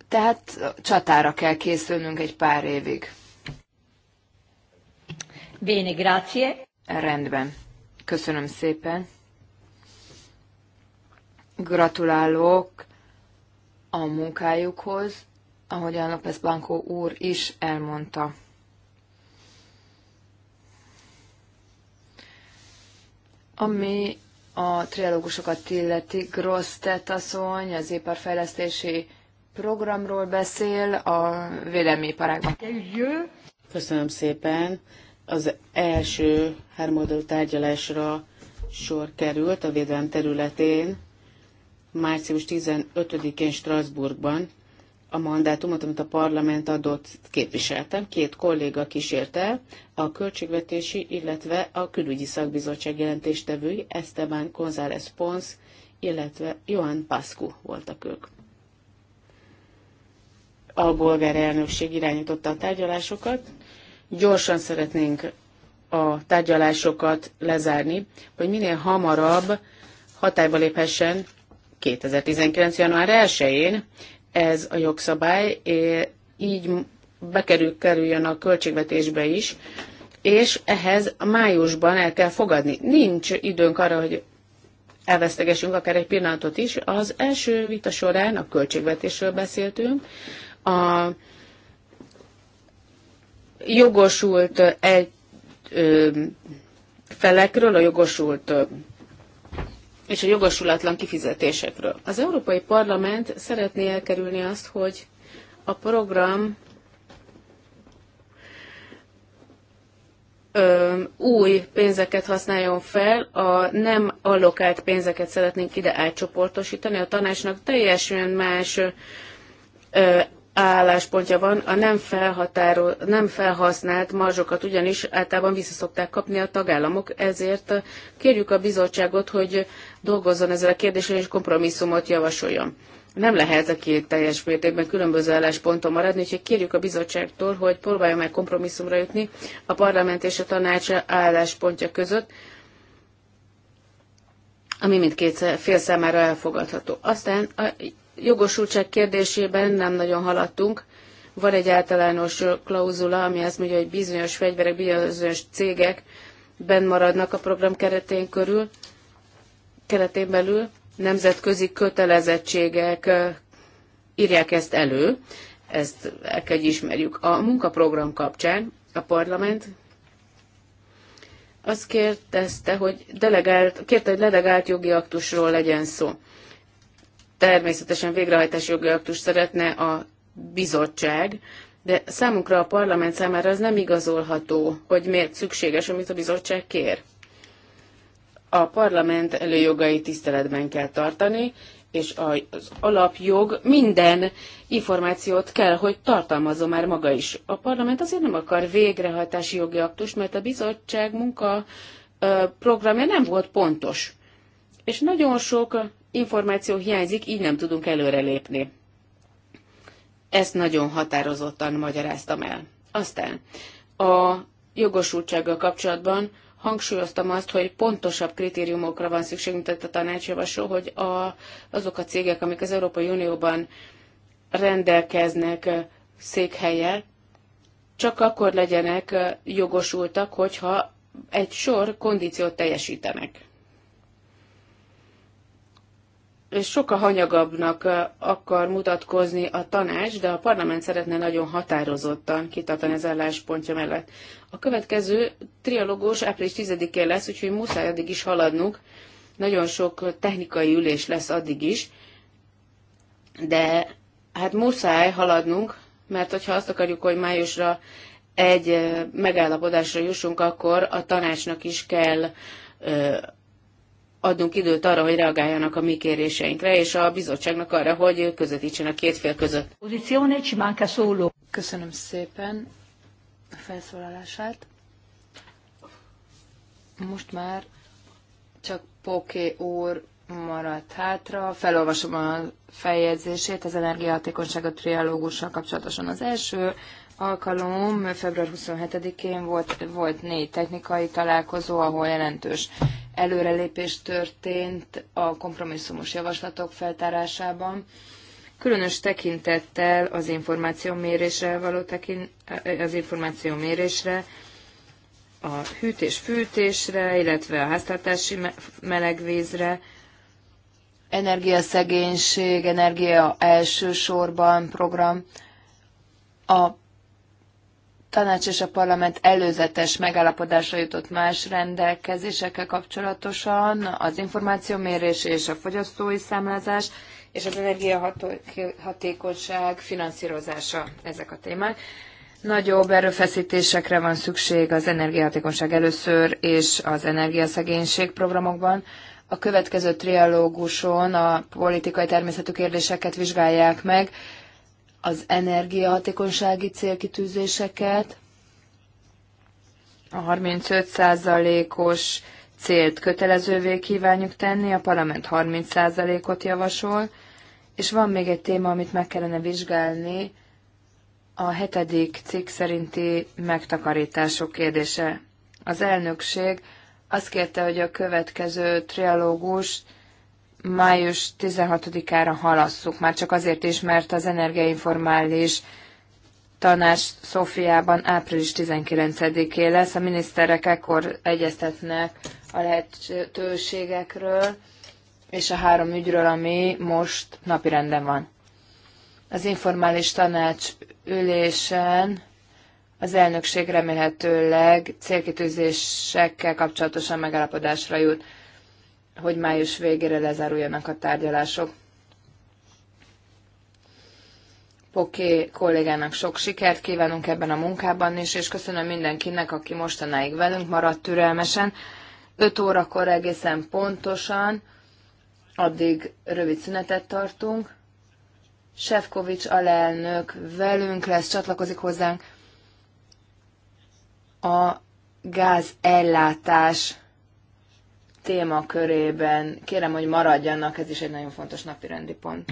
Tehát csatára kell készülnünk egy pár évig. Bene, grazie. Rendben. Köszönöm szépen. Gratulálok a munkájukhoz, a López Blanco úr is elmondta. Ami a trialógusokat illeti, Grossz Tetaszony az iparfejlesztési programról beszél a védelmi iparágban. Köszönöm szépen az első háromoldalú tárgyalásra sor került a védelem területén március 15-én Strasbourgban. A mandátumot, amit a parlament adott, képviseltem. Két kolléga kísérte, a költségvetési, illetve a külügyi szakbizottság jelentéstevői Esteban González Pons, illetve Johan Pascu voltak ők. A bolgár elnökség irányította a tárgyalásokat, Gyorsan szeretnénk a tárgyalásokat lezárni, hogy minél hamarabb hatályba léphessen 2019. január 1-én ez a jogszabály, és így bekerül kerüljön a költségvetésbe is, és ehhez májusban el kell fogadni. Nincs időnk arra, hogy elvesztegessünk akár egy pillanatot is. Az első vita során a költségvetésről beszéltünk, a jogosult egy ö, felekről, a jogosult ö, és a jogosulatlan kifizetésekről. Az Európai Parlament szeretné elkerülni azt, hogy a program ö, új pénzeket használjon fel, a nem allokált pénzeket szeretnénk ide átcsoportosítani. A tanácsnak teljesen más ö, álláspontja van, a nem, nem felhasznált marzsokat ugyanis általában visszaszokták kapni a tagállamok, ezért kérjük a bizottságot, hogy dolgozzon ezzel a kérdéssel és kompromisszumot javasoljon. Nem lehet a két teljes mértékben különböző állásponton maradni, úgyhogy kérjük a bizottságtól, hogy próbálja meg kompromisszumra jutni a parlament és a tanács álláspontja között, ami mindkét fél számára elfogadható. Aztán a jogosultság kérdésében nem nagyon haladtunk. Van egy általános klauzula, ami azt mondja, hogy bizonyos fegyverek, bizonyos cégek benn maradnak a program keretén körül, keretén belül. Nemzetközi kötelezettségek írják ezt elő, ezt el kell, ismerjük. A munkaprogram kapcsán a parlament azt kérdezte, hogy delegált, kérte, hogy delegált jogi aktusról legyen szó természetesen végrehajtási jogi aktust szeretne a bizottság, de számunkra a parlament számára az nem igazolható, hogy miért szükséges, amit a bizottság kér. A parlament előjogai tiszteletben kell tartani, és az alapjog minden információt kell, hogy tartalmazza már maga is. A parlament azért nem akar végrehajtási jogi aktust, mert a bizottság munka programja nem volt pontos. És nagyon sok információ hiányzik, így nem tudunk előrelépni. Ezt nagyon határozottan magyaráztam el. Aztán a jogosultsággal kapcsolatban hangsúlyoztam azt, hogy pontosabb kritériumokra van szükség, mint a tanács hogy a, azok a cégek, amik az Európai Unióban rendelkeznek székhelyel, csak akkor legyenek jogosultak, hogyha egy sor kondíciót teljesítenek és sokkal hanyagabbnak akar mutatkozni a tanács, de a parlament szeretne nagyon határozottan kitartani az álláspontja mellett. A következő trialógus április 10-én lesz, úgyhogy muszáj addig is haladnunk. Nagyon sok technikai ülés lesz addig is, de hát muszáj haladnunk, mert hogyha azt akarjuk, hogy májusra egy megállapodásra jussunk, akkor a tanácsnak is kell adunk időt arra, hogy reagáljanak a mi kéréseinkre, és a bizottságnak arra, hogy közvetítsen a két fél között. Köszönöm szépen a felszólalását. Most már csak Poké úr maradt hátra. Felolvasom a feljegyzését az energiahatékonysága triálógussal kapcsolatosan. Az első alkalom február 27-én volt, volt négy technikai találkozó, ahol jelentős előrelépés történt a kompromisszumos javaslatok feltárásában, különös tekintettel az információ mérésre való tekint, az információ mérésre, a hűtés-fűtésre, illetve a háztartási melegvízre, energiaszegénység, energia elsősorban program, a tanács és a parlament előzetes megállapodásra jutott más rendelkezésekkel kapcsolatosan, az információmérés és a fogyasztói számlázás, és az energiahatékonyság finanszírozása ezek a témák. Nagyobb erőfeszítésekre van szükség az energiahatékonyság először és az energiaszegénység programokban. A következő trialóguson a politikai természetű kérdéseket vizsgálják meg, az energiahatékonysági célkitűzéseket, a 35%-os célt kötelezővé kívánjuk tenni, a parlament 30%-ot javasol, és van még egy téma, amit meg kellene vizsgálni, a hetedik cikk szerinti megtakarítások kérdése. Az elnökség azt kérte, hogy a következő trialógust május 16-ára halasszuk, már csak azért is, mert az energiainformális tanács Szofiában április 19-é lesz. A miniszterek ekkor egyeztetnek a lehetőségekről és a három ügyről, ami most napirenden van. Az informális tanács ülésen az elnökség remélhetőleg célkitűzésekkel kapcsolatosan megállapodásra jut hogy május végére lezáruljanak a tárgyalások. Poké kollégának sok sikert kívánunk ebben a munkában is, és köszönöm mindenkinek, aki mostanáig velünk maradt türelmesen. 5 órakor egészen pontosan, addig rövid szünetet tartunk. Sefkovics alelnök velünk lesz, csatlakozik hozzánk a gázellátás témakörében. Kérem, hogy maradjanak, ez is egy nagyon fontos napirendi pont.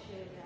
dicsérje.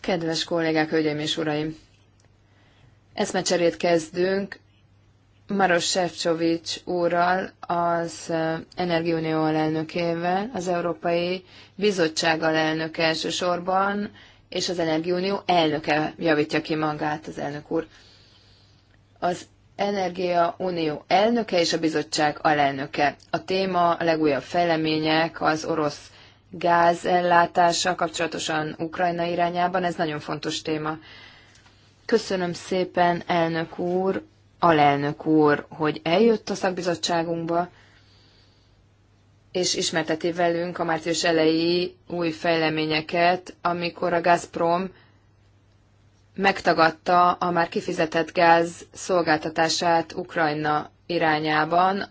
Kedves kollégák, hölgyeim és uraim! Eszmecserét kezdünk Maros Sefcovics úrral, az Energiunió alelnökével, az Európai Bizottság alelnöke elsősorban, és az Energiunió elnöke javítja ki magát az elnök úr. Az Energia Unió elnöke és a bizottság alelnöke. A téma a legújabb fejlemények az orosz gázellátása kapcsolatosan Ukrajna irányában. Ez nagyon fontos téma. Köszönöm szépen, elnök úr, alelnök úr, hogy eljött a szakbizottságunkba, és ismerteti velünk a március elejé új fejleményeket, amikor a Gazprom megtagadta a már kifizetett gáz szolgáltatását Ukrajna irányában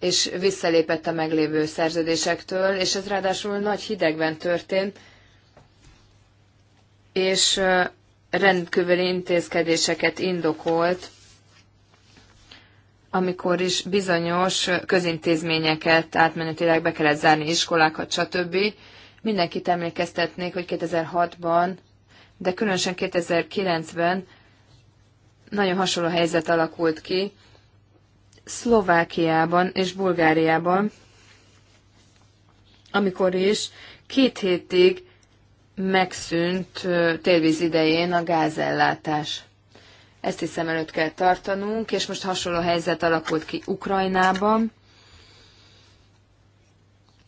és visszalépett a meglévő szerződésektől, és ez ráadásul nagy hidegben történt, és rendkívüli intézkedéseket indokolt, amikor is bizonyos közintézményeket átmenetileg be kellett zárni, iskolákat, stb. Mindenkit emlékeztetnék, hogy 2006-ban, de különösen 2009-ben nagyon hasonló helyzet alakult ki, Szlovákiában és Bulgáriában, amikor is két hétig megszűnt télvíz idején a gázellátás. Ezt hiszem előtt kell tartanunk, és most hasonló helyzet alakult ki Ukrajnában.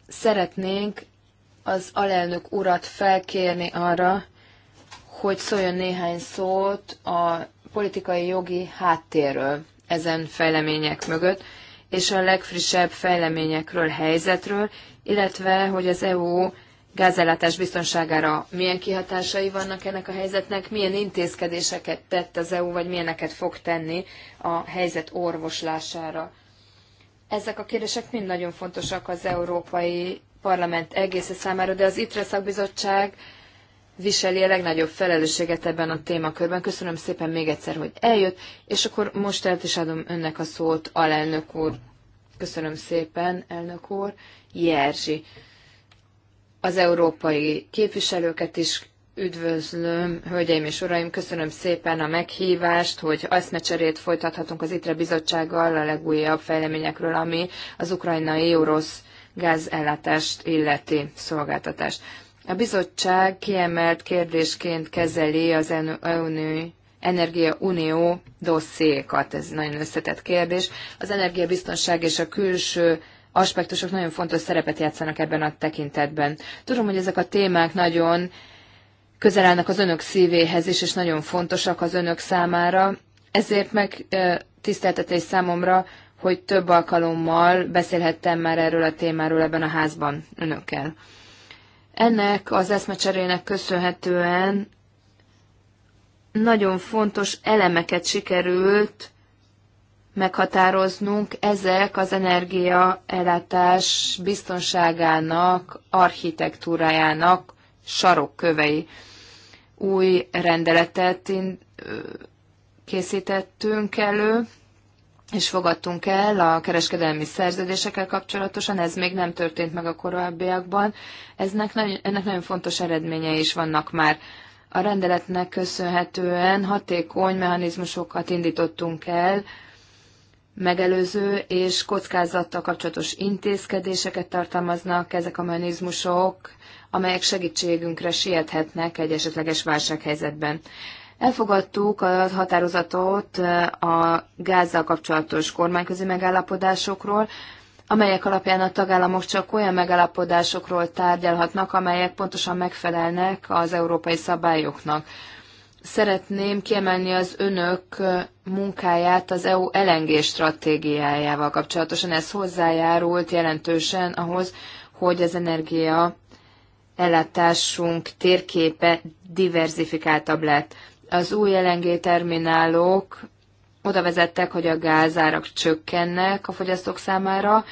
Szeretnénk az alelnök urat felkérni arra, hogy szóljon néhány szót a politikai jogi háttérről ezen fejlemények mögött, és a legfrissebb fejleményekről, helyzetről, illetve hogy az EU gázellátás biztonságára milyen kihatásai vannak ennek a helyzetnek, milyen intézkedéseket tett az EU, vagy milyeneket fog tenni a helyzet orvoslására. Ezek a kérdések mind nagyon fontosak az Európai Parlament egésze számára, de az ITRE szakbizottság viseli a legnagyobb felelősséget ebben a témakörben. Köszönöm szépen még egyszer, hogy eljött, és akkor most el is adom önnek a szót, alelnök úr. Köszönöm szépen, elnök úr. Jerzsi, Az európai képviselőket is üdvözlöm, hölgyeim és uraim, köszönöm szépen a meghívást, hogy eszmecserét folytathatunk az ITRE bizottsággal a legújabb fejleményekről, ami az ukrajnai orosz gázellátást illeti szolgáltatást. A bizottság kiemelt kérdésként kezeli az EU Energia Unió dossziékat. Ez nagyon összetett kérdés. Az energiabiztonság és a külső aspektusok nagyon fontos szerepet játszanak ebben a tekintetben. Tudom, hogy ezek a témák nagyon közel állnak az önök szívéhez is, és nagyon fontosak az önök számára. Ezért meg tiszteltetés számomra, hogy több alkalommal beszélhettem már erről a témáról ebben a házban önökkel. Ennek az eszmecserének köszönhetően nagyon fontos elemeket sikerült meghatároznunk, ezek az energiaellátás biztonságának, architektúrájának sarokkövei. Új rendeletet készítettünk elő, és fogadtunk el a kereskedelmi szerződésekkel kapcsolatosan, ez még nem történt meg a korábbiakban. Eznek, nagy, ennek nagyon fontos eredményei is vannak már. A rendeletnek köszönhetően hatékony mechanizmusokat indítottunk el, megelőző és kockázattal kapcsolatos intézkedéseket tartalmaznak ezek a mechanizmusok, amelyek segítségünkre siethetnek egy esetleges válsághelyzetben. Elfogadtuk a határozatot a gázzal kapcsolatos kormányközi megállapodásokról, amelyek alapján a tagállamok csak olyan megállapodásokról tárgyalhatnak, amelyek pontosan megfelelnek az európai szabályoknak. Szeretném kiemelni az önök munkáját az EU LNG stratégiájával kapcsolatosan. Ez hozzájárult jelentősen ahhoz, hogy az energia ellátásunk térképe diverzifikáltabb lett az új LNG terminálók oda vezettek, hogy a gázárak csökkennek a fogyasztók számára,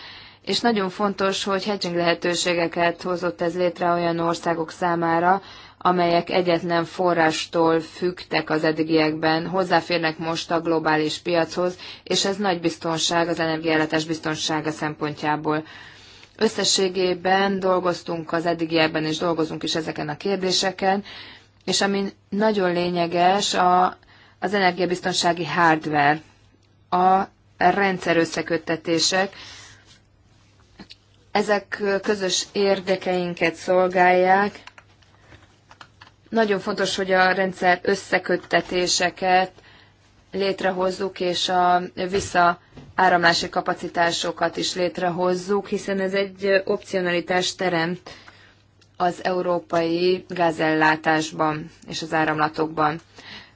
és nagyon fontos, hogy hedging lehetőségeket hozott ez létre olyan országok számára, amelyek egyetlen forrástól fügtek az eddigiekben, hozzáférnek most a globális piachoz, és ez nagy biztonság az energiállátás biztonsága szempontjából. Összességében dolgoztunk az eddigiekben, és dolgozunk is ezeken a kérdéseken, és ami nagyon lényeges, a, az energiabiztonsági hardware, a rendszer összeköttetések, ezek közös érdekeinket szolgálják. Nagyon fontos, hogy a rendszer összeköttetéseket létrehozzuk, és a visszaáramlási kapacitásokat is létrehozzuk, hiszen ez egy opcionalitást teremt az európai gázellátásban és az áramlatokban.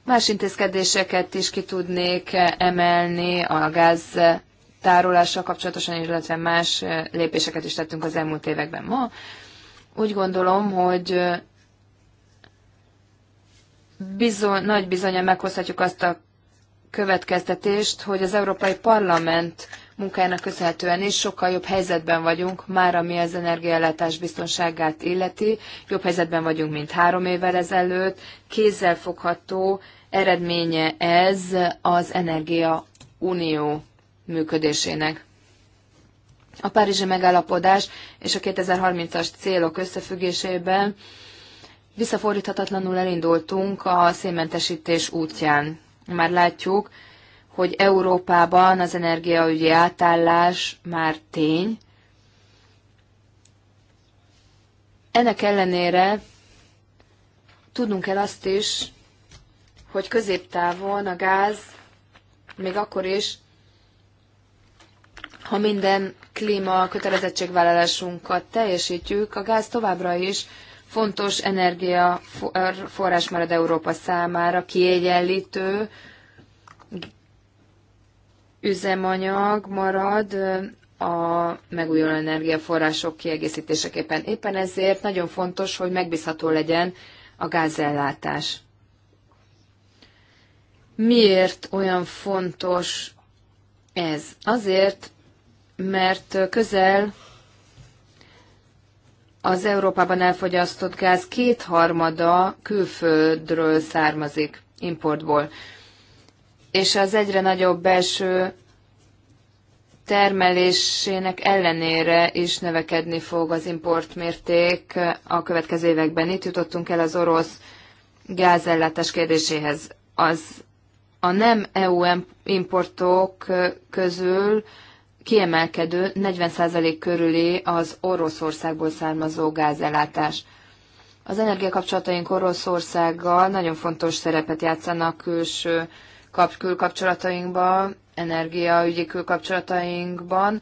Más intézkedéseket is ki tudnék emelni a gáz tárolással kapcsolatosan, illetve más lépéseket is tettünk az elmúlt években ma. Úgy gondolom, hogy bizony, nagy bizonyan meghozhatjuk azt a következtetést, hogy az Európai Parlament munkájának köszönhetően is sokkal jobb helyzetben vagyunk, már ami az energiaellátás biztonságát illeti, jobb helyzetben vagyunk, mint három évvel ezelőtt, kézzelfogható eredménye ez az Energia Unió működésének. A Párizsi megállapodás és a 2030-as célok összefüggésében visszafordíthatatlanul elindultunk a szénmentesítés útján. Már látjuk, hogy Európában az energiaügyi átállás már tény. Ennek ellenére tudnunk kell azt is, hogy középtávon a gáz még akkor is, ha minden klíma kötelezettségvállalásunkat teljesítjük, a gáz továbbra is fontos energiaforrás marad Európa számára, kiegyenlítő, üzemanyag marad a megújuló energiaforrások kiegészítéseképpen. Éppen ezért nagyon fontos, hogy megbízható legyen a gázellátás. Miért olyan fontos ez? Azért, mert közel az Európában elfogyasztott gáz kétharmada külföldről származik, importból és az egyre nagyobb belső termelésének ellenére is növekedni fog az importmérték a következő években. Itt jutottunk el az orosz gázellátás kérdéséhez. Az a nem EU importok közül kiemelkedő 40% körüli az Oroszországból származó gázellátás. Az energiakapcsolataink Oroszországgal nagyon fontos szerepet játszanak külső kap- külkapcsolatainkban, energiaügyi külkapcsolatainkban,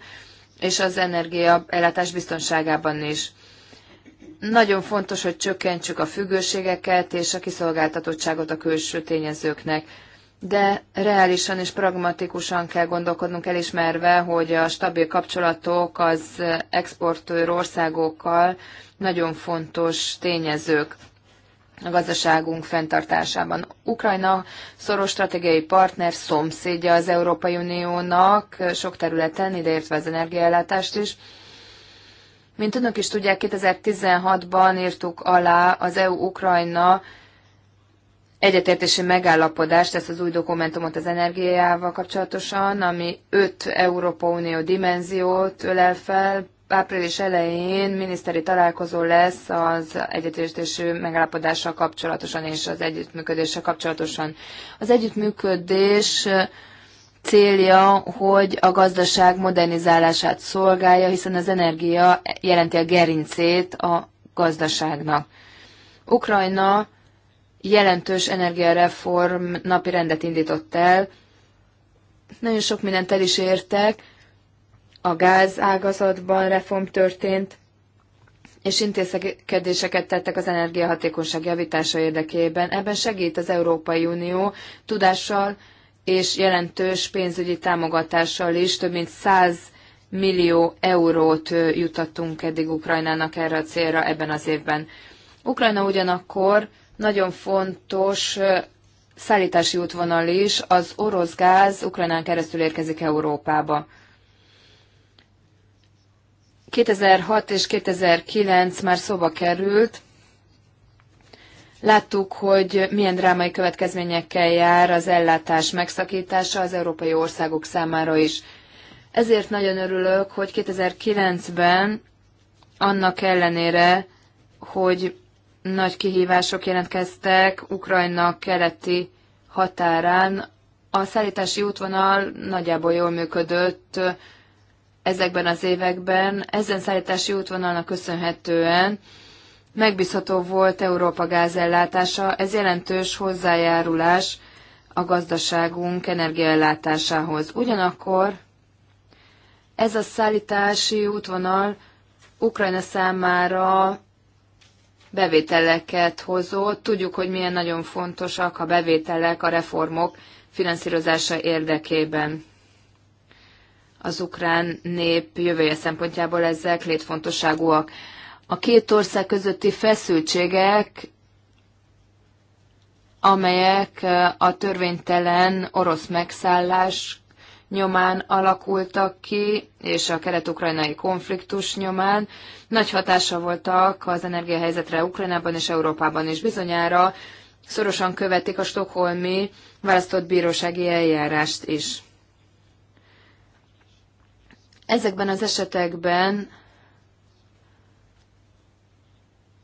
és az energia ellátás biztonságában is. Nagyon fontos, hogy csökkentsük a függőségeket és a kiszolgáltatottságot a külső tényezőknek. De reálisan és pragmatikusan kell gondolkodnunk elismerve, hogy a stabil kapcsolatok az exportőr országokkal nagyon fontos tényezők a gazdaságunk fenntartásában. Ukrajna szoros stratégiai partner, szomszédja az Európai Uniónak sok területen, ideértve az energiaellátást is. Mint önök is tudják, 2016-ban írtuk alá az EU-Ukrajna egyetértési megállapodást, ezt az új dokumentumot az energiával kapcsolatosan, ami öt Európa Unió dimenziót ölel fel, április elején miniszteri találkozó lesz az egyetértésű megállapodással kapcsolatosan és az együttműködéssel kapcsolatosan. Az együttműködés célja, hogy a gazdaság modernizálását szolgálja, hiszen az energia jelenti a gerincét a gazdaságnak. Ukrajna jelentős energiareform napi rendet indított el, nagyon sok mindent el is értek, a gázágazatban reform történt, és intézkedéseket tettek az energiahatékonyság javítása érdekében. Ebben segít az Európai Unió tudással és jelentős pénzügyi támogatással is, több mint 100 millió eurót jutattunk eddig Ukrajnának erre a célra ebben az évben. Ukrajna ugyanakkor nagyon fontos szállítási útvonal is, az orosz gáz Ukrajnán keresztül érkezik Európába. 2006 és 2009 már szóba került. Láttuk, hogy milyen drámai következményekkel jár az ellátás megszakítása az európai országok számára is. Ezért nagyon örülök, hogy 2009-ben annak ellenére, hogy nagy kihívások jelentkeztek Ukrajna keleti határán, a szállítási útvonal nagyjából jól működött, ezekben az években, ezen szállítási útvonalnak köszönhetően megbízható volt Európa gázellátása, ez jelentős hozzájárulás a gazdaságunk energiaellátásához. Ugyanakkor ez a szállítási útvonal Ukrajna számára bevételeket hozott. Tudjuk, hogy milyen nagyon fontosak a bevételek, a reformok finanszírozása érdekében az ukrán nép jövője szempontjából ezek létfontosságúak. A két ország közötti feszültségek, amelyek a törvénytelen orosz megszállás nyomán alakultak ki, és a kelet-ukrajnai konfliktus nyomán nagy hatása voltak az energiahelyzetre Ukrajnában és Európában is bizonyára, szorosan követik a stokholmi választott bírósági eljárást is. Ezekben az esetekben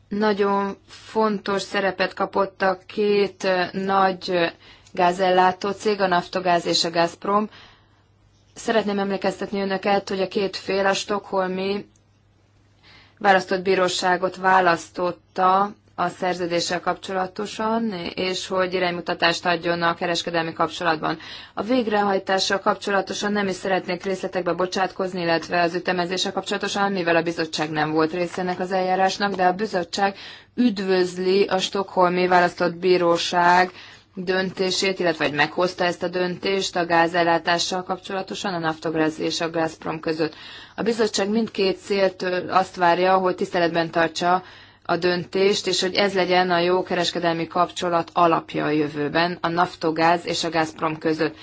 nagyon fontos szerepet kapott a két nagy gázellátó cég, a Naftogáz és a Gazprom. Szeretném emlékeztetni önöket, hogy a két fél a stokholmi választott bíróságot választotta a szerződéssel kapcsolatosan, és hogy iránymutatást adjon a kereskedelmi kapcsolatban. A végrehajtással kapcsolatosan nem is szeretnék részletekbe bocsátkozni, illetve az ütemezéssel kapcsolatosan, mivel a bizottság nem volt ennek az eljárásnak, de a bizottság üdvözli a Stockholmi Választott Bíróság döntését, illetve hogy meghozta ezt a döntést a gázellátással kapcsolatosan a Naftográz és a Gazprom között. A bizottság mindkét céltől azt várja, hogy tiszteletben tartsa a döntést, és hogy ez legyen a jó kereskedelmi kapcsolat alapja a jövőben a naftogáz és a Gazprom között.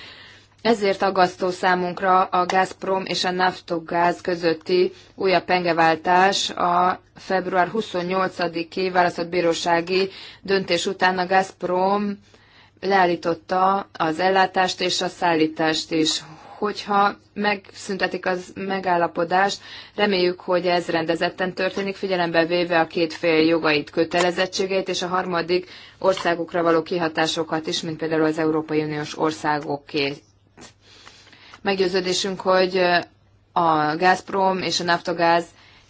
Ezért aggasztó számunkra a Gazprom és a Naftogáz közötti újabb pengeváltás a február 28-i választott bírósági döntés után a Gazprom leállította az ellátást és a szállítást is hogyha megszüntetik az megállapodást, reméljük, hogy ez rendezetten történik, figyelembe véve a két fél jogait, kötelezettségeit és a harmadik országokra való kihatásokat is, mint például az Európai Uniós országokét. Meggyőződésünk, hogy a Gazprom és a Naftogáz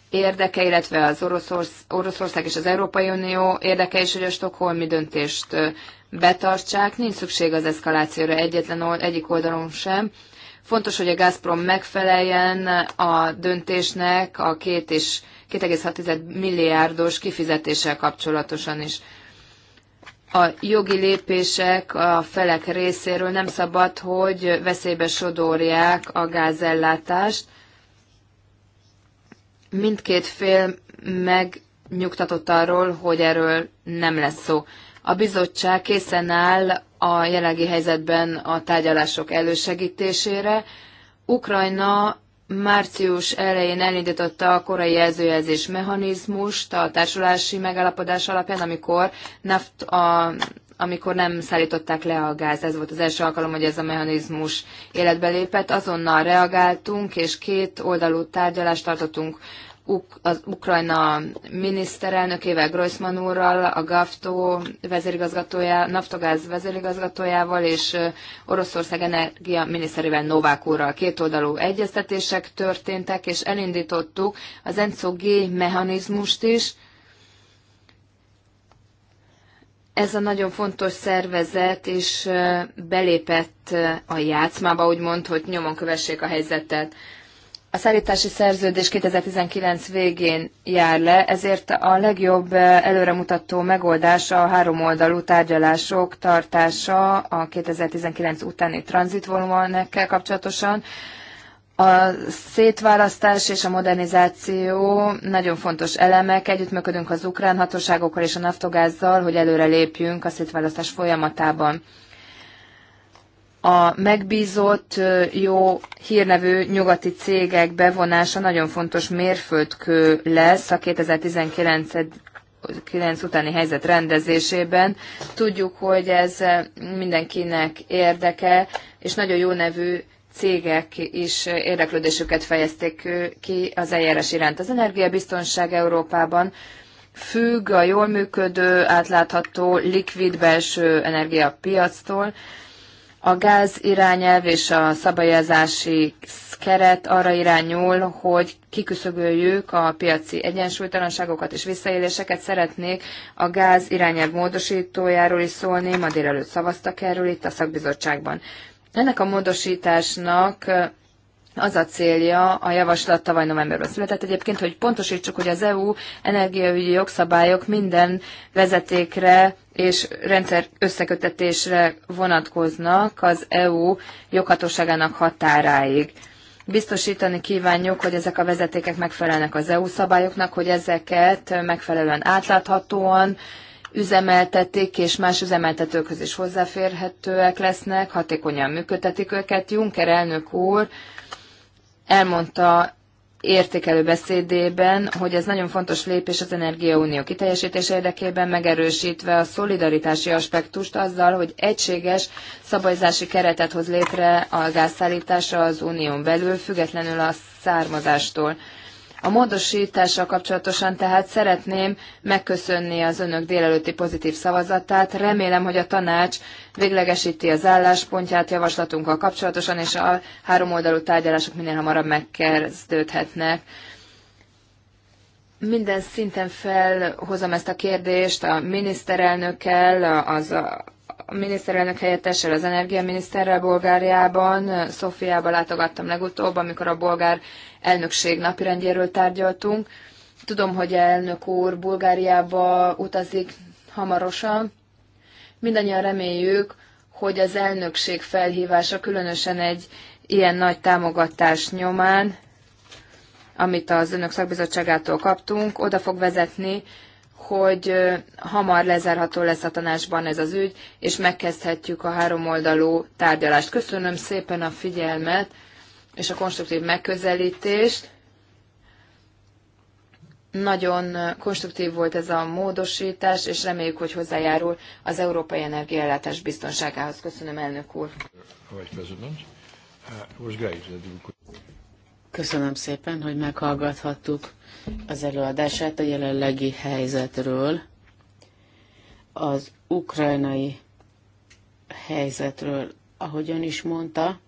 érdeke, illetve az Oroszorsz, Oroszország és az Európai Unió érdeke is, hogy a stokholmi döntést betartsák. Nincs szükség az eszkalációra egyetlen egyik oldalon sem. Fontos, hogy a Gazprom megfeleljen a döntésnek a két és 2,6 milliárdos kifizetéssel kapcsolatosan is. A jogi lépések a felek részéről nem szabad, hogy veszélybe sodorják a gázellátást. Mindkét fél megnyugtatott arról, hogy erről nem lesz szó. A bizottság készen áll a jelenlegi helyzetben a tárgyalások elősegítésére. Ukrajna március elején elindította a korai jelzőjelzés mechanizmust a társulási megállapodás alapján, amikor, naft, a, amikor nem szállították le a gáz. Ez volt az első alkalom, hogy ez a mechanizmus életbe lépett. Azonnal reagáltunk, és két oldalú tárgyalást tartottunk Uk- az Ukrajna miniszterelnökével, Groisman úrral, a GAFTO vezérigazgatójá, Naftogáz vezérigazgatójával és Oroszország energia miniszterével Novák úrral kétoldalú egyeztetések történtek, és elindítottuk az ENCO G mechanizmust is. Ez a nagyon fontos szervezet is belépett a játszmába, úgymond, hogy nyomon kövessék a helyzetet. A szállítási szerződés 2019 végén jár le, ezért a legjobb eh, előremutató megoldás a háromoldalú tárgyalások tartása a 2019 utáni tranzitvolumenekkel kapcsolatosan. A szétválasztás és a modernizáció nagyon fontos elemek. Együttműködünk az ukrán hatóságokkal és a naftogázzal, hogy előrelépjünk a szétválasztás folyamatában a megbízott, jó hírnevű nyugati cégek bevonása nagyon fontos mérföldkő lesz a 2019 9 utáni helyzet rendezésében. Tudjuk, hogy ez mindenkinek érdeke, és nagyon jó nevű cégek is érdeklődésüket fejezték ki az eljárás iránt. Az energiabiztonság Európában függ a jól működő, átlátható, likvid belső energiapiactól, a gáz irányelv és a szabályozási keret arra irányul, hogy kiküszöböljük a piaci egyensúlytalanságokat és visszaéléseket. Szeretnék a gáz irányelv módosítójáról is szólni, ma délelőtt szavaztak erről itt a szakbizottságban. Ennek a módosításnak az a célja, a javaslat tavaly novemberben született egyébként, hogy pontosítsuk, hogy az EU energiaügyi jogszabályok minden vezetékre és rendszer összekötetésre vonatkoznak az EU joghatóságának határáig. Biztosítani kívánjuk, hogy ezek a vezetékek megfelelnek az EU szabályoknak, hogy ezeket megfelelően átláthatóan üzemeltetik, és más üzemeltetőkhöz is hozzáférhetőek lesznek, hatékonyan működtetik őket. Juncker elnök úr elmondta értékelő beszédében, hogy ez nagyon fontos lépés az Energiaunió kiteljesítése érdekében, megerősítve a szolidaritási aspektust azzal, hogy egységes szabályzási keretet hoz létre a gázszállításra az unión belül, függetlenül a származástól. A módosítással kapcsolatosan tehát szeretném megköszönni az önök délelőtti pozitív szavazatát. Remélem, hogy a tanács véglegesíti az álláspontját javaslatunkkal kapcsolatosan, és a háromoldalú tárgyalások minél hamarabb megkezdődhetnek minden szinten felhozom ezt a kérdést a miniszterelnökkel, az a miniszterelnök helyettessel, az energiaminiszterrel Bulgáriában, Szofiába látogattam legutóbb, amikor a bolgár elnökség napirendjéről tárgyaltunk. Tudom, hogy elnök úr Bulgáriába utazik hamarosan. Mindannyian reméljük, hogy az elnökség felhívása különösen egy ilyen nagy támogatás nyomán, amit az önök szakbizottságától kaptunk, oda fog vezetni, hogy hamar lezárható lesz a tanácsban ez az ügy, és megkezdhetjük a háromoldalú tárgyalást. Köszönöm szépen a figyelmet és a konstruktív megközelítést. Nagyon konstruktív volt ez a módosítás, és reméljük, hogy hozzájárul az európai energiállátás biztonságához. Köszönöm, elnök úr. Köszönöm szépen, hogy meghallgathattuk az előadását a jelenlegi helyzetről, az ukrajnai helyzetről. Ahogyan is mondta,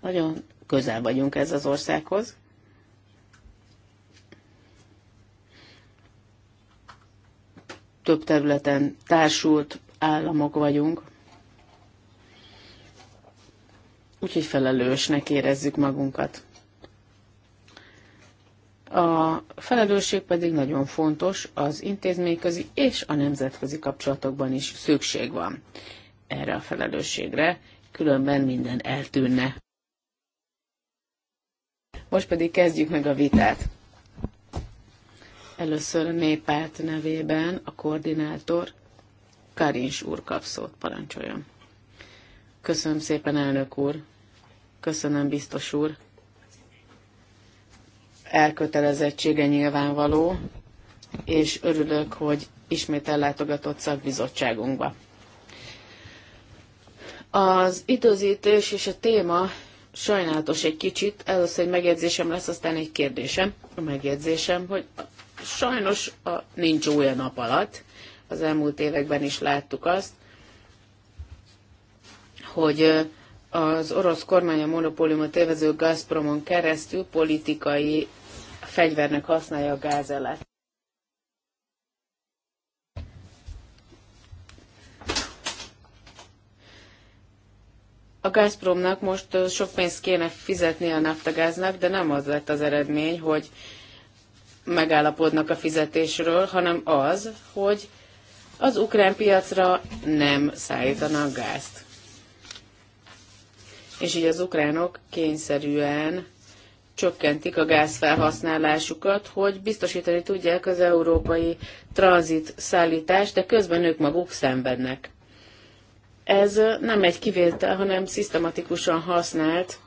nagyon közel vagyunk ez az országhoz. Több területen társult államok vagyunk, úgyhogy felelősnek érezzük magunkat. A felelősség pedig nagyon fontos, az intézményközi és a nemzetközi kapcsolatokban is szükség van erre a felelősségre, különben minden eltűnne. Most pedig kezdjük meg a vitát. Először a néppárt nevében a koordinátor Karins úr kap szót, parancsoljon. Köszönöm szépen, elnök úr. Köszönöm, biztos úr elkötelezettsége nyilvánvaló, és örülök, hogy ismét ellátogatott szakbizottságunkba. Az időzítés és a téma sajnálatos egy kicsit. Először egy megjegyzésem lesz, aztán egy kérdésem. A megjegyzésem, hogy sajnos a, nincs új a nap alatt. Az elmúlt években is láttuk azt, hogy az orosz kormány a monopóliumot élvező Gazpromon keresztül politikai fegyvernek használja a gázelet. A Gazpromnak most sok pénzt kéne fizetni a naftagáznak, de nem az lett az eredmény, hogy megállapodnak a fizetésről, hanem az, hogy az ukrán piacra nem szállítanak gázt. És így az ukránok kényszerűen csökkentik a gázfelhasználásukat, hogy biztosítani tudják az európai tranzit szállítást, de közben ők maguk szenvednek. Ez nem egy kivétel, hanem szisztematikusan használt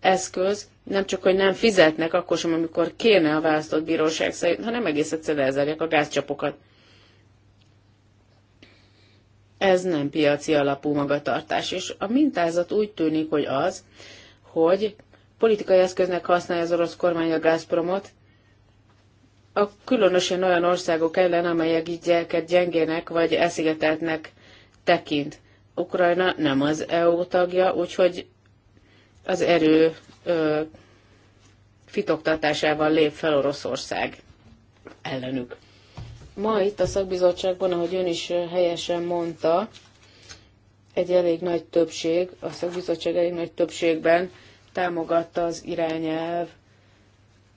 eszköz, nem csak, hogy nem fizetnek akkor sem, amikor kéne a választott bíróság szerint, hanem egész egyszerűen elzárják a gázcsapokat. Ez nem piaci alapú magatartás, és a mintázat úgy tűnik, hogy az, hogy politikai eszköznek használja az orosz kormány a Gazpromot, a különösen olyan országok ellen, amelyek így gyengének vagy elszigeteltnek tekint. Ukrajna nem az EU tagja, úgyhogy az erő ö, fitoktatásával lép fel Oroszország ellenük. Ma itt a szakbizottságban, ahogy ön is helyesen mondta, egy elég nagy többség, a szakbizottság elég nagy többségben támogatta az irányelv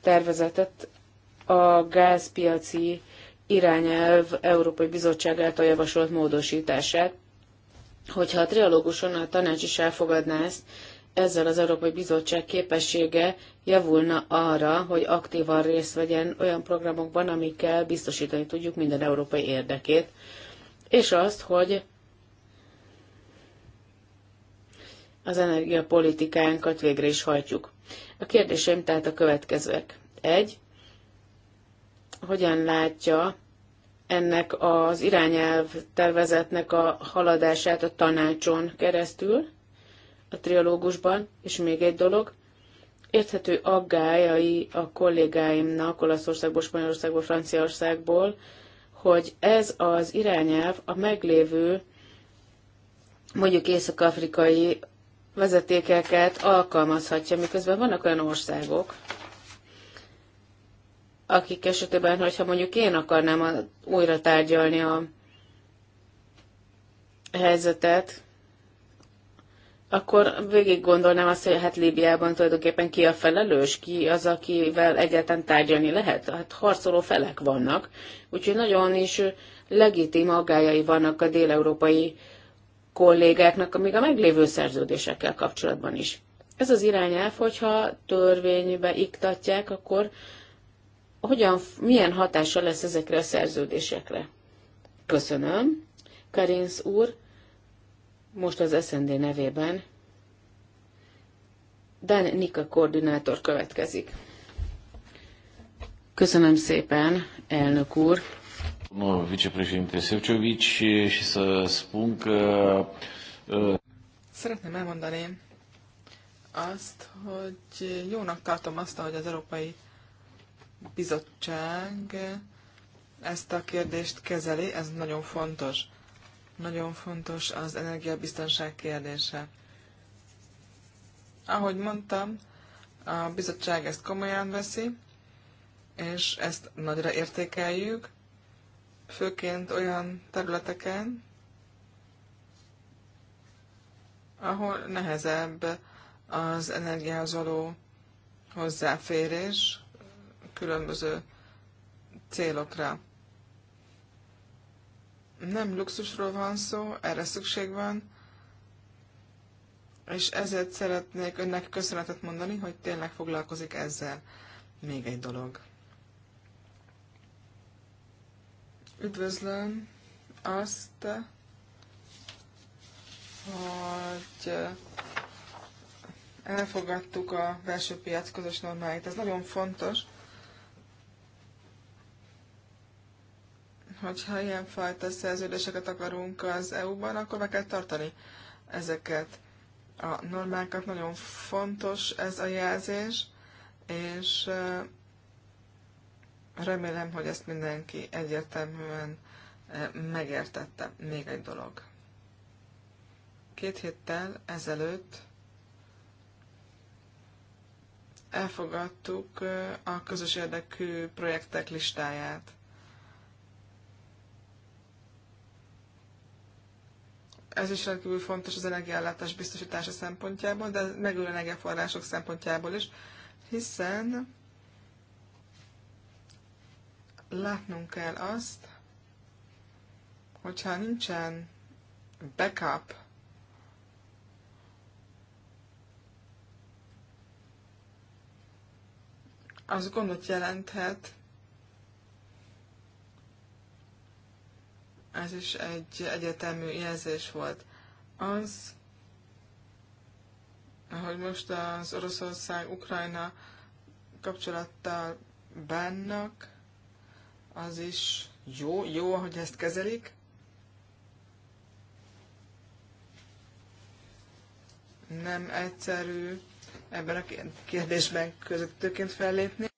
tervezetet a gázpiaci irányelv Európai Bizottság által javasolt módosítását. Hogyha a trialóguson a tanács is elfogadná ezt, ezzel az Európai Bizottság képessége javulna arra, hogy aktívan részt vegyen olyan programokban, amikkel biztosítani tudjuk minden európai érdekét, és azt, hogy az energiapolitikánkat végre is hajtjuk. A kérdéseim tehát a következőek. Egy, hogyan látja ennek az irányelv tervezetnek a haladását a tanácson keresztül a triológusban, és még egy dolog, érthető aggályai a kollégáimnak Olaszországból, Spanyolországból, Franciaországból, hogy ez az irányelv a meglévő mondjuk észak-afrikai vezetékeket alkalmazhatja, miközben vannak olyan országok, akik esetében, hogyha mondjuk én akarnám a, újra tárgyalni a helyzetet, akkor végig gondolnám azt, hogy hát Líbiában tulajdonképpen ki a felelős, ki az, akivel egyáltalán tárgyalni lehet. Hát harcoló felek vannak, úgyhogy nagyon is legitim aggájai vannak a déleurópai európai kollégáknak, még a meglévő szerződésekkel kapcsolatban is. Ez az irányelv, hogyha törvénybe iktatják, akkor hogyan, milyen hatása lesz ezekre a szerződésekre? Köszönöm. Karinsz úr, most az SND nevében Dan Nika koordinátor következik. Köszönöm szépen, elnök úr. Domnul vicepreședinte Szevcsovics, e, și să spun că... E, Szeretném elmondani azt, hogy jónak tartom azt, hogy az Európai Bizottság ezt a kérdést kezeli, ez nagyon fontos. Nagyon fontos az energiabiztonság kérdése. Ahogy mondtam, a bizottság ezt komolyan veszi, és ezt nagyra értékeljük főként olyan területeken, ahol nehezebb az energiához való hozzáférés különböző célokra. Nem luxusról van szó, erre szükség van, és ezért szeretnék önnek köszönetet mondani, hogy tényleg foglalkozik ezzel. Még egy dolog. Üdvözlöm azt, hogy elfogadtuk a belső piac közös normáit. Ez nagyon fontos, hogyha ilyenfajta szerződéseket akarunk az EU-ban, akkor meg kell tartani ezeket a normákat. Nagyon fontos ez a jelzés, és Remélem, hogy ezt mindenki egyértelműen eh, megértette. Még egy dolog. Két héttel ezelőtt elfogadtuk eh, a közös érdekű projektek listáját. Ez is rendkívül fontos az energiállátás biztosítása szempontjából, de megülő energiaforrások szempontjából is, hiszen látnunk kell azt, hogyha nincsen backup, az gondot jelenthet, ez is egy egyetemű jelzés volt. Az, hogy most az Oroszország-Ukrajna kapcsolattal bennak az is jó, jó, ahogy ezt kezelik. Nem egyszerű ebben a kérdésben közöttőként fellépni.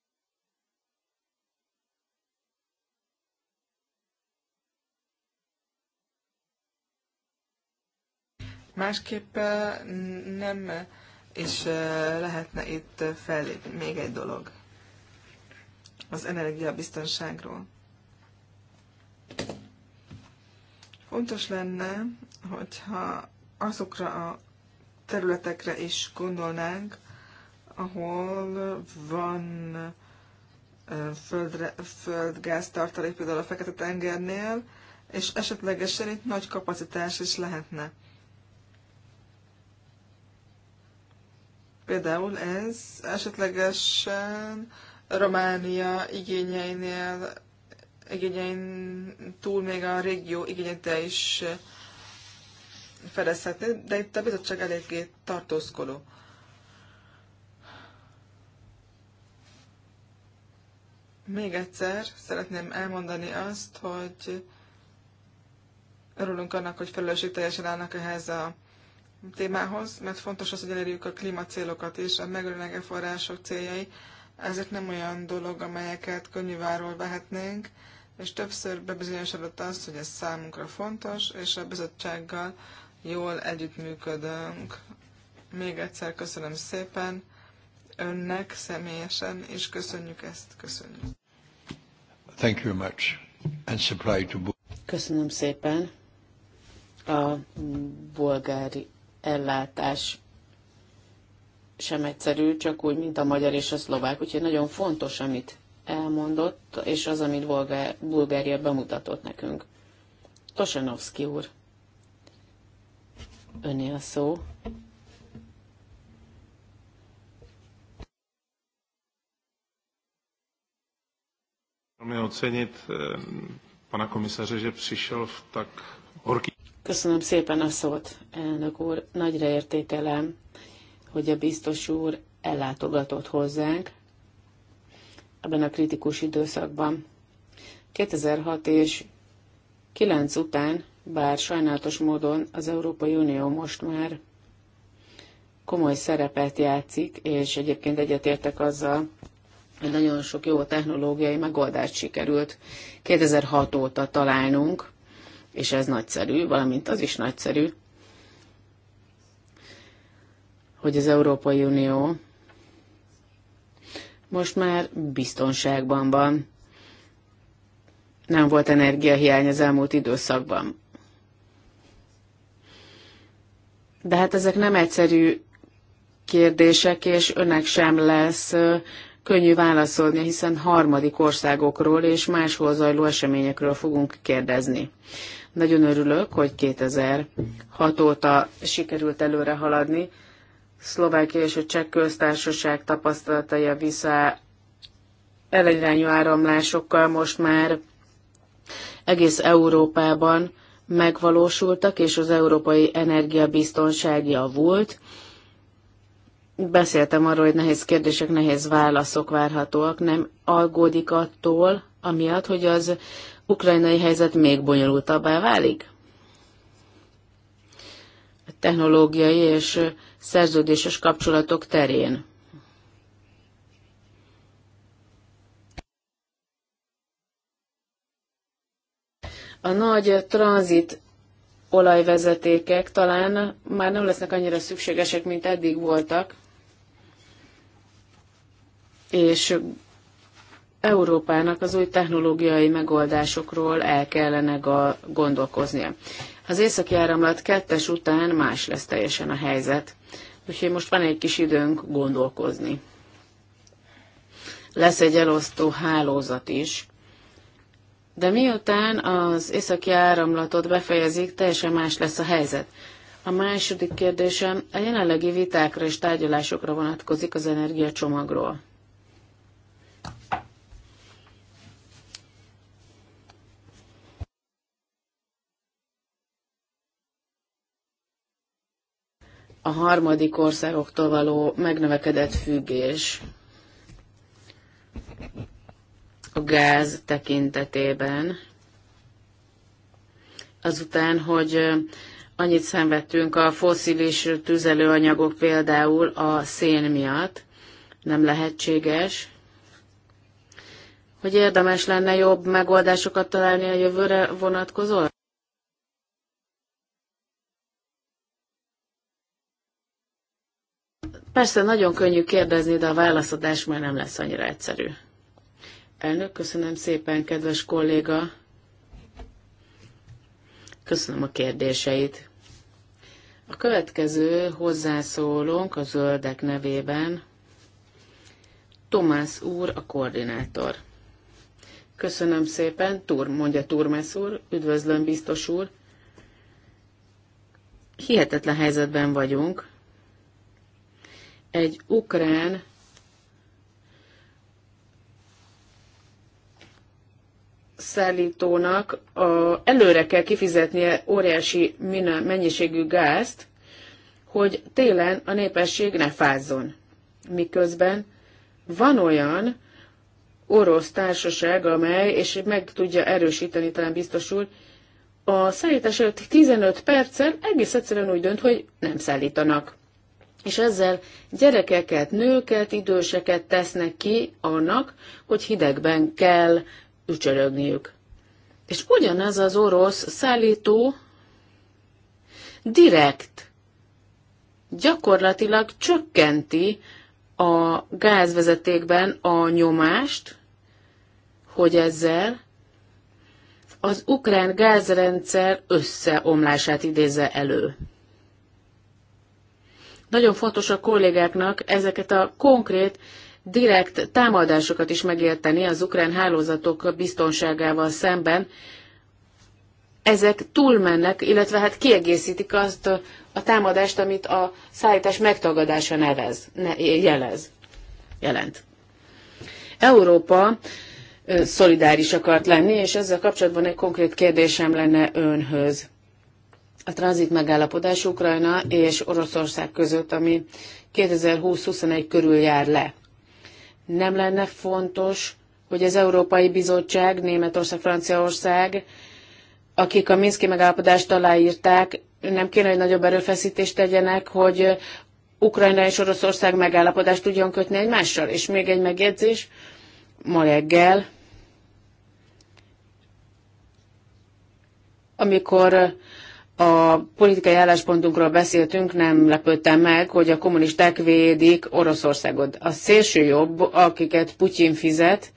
Másképp nem is eh, lehetne itt fellépni. Még egy dolog az energiabiztonságról. Fontos lenne, hogyha azokra a területekre is gondolnánk, ahol van földre, földgáz tartalék, például a Fekete-tengernél, és esetlegesen itt nagy kapacitás is lehetne. Például ez esetlegesen Románia igényeinél, igényein túl még a régió igényeit is fedezhető, de itt a bizottság eléggé tartózkodó. Még egyszer szeretném elmondani azt, hogy örülünk annak, hogy teljesen állnak ehhez a témához, mert fontos az, hogy elérjük a klímacélokat és a megőrülő források céljai ezek nem olyan dolog, amelyeket könnyűváról vehetnénk, és többször bebizonyosodott az, hogy ez számunkra fontos, és a bizottsággal jól együttműködünk. Még egyszer köszönöm szépen önnek személyesen, és köszönjük ezt, köszönjük. Thank you much. And supply to... Köszönöm szépen. A bolgári ellátás sem egyszerű, csak úgy, mint a magyar és a szlovák. Úgyhogy nagyon fontos, amit elmondott, és az, amit Bulgár, Bulgária bemutatott nekünk. Tosanovszki úr, öné a szó. ocenit eh, pana komisaře, že přišel v tak horký... Köszönöm szépen a szót, elnök úr. Nagyra értékelem hogy a biztos úr ellátogatott hozzánk ebben a kritikus időszakban. 2006 és 9 után, bár sajnálatos módon az Európai Unió most már komoly szerepet játszik, és egyébként egyetértek azzal, hogy nagyon sok jó technológiai megoldást sikerült 2006 óta találnunk, és ez nagyszerű, valamint az is nagyszerű, hogy az Európai Unió most már biztonságban van. Nem volt energiahiány az elmúlt időszakban. De hát ezek nem egyszerű kérdések, és önnek sem lesz könnyű válaszolni, hiszen harmadik országokról és máshol zajló eseményekről fogunk kérdezni. Nagyon örülök, hogy 2006 óta sikerült előre haladni, Szlovákia és a Cseh köztársaság tapasztalatai a vissza elegyrányú áramlásokkal most már egész Európában megvalósultak, és az európai energiabiztonság javult. Beszéltem arról, hogy nehéz kérdések, nehéz válaszok várhatóak, nem aggódik attól, amiatt, hogy az ukrajnai helyzet még bonyolultabbá válik? A technológiai és szerződéses kapcsolatok terén. A nagy tranzit olajvezetékek talán már nem lesznek annyira szükségesek, mint eddig voltak, és Európának az új technológiai megoldásokról el kellene gondolkoznia. Az északi áramlat kettes után más lesz teljesen a helyzet, úgyhogy most van egy kis időnk gondolkozni. Lesz egy elosztó hálózat is, de miután az északi áramlatot befejezik, teljesen más lesz a helyzet. A második kérdésem a jelenlegi vitákra és tárgyalásokra vonatkozik az energiacsomagról. a harmadik országoktól való megnövekedett függés a gáz tekintetében. Azután, hogy annyit szenvedtünk a foszilis tüzelőanyagok például a szén miatt, nem lehetséges, hogy érdemes lenne jobb megoldásokat találni a jövőre vonatkozóan? Persze nagyon könnyű kérdezni, de a válaszadás már nem lesz annyira egyszerű. Elnök, köszönöm szépen, kedves kolléga. Köszönöm a kérdéseit. A következő hozzászólónk a zöldek nevében Tomás úr, a koordinátor. Köszönöm szépen, Tur, mondja Turmes úr, üdvözlöm biztos úr. Hihetetlen helyzetben vagyunk, egy ukrán szállítónak a, előre kell kifizetnie óriási minő, mennyiségű gázt, hogy télen a népesség ne fázzon. Miközben van olyan orosz társaság, amely, és meg tudja erősíteni, talán biztosul, a szállítás előtt 15 perccel egész egyszerűen úgy dönt, hogy nem szállítanak és ezzel gyerekeket, nőket, időseket tesznek ki annak, hogy hidegben kell ücsörögniük. És ugyanez az orosz szállító direkt gyakorlatilag csökkenti a gázvezetékben a nyomást, hogy ezzel az ukrán gázrendszer összeomlását idézze elő. Nagyon fontos a kollégáknak ezeket a konkrét, direkt támadásokat is megérteni az ukrán hálózatok biztonságával szemben. Ezek túlmennek, illetve hát kiegészítik azt a támadást, amit a szállítás megtagadása nevez, ne, jelez, jelent. Európa szolidáris akart lenni, és ezzel kapcsolatban egy konkrét kérdésem lenne önhöz a tranzit megállapodás Ukrajna és Oroszország között, ami 2020-21 körül jár le. Nem lenne fontos, hogy az Európai Bizottság, Németország, Franciaország, akik a Minszki megállapodást aláírták, nem kéne, hogy nagyobb erőfeszítést tegyenek, hogy Ukrajna és Oroszország megállapodást tudjon kötni egymással. És még egy megjegyzés, ma reggel, amikor a politikai álláspontunkról beszéltünk, nem lepődtem meg, hogy a kommunisták védik Oroszországot. A szélső jobb, akiket Putyin fizet,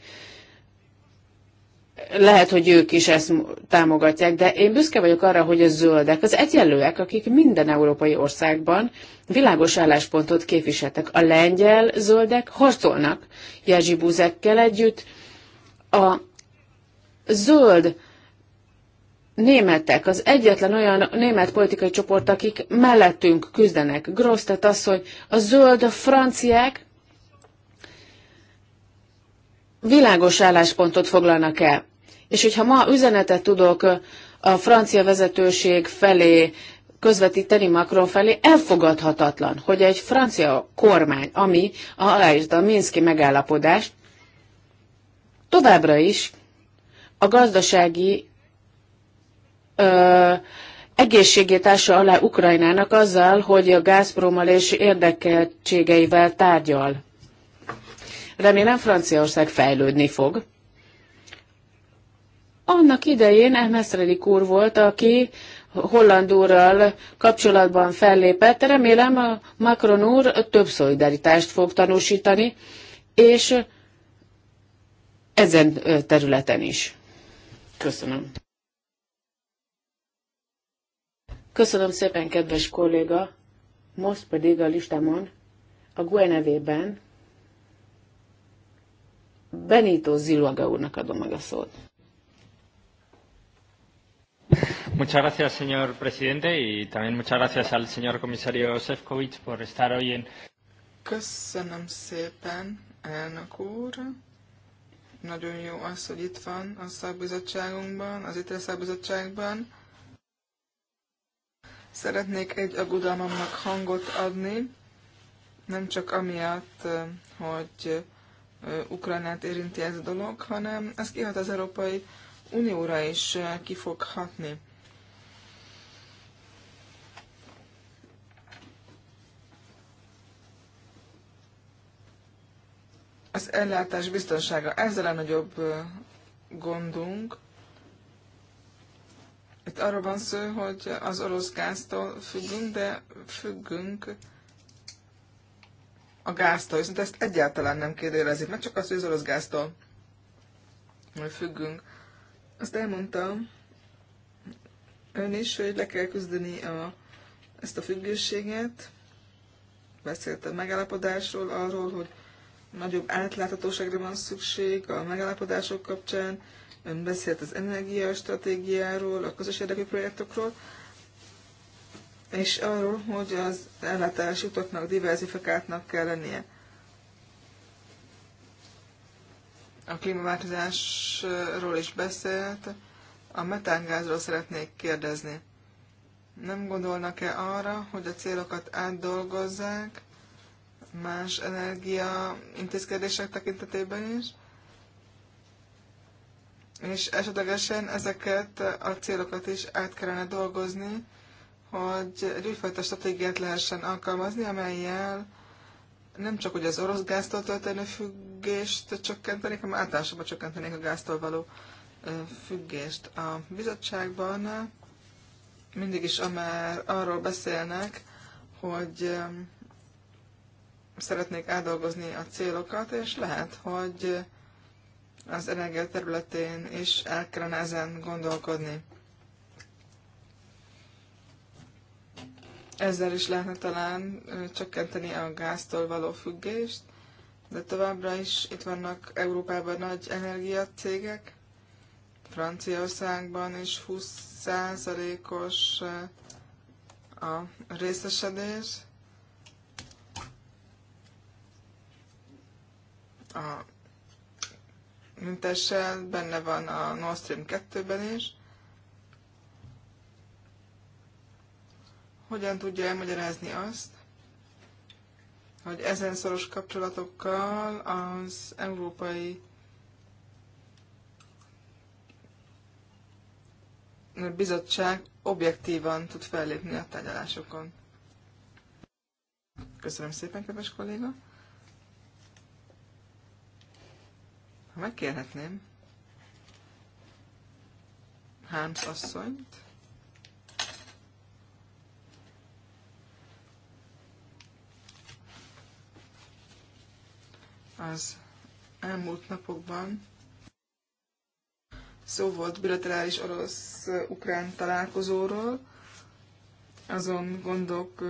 lehet, hogy ők is ezt támogatják, de én büszke vagyok arra, hogy a zöldek az egyenlőek, akik minden európai országban világos álláspontot képviseltek. A lengyel zöldek harcolnak Jerzy Buzekkel együtt. A zöld németek az egyetlen olyan német politikai csoport, akik mellettünk küzdenek. Grossz tehát az, hogy a zöld franciák világos álláspontot foglalnak el. És hogyha ma üzenetet tudok a francia vezetőség felé közvetíteni Macron felé, elfogadhatatlan, hogy egy francia kormány, ami aláírta a Minszki megállapodást, továbbra is a gazdasági ö, egészségét ássa alá Ukrajnának azzal, hogy a Gazprommal és érdekeltségeivel tárgyal. Remélem Franciaország fejlődni fog. Annak idején Emeszrelik úr volt, aki Holland úrral kapcsolatban fellépett. Remélem a Macron úr több szolidaritást fog tanúsítani, és ezen területen is. Köszönöm. Köszönöm szépen, kedves kolléga! Most pedig a listámon a GUE nevében Benito Ziluaga úrnak adom meg a szót. Muchas gracias, señor presidente, y también muchas gracias al señor comisario Sefcovic por estar hoy en... Köszönöm szépen, elnök úr. Nagyon jó az, hogy itt van a szakbizottságunkban, az itt a szakbizottságban. Szeretnék egy aggodalmamnak hangot adni, nem csak amiatt, hogy Ukrajnát érinti ez a dolog, hanem ez kihat az Európai Unióra is ki fog hatni. Az ellátás biztonsága ezzel a nagyobb gondunk, itt arról van szó, hogy az orosz gáztól függünk, de függünk a gáztól, viszont ezt egyáltalán nem kérdőjelezik, mert csak az, hogy az orosz gáztól függünk. Azt elmondtam ön is, hogy le kell küzdeni a, ezt a függőséget. Beszélt a megállapodásról, arról, hogy nagyobb átláthatóságra van szükség a megállapodások kapcsán, Ön beszélt az energiastratégiáról, a közös érdekű projektokról, és arról, hogy az ellátás utaknak, diverzifikátnak kell lennie. A klímaváltozásról is beszélt, a metángázról szeretnék kérdezni. Nem gondolnak-e arra, hogy a célokat átdolgozzák más energia intézkedések tekintetében is? és esetlegesen ezeket a célokat is át kellene dolgozni, hogy egy újfajta stratégiát lehessen alkalmazni, amelyel nem csak hogy az orosz gáztól történő függést csökkentenék, hanem általában csökkentenék a gáztól való függést. A bizottságban mindig is amár arról beszélnek, hogy szeretnék átdolgozni a célokat, és lehet, hogy az energia területén is el kellene ezen gondolkodni. Ezzel is lehetne talán csökkenteni a gáztól való függést, de továbbra is itt vannak Európában nagy energiacégek, Franciaországban is 20%-os a részesedés. A mintessel, benne van a Nord Stream 2-ben is. Hogyan tudja elmagyarázni azt, hogy ezen szoros kapcsolatokkal az európai bizottság objektívan tud fellépni a tárgyalásokon. Köszönöm szépen, kedves kolléga! Ha megkérhetném Hámsz asszonyt, az elmúlt napokban szó volt bilaterális orosz-ukrán találkozóról, azon gondok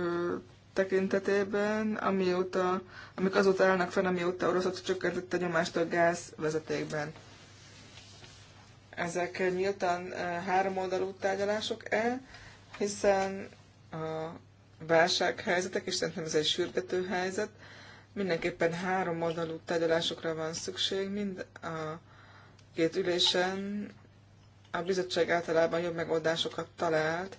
tekintetében, amióta, amik azóta állnak fenn, amióta Oroszország csökkentett a nyomást a gáz vezetékben. Ezek nyíltan eh, háromoldalú tárgyalások-e, hiszen a válsághelyzetek, és szerintem ez egy sürgető helyzet, mindenképpen három oldalú tárgyalásokra van szükség, mind a két ülésen a bizottság általában jobb megoldásokat talált,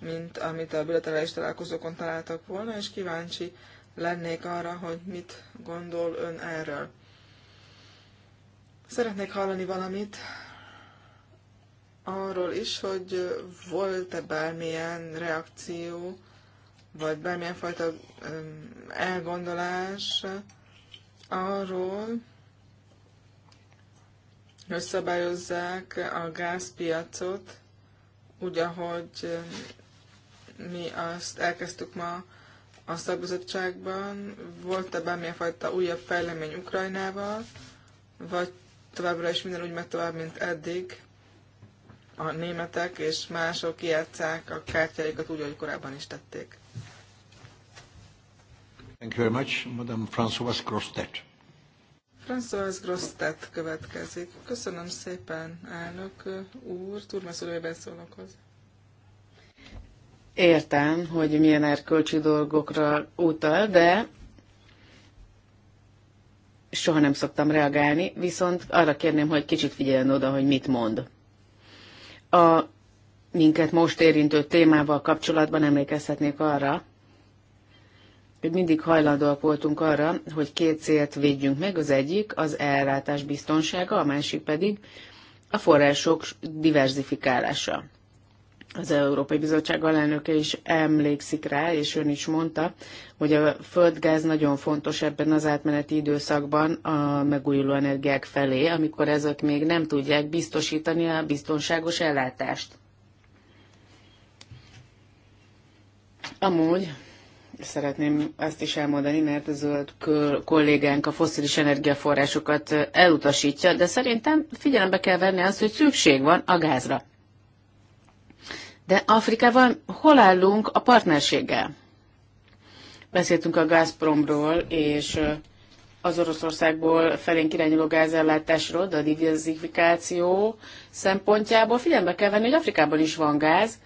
mint amit a bilaterális találkozókon találtak volna, és kíváncsi lennék arra, hogy mit gondol ön erről. Szeretnék hallani valamit arról is, hogy volt-e bármilyen reakció, vagy bármilyen fajta elgondolás arról, hogy szabályozzák a gázpiacot, úgy, ahogy mi azt elkezdtük ma a szakbizottságban. Volt-e bármilyen fajta újabb fejlemény Ukrajnával, vagy továbbra is minden úgy megy tovább, mint eddig? A németek és mások játszák a kártyáikat úgy, ahogy korábban is tették. Thank you very much, Madame Françoise Grostet. François Grostet következik. Köszönöm szépen, elnök úr. Turmes úr, szólok hozzá. Értem, hogy milyen erkölcsi dolgokra utal, de soha nem szoktam reagálni, viszont arra kérném, hogy kicsit figyeljen oda, hogy mit mond. A minket most érintő témával kapcsolatban emlékezhetnék arra, hogy mindig hajlandóak voltunk arra, hogy két célt védjünk meg, az egyik az ellátás biztonsága, a másik pedig a források diverzifikálása az Európai Bizottság alelnöke is emlékszik rá, és ön is mondta, hogy a földgáz nagyon fontos ebben az átmeneti időszakban a megújuló energiák felé, amikor ezek még nem tudják biztosítani a biztonságos ellátást. Amúgy szeretném azt is elmondani, mert a zöld kollégánk a foszilis energiaforrásokat elutasítja, de szerintem figyelembe kell venni azt, hogy szükség van a gázra. De Afrikában hol állunk a partnerséggel? Beszéltünk a Gazpromról és az Oroszországból felénk irányuló gázellátásról, de a diversifikáció szempontjából figyelme kell venni, hogy Afrikában is van gáz,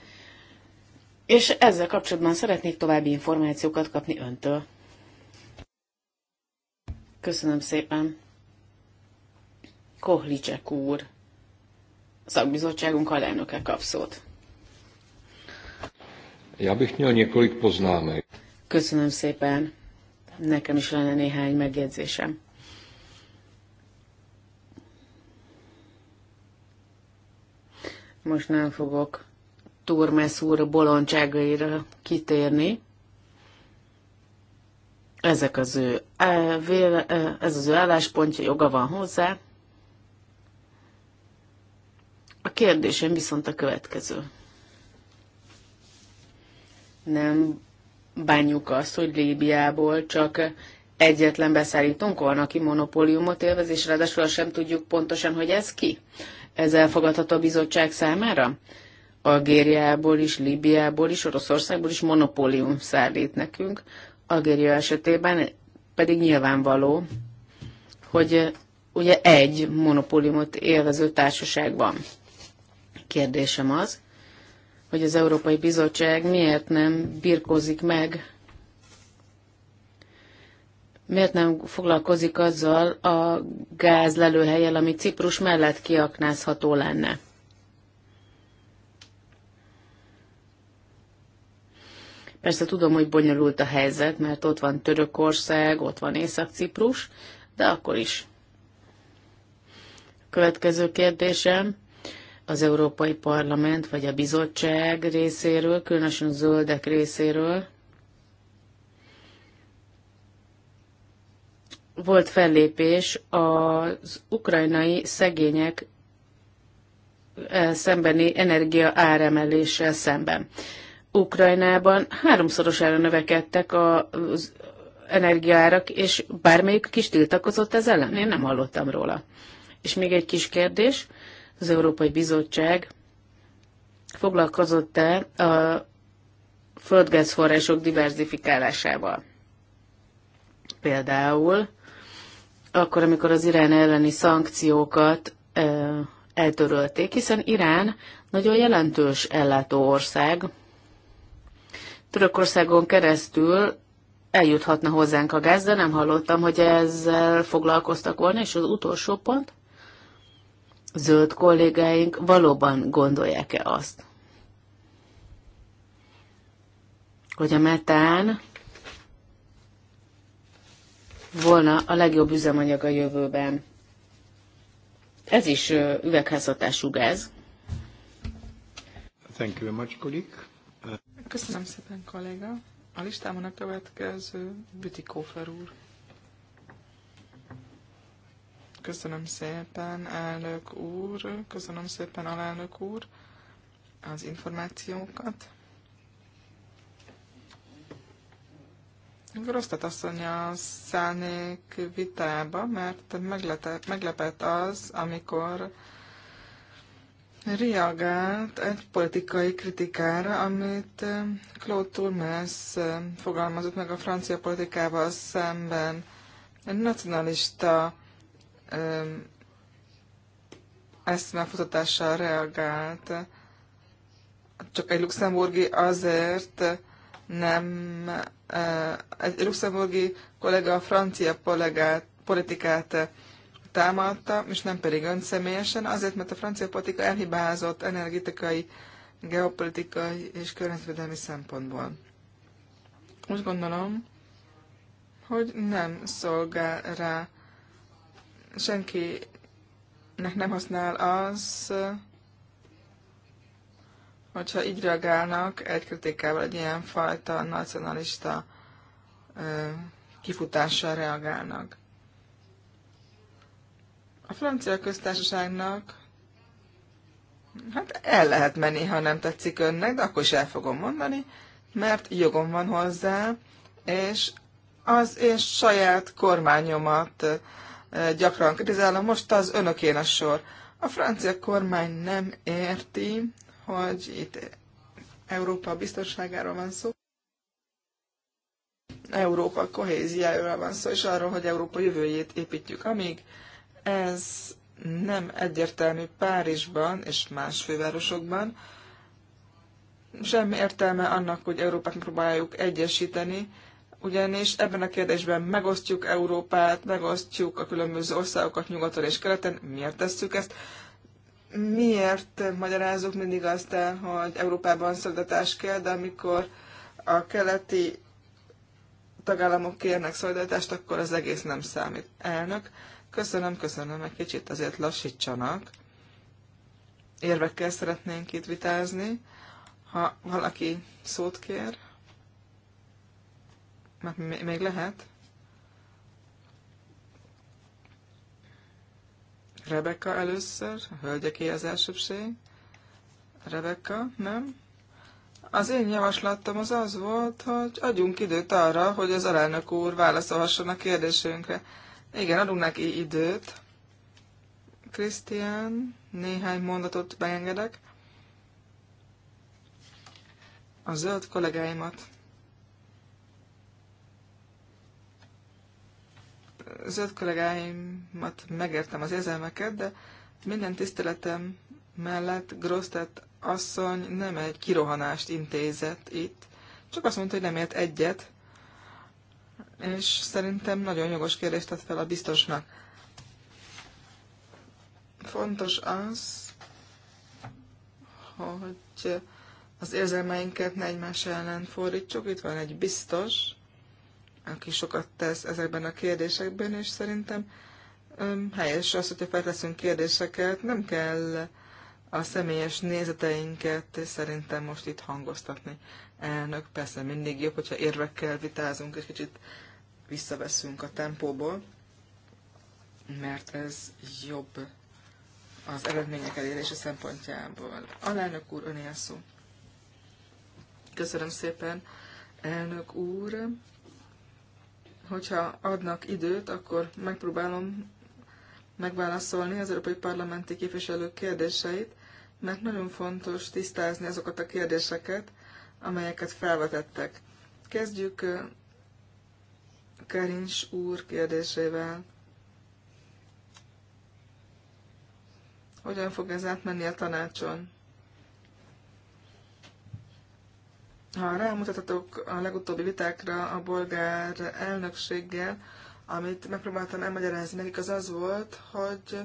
és ezzel kapcsolatban szeretnék további információkat kapni öntől. Köszönöm szépen. Kohlicek úr, szakbizottságunk alelnöke kap szót. Já bych měl několik poznámek. Köszönöm szépen. Nekem is lenne néhány megjegyzésem. Most nem fogok Turmes úr bolondságaira kitérni. Ezek az ő, e, e, ez az ő álláspontja, joga van hozzá. A kérdésem viszont a következő nem bánjuk azt, hogy Líbiából csak egyetlen beszállítónk van, aki monopóliumot élvez, és ráadásul sem tudjuk pontosan, hogy ez ki. Ez elfogadható a bizottság számára? Algériából is, Líbiából is, Oroszországból is monopólium szállít nekünk. Algéria esetében pedig nyilvánvaló, hogy eh, ugye egy monopóliumot élvező társaság van. Kérdésem az, hogy az Európai Bizottság miért nem birkózik meg, miért nem foglalkozik azzal a gázlelőhelyel, ami Ciprus mellett kiaknázható lenne. Persze tudom, hogy bonyolult a helyzet, mert ott van Törökország, ott van Észak-Ciprus, de akkor is. Következő kérdésem az Európai Parlament vagy a bizottság részéről, különösen a zöldek részéről. Volt fellépés az ukrajnai szegények eh, szembeni energia áremeléssel szemben. Ukrajnában háromszorosára növekedtek az energiaárak, és bármelyik kis tiltakozott ez ellen? Én nem hallottam róla. És még egy kis kérdés az Európai Bizottság foglalkozott e a földgázforrások diversifikálásával. Például akkor, amikor az Irán elleni szankciókat ö, eltörölték, hiszen Irán nagyon jelentős ellátó ország. Törökországon keresztül eljuthatna hozzánk a gáz, de nem hallottam, hogy ezzel foglalkoztak volna, és az utolsó pont zöld kollégáink valóban gondolják-e azt, hogy a metán volna a legjobb üzemanyag a jövőben. Ez is üvegházhatású gáz. Thank you very much, colleague. Köszönöm szépen, kolléga. A listámon a következő Bütikófer úr. Köszönöm szépen, elnök úr, köszönöm szépen, alelnök úr, az információkat. Grosztat asszonya szállnék vitába, mert meglepett, meglepett az, amikor reagált egy politikai kritikára, amit Claude Turmes fogalmazott meg a francia politikával szemben. Egy nacionalista eszmefutatással reagált. Csak egy luxemburgi azért nem, egy luxemburgi kollega a francia polégát, politikát támadta, és nem pedig ön személyesen, azért, mert a francia politika elhibázott energetikai, geopolitikai és környezetvédelmi szempontból. Úgy gondolom, hogy nem szolgál rá Senki nem használ az, hogyha így reagálnak egy kritikával, egy ilyen fajta nacionalista kifutással reagálnak. A francia köztársaságnak hát el lehet menni, ha nem tetszik önnek, de akkor is el fogom mondani, mert jogom van hozzá, és az én saját kormányomat gyakran kritizálom, most az önökén a sor. A francia kormány nem érti, hogy itt Európa biztonságáról van szó, Európa kohéziájáról van szó, és arról, hogy Európa jövőjét építjük. Amíg ez nem egyértelmű Párizsban és más fővárosokban, semmi értelme annak, hogy Európát próbáljuk egyesíteni, ugyanis ebben a kérdésben megosztjuk Európát, megosztjuk a különböző országokat nyugaton és keleten. Miért tesszük ezt? Miért magyarázunk mindig azt el, hogy Európában szolidatás kell, de amikor a keleti tagállamok kérnek szolidaritást, akkor az egész nem számít. Elnök, köszönöm, köszönöm, egy kicsit azért lassítsanak. Érvekkel szeretnénk itt vitázni. Ha valaki szót kér mert még lehet. Rebecca először, a hölgyeké az elsőbség. Rebecca, nem? Az én javaslatom az az volt, hogy adjunk időt arra, hogy az alelnök úr válaszolhasson a kérdésünkre. Igen, adunk neki időt. Krisztián, néhány mondatot beengedek. A zöld kollégáimat zöld kollégáimat megértem az érzelmeket, de minden tiszteletem mellett Grosztet asszony nem egy kirohanást intézett itt, csak azt mondta, hogy nem ért egyet, és szerintem nagyon jogos kérdést tett fel a biztosnak. Fontos az, hogy az érzelmeinket ne egymás ellen fordítsuk. Itt van egy biztos, aki sokat tesz ezekben a kérdésekben, és szerintem helyes az, hogyha felteszünk kérdéseket, nem kell a személyes nézeteinket szerintem most itt hangoztatni. Elnök, persze mindig jobb, hogyha érvekkel vitázunk, és kicsit visszaveszünk a tempóból, mert ez jobb az eredmények elérése szempontjából. Alelnök úr, önél szó. Köszönöm szépen, elnök úr hogyha adnak időt, akkor megpróbálom megválaszolni az Európai Parlamenti képviselők kérdéseit, mert nagyon fontos tisztázni azokat a kérdéseket, amelyeket felvetettek. Kezdjük Kerincs úr kérdésével. Hogyan fog ez átmenni a tanácson? Ha rámutatatok a legutóbbi vitákra a bolgár elnökséggel, amit megpróbáltam elmagyarázni nekik, az az volt, hogy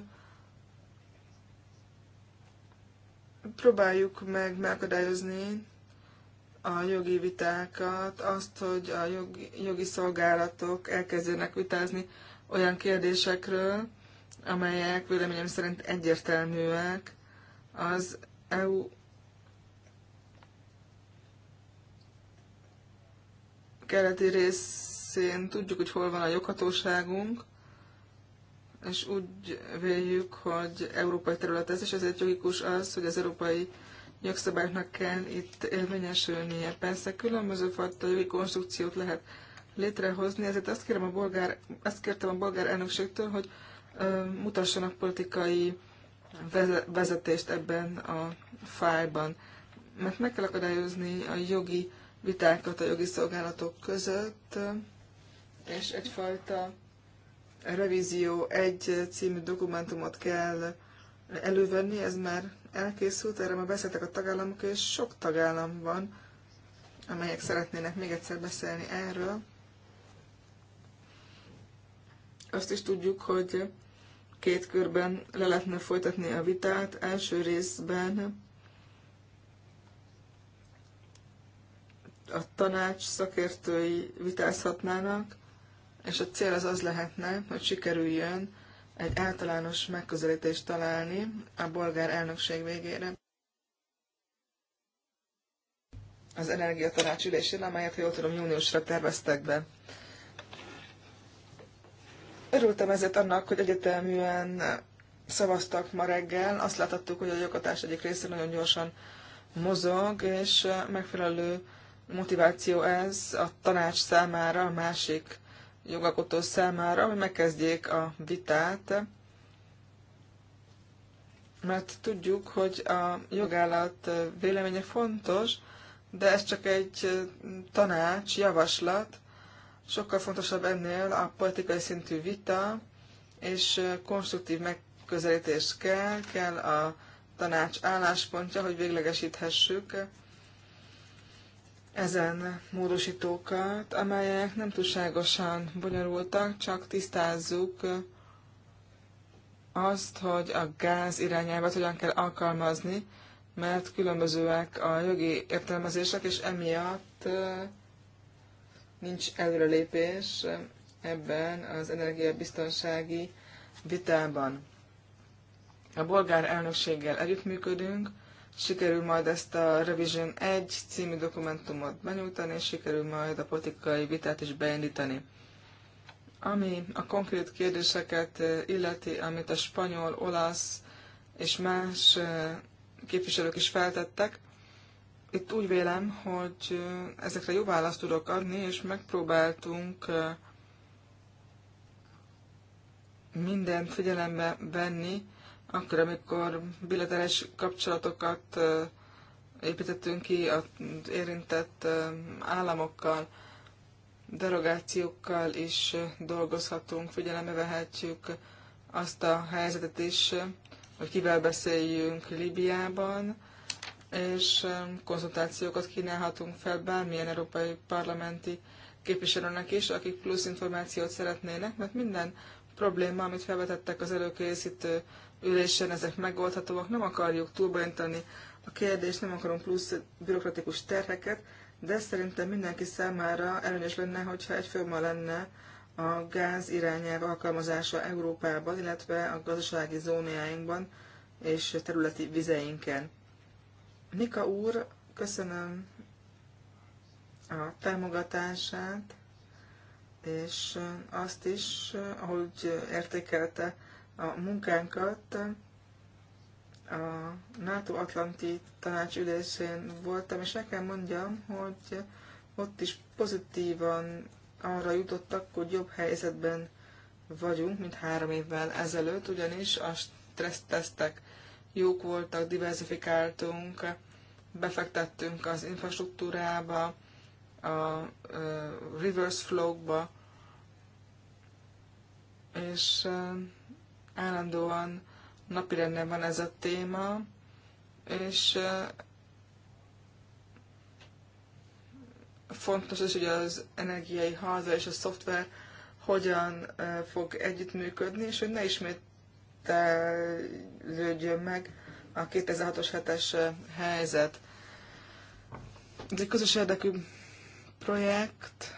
próbáljuk meg megakadályozni a jogi vitákat, azt, hogy a jogi, jogi szolgálatok elkezdjenek vitázni olyan kérdésekről, amelyek véleményem szerint egyértelműek az EU keleti részén tudjuk, hogy hol van a joghatóságunk, és úgy véljük, hogy európai terület ez, és ezért jogikus az, hogy az európai jogszabályoknak kell itt érvényesülnie. Persze különböző fajta jogi konstrukciót lehet létrehozni, ezért azt, kérem a bolgár, azt kértem a bolgár elnökségtől, hogy ö, mutassanak politikai vezetést ebben a fájban. Mert meg kell akadályozni a jogi vitákat a jogi szolgálatok között, és egyfajta revízió egy című dokumentumot kell elővenni, ez már elkészült, erre már beszéltek a tagállamok, és sok tagállam van, amelyek szeretnének még egyszer beszélni erről. Azt is tudjuk, hogy két körben le lehetne folytatni a vitát. Első részben a tanács szakértői vitázhatnának, és a cél az az lehetne, hogy sikerüljön egy általános megközelítést találni a bolgár elnökség végére. Az energiatanács ülésén, amelyet, ha jól tudom, júniusra terveztek be. Örültem ezért annak, hogy egyeteműen szavaztak ma reggel. Azt láthattuk, hogy a jogatás egyik része nagyon gyorsan mozog, és megfelelő motiváció ez a tanács számára, a másik jogalkotó számára, hogy megkezdjék a vitát, mert tudjuk, hogy a jogállat véleménye fontos, de ez csak egy tanács, javaslat, sokkal fontosabb ennél a politikai szintű vita, és konstruktív megközelítés kell, kell a tanács álláspontja, hogy véglegesíthessük ezen módosítókat, amelyek nem túlságosan bonyolultak, csak tisztázzuk azt, hogy a gáz irányelvet hogyan kell alkalmazni, mert különbözőek a jogi értelmezések, és emiatt nincs előrelépés ebben az energiabiztonsági vitában. A bolgár elnökséggel együttműködünk, sikerül majd ezt a Revision 1 című dokumentumot benyújtani, és sikerül majd a politikai vitát is beindítani. Ami a konkrét kérdéseket eh, illeti, amit a spanyol, olasz és más eh, képviselők is feltettek, itt úgy vélem, hogy eh, ezekre jó választ tudok adni, és megpróbáltunk mindent figyelembe venni, akkor, amikor bilaterális kapcsolatokat építettünk ki az érintett államokkal, derogációkkal is dolgozhatunk, figyelembe vehetjük azt a helyzetet is, hogy kivel beszéljünk Libiában, és konzultációkat kínálhatunk fel bármilyen európai parlamenti képviselőnek is, akik plusz információt szeretnének, mert minden probléma, amit felvetettek az előkészítő ülésen ezek megoldhatóak, nem akarjuk túlbonyolítani a kérdést, nem akarunk plusz bürokratikus terheket, de szerintem mindenki számára előnyös lenne, hogyha egyforma lenne a gáz irányelv alkalmazása Európában, illetve a gazdasági zóniáinkban és területi vizeinken. Nika úr, köszönöm a támogatását, és azt is, ahogy értékelte a munkánkat. A NATO Atlanti Tanács ülésén voltam, és nekem mondjam, hogy ott is pozitívan arra jutottak, hogy jobb helyzetben vagyunk, mint három évvel ezelőtt, ugyanis a stressztesztek jók voltak, diversifikáltunk, befektettünk az infrastruktúrába, a reverse flow-ba, és állandóan napirenden van ez a téma, és fontos is, hogy az energiai háza és a szoftver hogyan fog együttműködni, és hogy ne ismételődjön meg a 2006-os hetes helyzet. Ez egy közös érdekű projekt,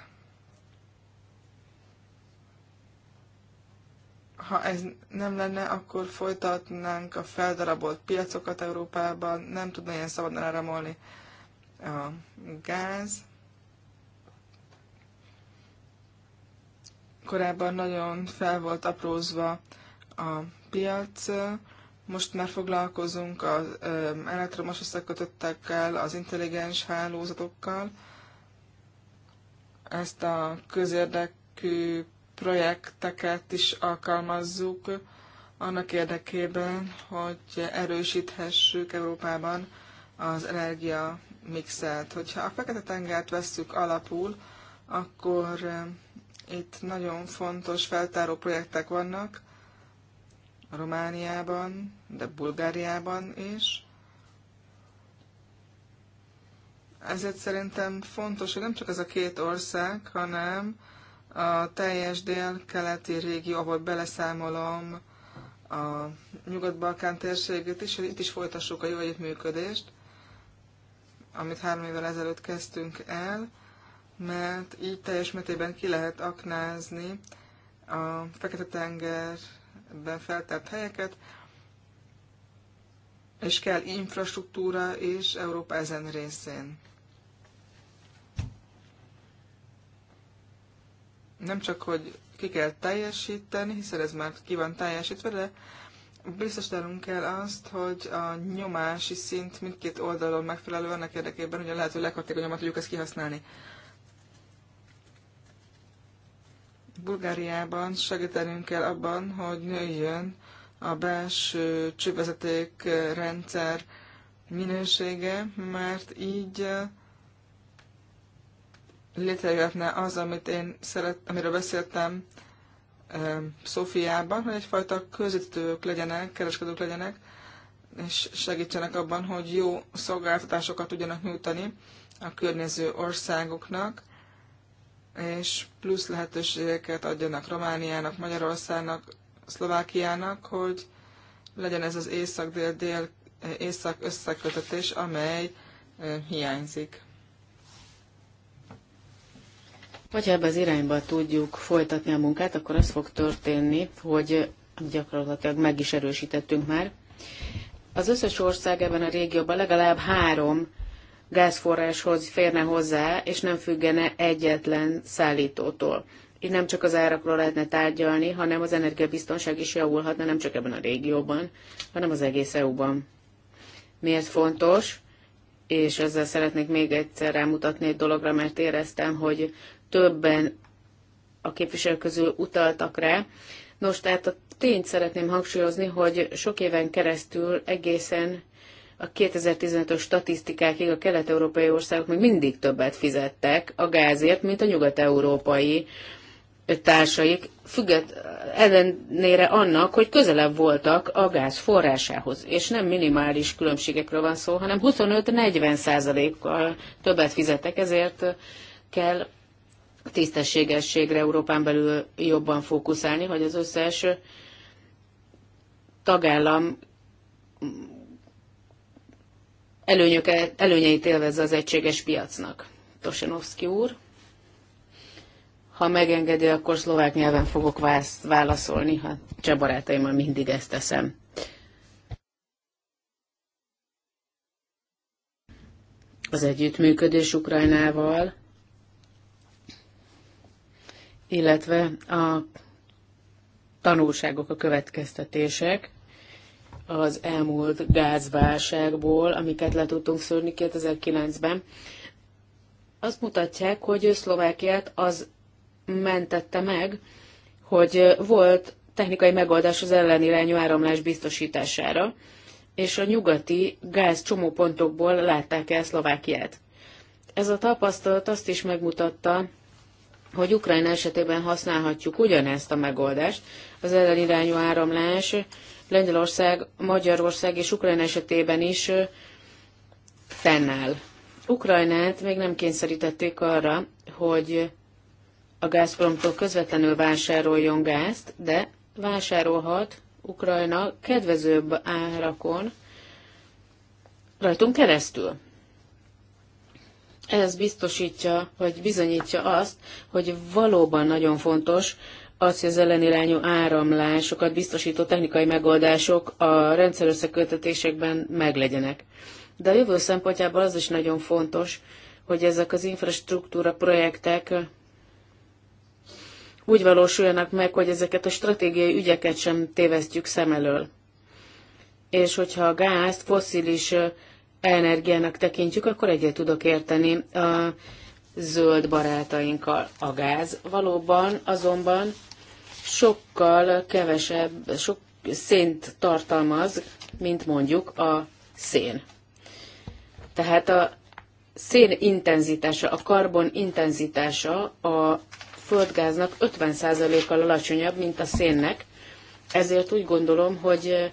ha ez nem lenne, akkor folytatnánk a feldarabolt piacokat Európában, nem tudna ilyen szabadon áramolni a gáz. Korábban nagyon fel volt aprózva a piac, most már foglalkozunk az elektromos összekötöttekkel, az intelligens hálózatokkal. Ezt a közérdekű projekteket is alkalmazzuk annak érdekében, hogy erősíthessük Európában az energia mixet. Hogyha a Fekete-tengert vesszük alapul, akkor eh, itt nagyon fontos feltáró projektek vannak, Romániában, de Bulgáriában is. Ezért szerintem fontos, hogy nem csak ez a két ország, hanem a teljes dél-keleti régió, ahol beleszámolom a Nyugat-Balkán térségét is, hogy itt is folytassuk a jó együttműködést, amit három évvel ezelőtt kezdtünk el, mert így teljes mértékben ki lehet aknázni a Fekete-tengerben feltett helyeket, és kell infrastruktúra és Európa ezen részén. nem csak, hogy ki kell teljesíteni, hiszen ez már ki van teljesítve, de biztosítanunk kell azt, hogy a nyomási szint mindkét oldalon megfelelő annak érdekében, hogy a lehető leghatékonyabban tudjuk ezt kihasználni. Bulgáriában segítenünk kell abban, hogy nőjön a belső csővezeték rendszer minősége, mert így létrejöhetne az, amit én szeret, amiről beszéltem Szofiában, hogy egyfajta közvetítők legyenek, kereskedők legyenek, és segítsenek abban, hogy jó szolgáltatásokat tudjanak nyújtani a környező országoknak, és plusz lehetőségeket adjanak Romániának, Magyarországnak, Szlovákiának, hogy legyen ez az észak-dél-dél észak összekötetés, amely hiányzik. Hogyha ebbe az irányba tudjuk folytatni a munkát, akkor az fog történni, hogy gyakorlatilag meg is erősítettünk már. Az összes ország ebben a régióban legalább három gázforráshoz férne hozzá, és nem függene egyetlen szállítótól. Így nem csak az árakról lehetne tárgyalni, hanem az energiabiztonság is javulhatna nem csak ebben a régióban, hanem az egész EU-ban. Miért fontos? És ezzel szeretnék még egyszer rámutatni egy dologra, mert éreztem, hogy többen a képviselők közül utaltak rá. Nos, tehát a tényt szeretném hangsúlyozni, hogy sok éven keresztül egészen a 2015-ös statisztikákig a kelet-európai országok még mindig többet fizettek a gázért, mint a nyugat-európai társaik, függet ellenére annak, hogy közelebb voltak a gáz forrásához. És nem minimális különbségekről van szó, hanem 25-40 százalékkal többet fizettek, ezért kell a tisztességességre Európán belül jobban fókuszálni, hogy az összes tagállam előnyeit élvezze az egységes piacnak. Tosenovszki úr, ha megengedi, akkor szlovák nyelven fogok válaszolni, ha cseh barátaimmal mindig ezt teszem. Az együttműködés Ukrajnával illetve a tanulságok, a következtetések az elmúlt gázválságból, amiket le tudtunk szűrni 2009-ben, azt mutatják, hogy Szlovákiát az mentette meg, hogy volt technikai megoldás az ellenirányú áramlás biztosítására, és a nyugati gáz csomópontokból látták el Szlovákiát. Ez a tapasztalat azt is megmutatta, hogy Ukrajna esetében használhatjuk ugyanezt a megoldást, az ellenirányú áramlás Lengyelország, Magyarország és Ukrajna esetében is fennáll. Ukrajnát még nem kényszerítették arra, hogy a Gazpromtól közvetlenül vásároljon gázt, de vásárolhat Ukrajna kedvezőbb árakon rajtunk keresztül. Ez biztosítja, vagy bizonyítja azt, hogy valóban nagyon fontos az, hogy az ellenirányú áramlásokat biztosító technikai megoldások a rendszer összekötetésekben meglegyenek. De a jövő szempontjából az is nagyon fontos, hogy ezek az infrastruktúra projektek úgy valósuljanak meg, hogy ezeket a stratégiai ügyeket sem tévesztjük szem elől. És hogyha a gázt, foszilis energiának tekintjük, akkor egyet tudok érteni a zöld barátainkkal a gáz. Valóban azonban sokkal kevesebb, sok szént tartalmaz, mint mondjuk a szén. Tehát a szén intenzitása, a karbon intenzitása a földgáznak 50%-kal alacsonyabb, mint a szénnek, ezért úgy gondolom, hogy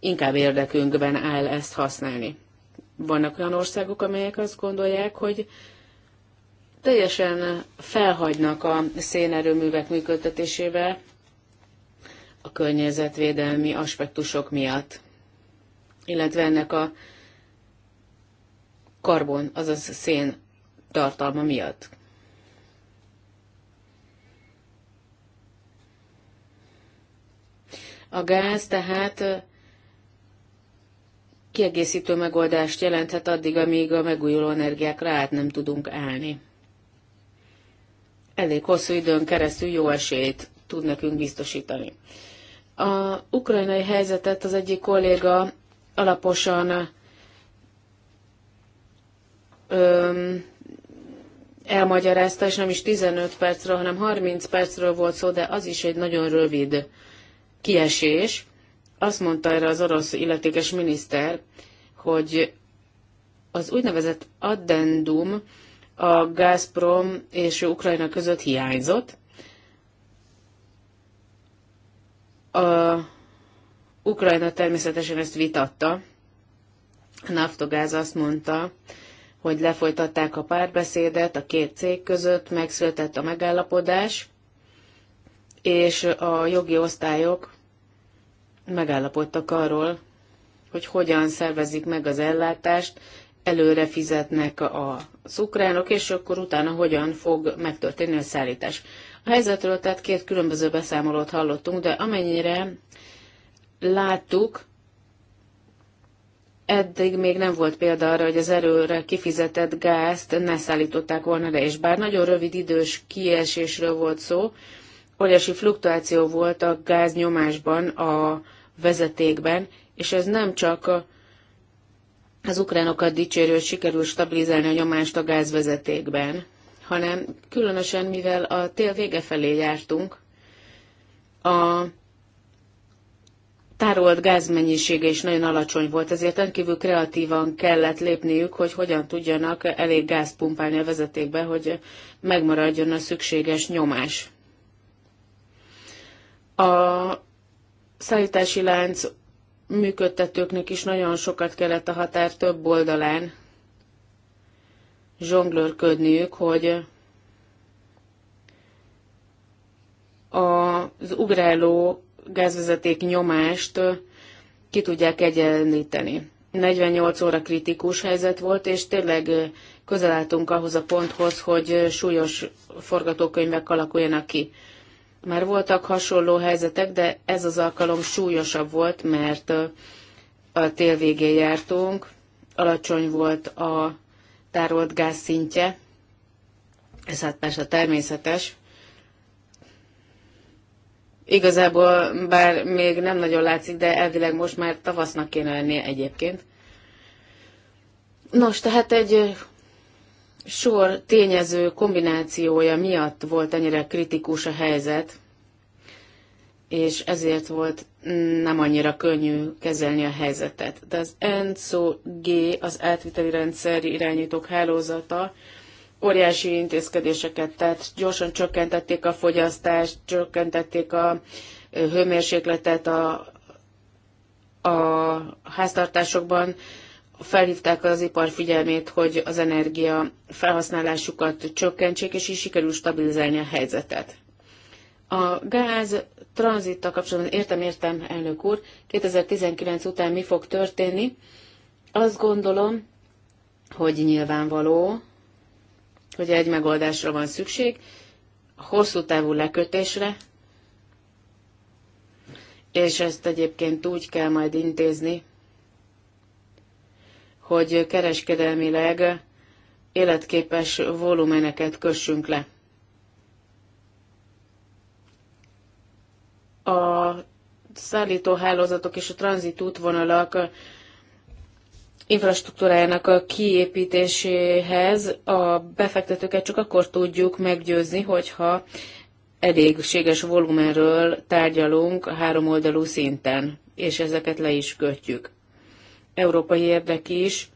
inkább érdekünkben áll ezt használni. Vannak olyan országok, amelyek azt gondolják, hogy teljesen felhagynak a szénerőművek működtetésével a környezetvédelmi aspektusok miatt, illetve ennek a karbon, azaz szén tartalma miatt. A gáz tehát kiegészítő megoldást jelenthet addig, amíg a megújuló energiákra át nem tudunk állni. Elég hosszú időn keresztül jó esélyt tud nekünk biztosítani. A ukrajnai helyzetet az egyik kolléga alaposan öm, elmagyarázta, és nem is 15 percről, hanem 30 percről volt szó, de az is egy nagyon rövid kiesés. Azt mondta erre az orosz illetékes miniszter, hogy az úgynevezett addendum a Gazprom és Ukrajna között hiányzott. A Ukrajna természetesen ezt vitatta. A Naftogáz azt mondta, hogy lefolytatták a párbeszédet a két cég között, megszületett a megállapodás, és a jogi osztályok megállapodtak arról, hogy hogyan szervezik meg az ellátást, előre fizetnek a szukránok, és akkor utána hogyan fog megtörténni a szállítás. A helyzetről tehát két különböző beszámolót hallottunk, de amennyire láttuk, eddig még nem volt példa arra, hogy az erőre kifizetett gázt ne szállították volna le, és bár nagyon rövid idős kiesésről volt szó, óriási fluktuáció volt a gáznyomásban a vezetékben, és ez nem csak az ukránokat dicsérő, hogy sikerül stabilizálni a nyomást a gázvezetékben, hanem különösen, mivel a tél vége felé jártunk, a tárolt gázmennyisége is nagyon alacsony volt, ezért rendkívül kreatívan kellett lépniük, hogy hogyan tudjanak elég gáz pumpálni a vezetékbe, hogy megmaradjon a szükséges nyomás. A szállítási lánc működtetőknek is nagyon sokat kellett a határ több oldalán zsonglőrködniük, hogy az ugráló gázvezeték nyomást ki tudják egyenlíteni. 48 óra kritikus helyzet volt, és tényleg közel álltunk ahhoz a ponthoz, hogy súlyos forgatókönyvek alakuljanak ki. Már voltak hasonló helyzetek, de ez az alkalom súlyosabb volt, mert a tél végén jártunk, alacsony volt a tárolt gáz szintje, ez hát persze természetes. Igazából, bár még nem nagyon látszik, de elvileg most már tavasznak kéne lennie egyébként. Nos, tehát egy sor tényező kombinációja miatt volt ennyire kritikus a helyzet, és ezért volt nem annyira könnyű kezelni a helyzetet. De az ENSO G, az átviteli rendszer irányítók hálózata óriási intézkedéseket tett, gyorsan csökkentették a fogyasztást, csökkentették a hőmérsékletet a, a háztartásokban, felhívták az ipar figyelmét, hogy az energia felhasználásukat csökkentsék, és így sikerül stabilizálni a helyzetet. A gáz tranzittal kapcsolatban értem, értem, elnök úr, 2019 után mi fog történni? Azt gondolom, hogy nyilvánvaló, hogy egy megoldásra van szükség, hosszú távú lekötésre, és ezt egyébként úgy kell majd intézni, hogy kereskedelmileg életképes volumeneket kössünk le. A szállítóhálózatok és a tranzitútvonalak infrastruktúrájának a kiépítéséhez a befektetőket csak akkor tudjuk meggyőzni, hogyha elégséges volumenről tárgyalunk háromoldalú szinten, és ezeket le is kötjük európai érdek is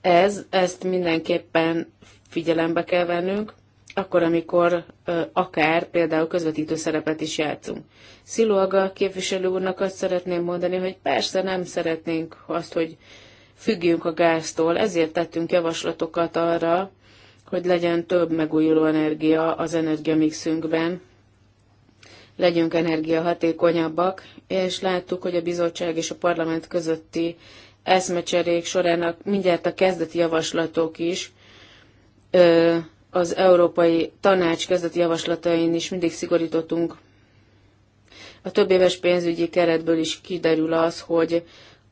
ez, ezt mindenképpen figyelembe kell vennünk, akkor, amikor ö, akár például közvetítő szerepet is játszunk. Szilóaga képviselő úrnak azt szeretném mondani, hogy persze nem szeretnénk azt, hogy függjünk a gáztól, ezért tettünk javaslatokat arra, hogy legyen több megújuló energia az energiamixünkben, legyünk energiahatékonyabbak, és láttuk, hogy a bizottság és a parlament közötti eszmecserék során mindjárt a kezdeti javaslatok is, az Európai Tanács kezdeti javaslatain is mindig szigorítottunk. A több éves pénzügyi keretből is kiderül az, hogy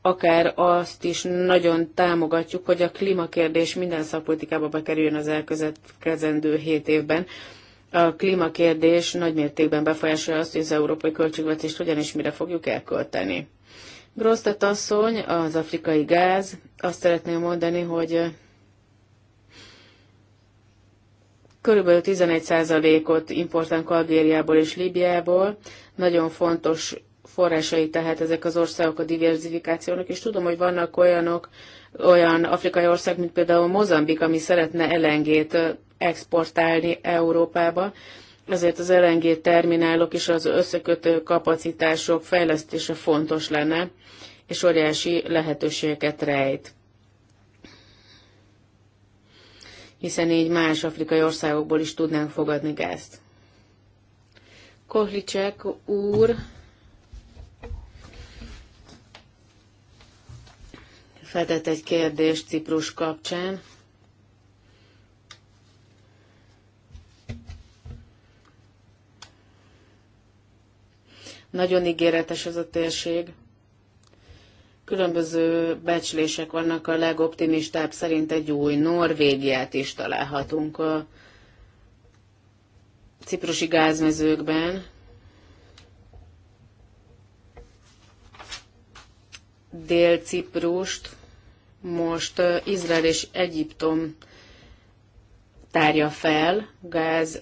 akár azt is nagyon támogatjuk, hogy a klímakérdés minden szakpolitikába bekerüljön az elkövetkezendő hét évben. A klímakérdés nagy mértékben befolyásolja azt, hogy az európai költségvetést hogyan és mire fogjuk elkölteni. Grosztat asszony, az afrikai gáz, azt szeretném mondani, hogy körülbelül 11%-ot importálunk Algériából és Líbiából. Nagyon fontos forrásai tehát ezek az országok a diversifikációnak, és tudom, hogy vannak olyanok, olyan afrikai ország, mint például Mozambik, ami szeretne elengét exportálni Európába, ezért az LNG terminálok és az összekötő kapacitások fejlesztése fontos lenne, és óriási lehetőségeket rejt. Hiszen így más afrikai országokból is tudnánk fogadni gázt. Kohlicek úr feltett egy kérdést Ciprus kapcsán. Nagyon ígéretes az a térség. Különböző becslések vannak, a legoptimistább szerint egy új Norvégiát is találhatunk a ciprusi gázmezőkben. Dél-Ciprust most Izrael és Egyiptom tárja fel gáz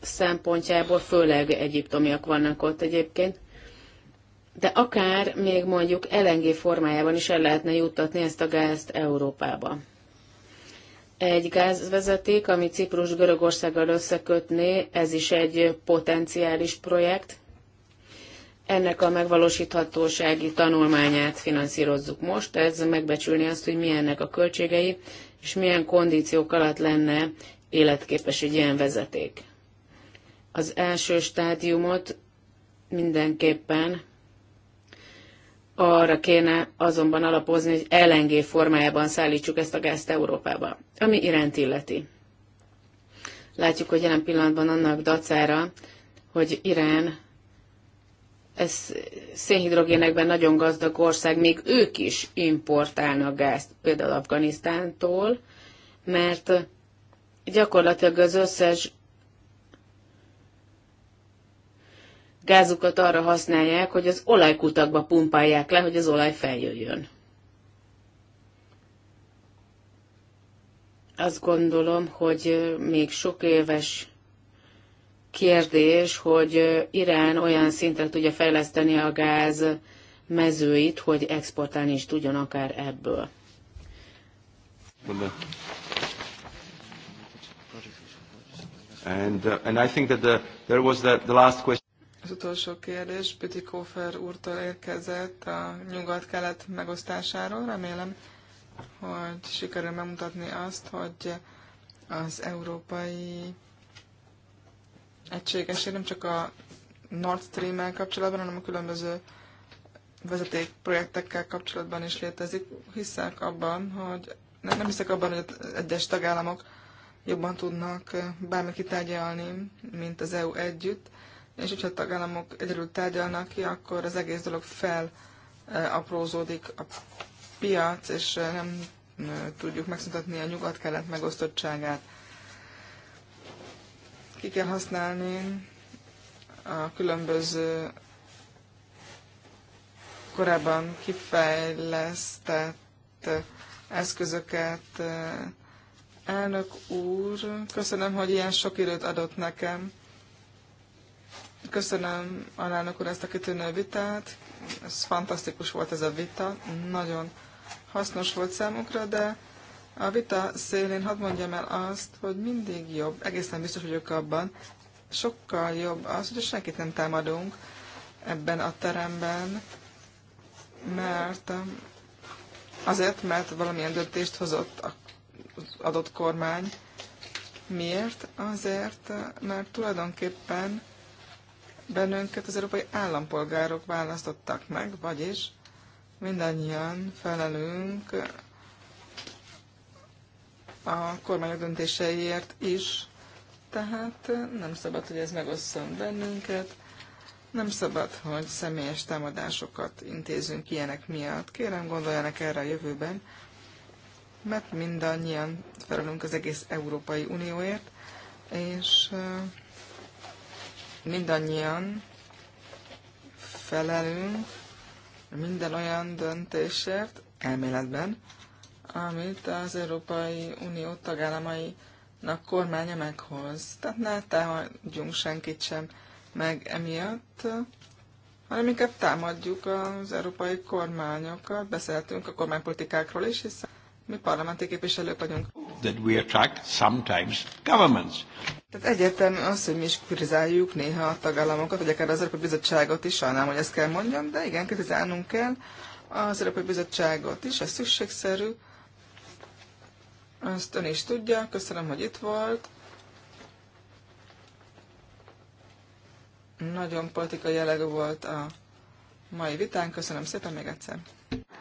szempontjából, főleg egyiptomiak vannak ott egyébként, de akár még mondjuk LNG formájában is el lehetne juttatni ezt a gázt Európába. Egy gázvezeték, ami Ciprus Görögországgal összekötné, ez is egy potenciális projekt, ennek a megvalósíthatósági tanulmányát finanszírozzuk most, ez megbecsülni azt, hogy milyennek a költségei, és milyen kondíciók alatt lenne életképes egy ilyen vezeték. Az első stádiumot mindenképpen arra kéne azonban alapozni, hogy LNG formájában szállítsuk ezt a gázt Európába, ami iránt illeti. Látjuk, hogy jelen pillanatban annak dacára, hogy Irán ez szénhidrogénekben nagyon gazdag ország, még ők is importálnak gázt, például Afganisztántól, mert gyakorlatilag az összes gázukat arra használják, hogy az olajkutakba pumpálják le, hogy az olaj feljöjjön. Azt gondolom, hogy még sok éves kérdés, hogy Irán olyan szintre tudja fejleszteni a gáz mezőit, hogy exportálni is tudjon akár ebből. And, uh, and I think that the, there was the, the last question. Az utolsó kérdés Bütikófer úrtól érkezett a nyugat-kelet megosztásáról. Remélem, hogy sikerül megmutatni azt, hogy az európai egységes, nem csak a Nord stream el kapcsolatban, hanem a különböző vezetékprojektekkel kapcsolatban is létezik. Hiszek abban, hogy nem, nem hiszek abban, hogy az egyes tagállamok jobban tudnak bármit kitárgyalni, mint az EU együtt, és hogyha a tagállamok egyedül tárgyalnak ki, akkor az egész dolog felaprózódik a piac, és nem tudjuk megszüntetni a nyugat-kelet megosztottságát. Ki kell használni a különböző korábban kifejlesztett eszközöket. Elnök úr, köszönöm, hogy ilyen sok időt adott nekem. Köszönöm alelnök úr ezt a kitűnő vitát. Ez fantasztikus volt ez a vita, nagyon hasznos volt számukra, de a vita szélén hadd mondjam el azt, hogy mindig jobb, egészen biztos vagyok abban, sokkal jobb az, hogy senkit nem támadunk ebben a teremben, mert azért, mert valamilyen döntést hozott az adott kormány. Miért? Azért, mert tulajdonképpen bennünket az európai állampolgárok választottak meg, vagyis mindannyian felelünk a kormányok döntéseiért is. Tehát nem szabad, hogy ez megosszon bennünket, nem szabad, hogy személyes támadásokat intézünk ilyenek miatt. Kérem, gondoljanak erre a jövőben, mert mindannyian felelünk az egész Európai Unióért, és mindannyian felelünk minden olyan döntésért, elméletben, amit az Európai Unió tagállamainak kormánya meghoz. Tehát ne támadjunk senkit sem meg emiatt, hanem inkább támadjuk az európai kormányokat. Beszéltünk a kormánypolitikákról is, hiszen mi parlamenti képviselők vagyunk. That we attract sometimes governments. Tehát egyértelmű az, hogy mi is kritizáljuk néha a tagállamokat, vagy akár az Európai Bizottságot is, sajnálom, hogy ezt kell mondjam, de igen, kritizálnunk kell az Európai Bizottságot is, ez szükségszerű, azt ön is tudja, köszönöm, hogy itt volt. Nagyon politikai jellegű volt a mai vitán. Köszönöm szépen még egyszer.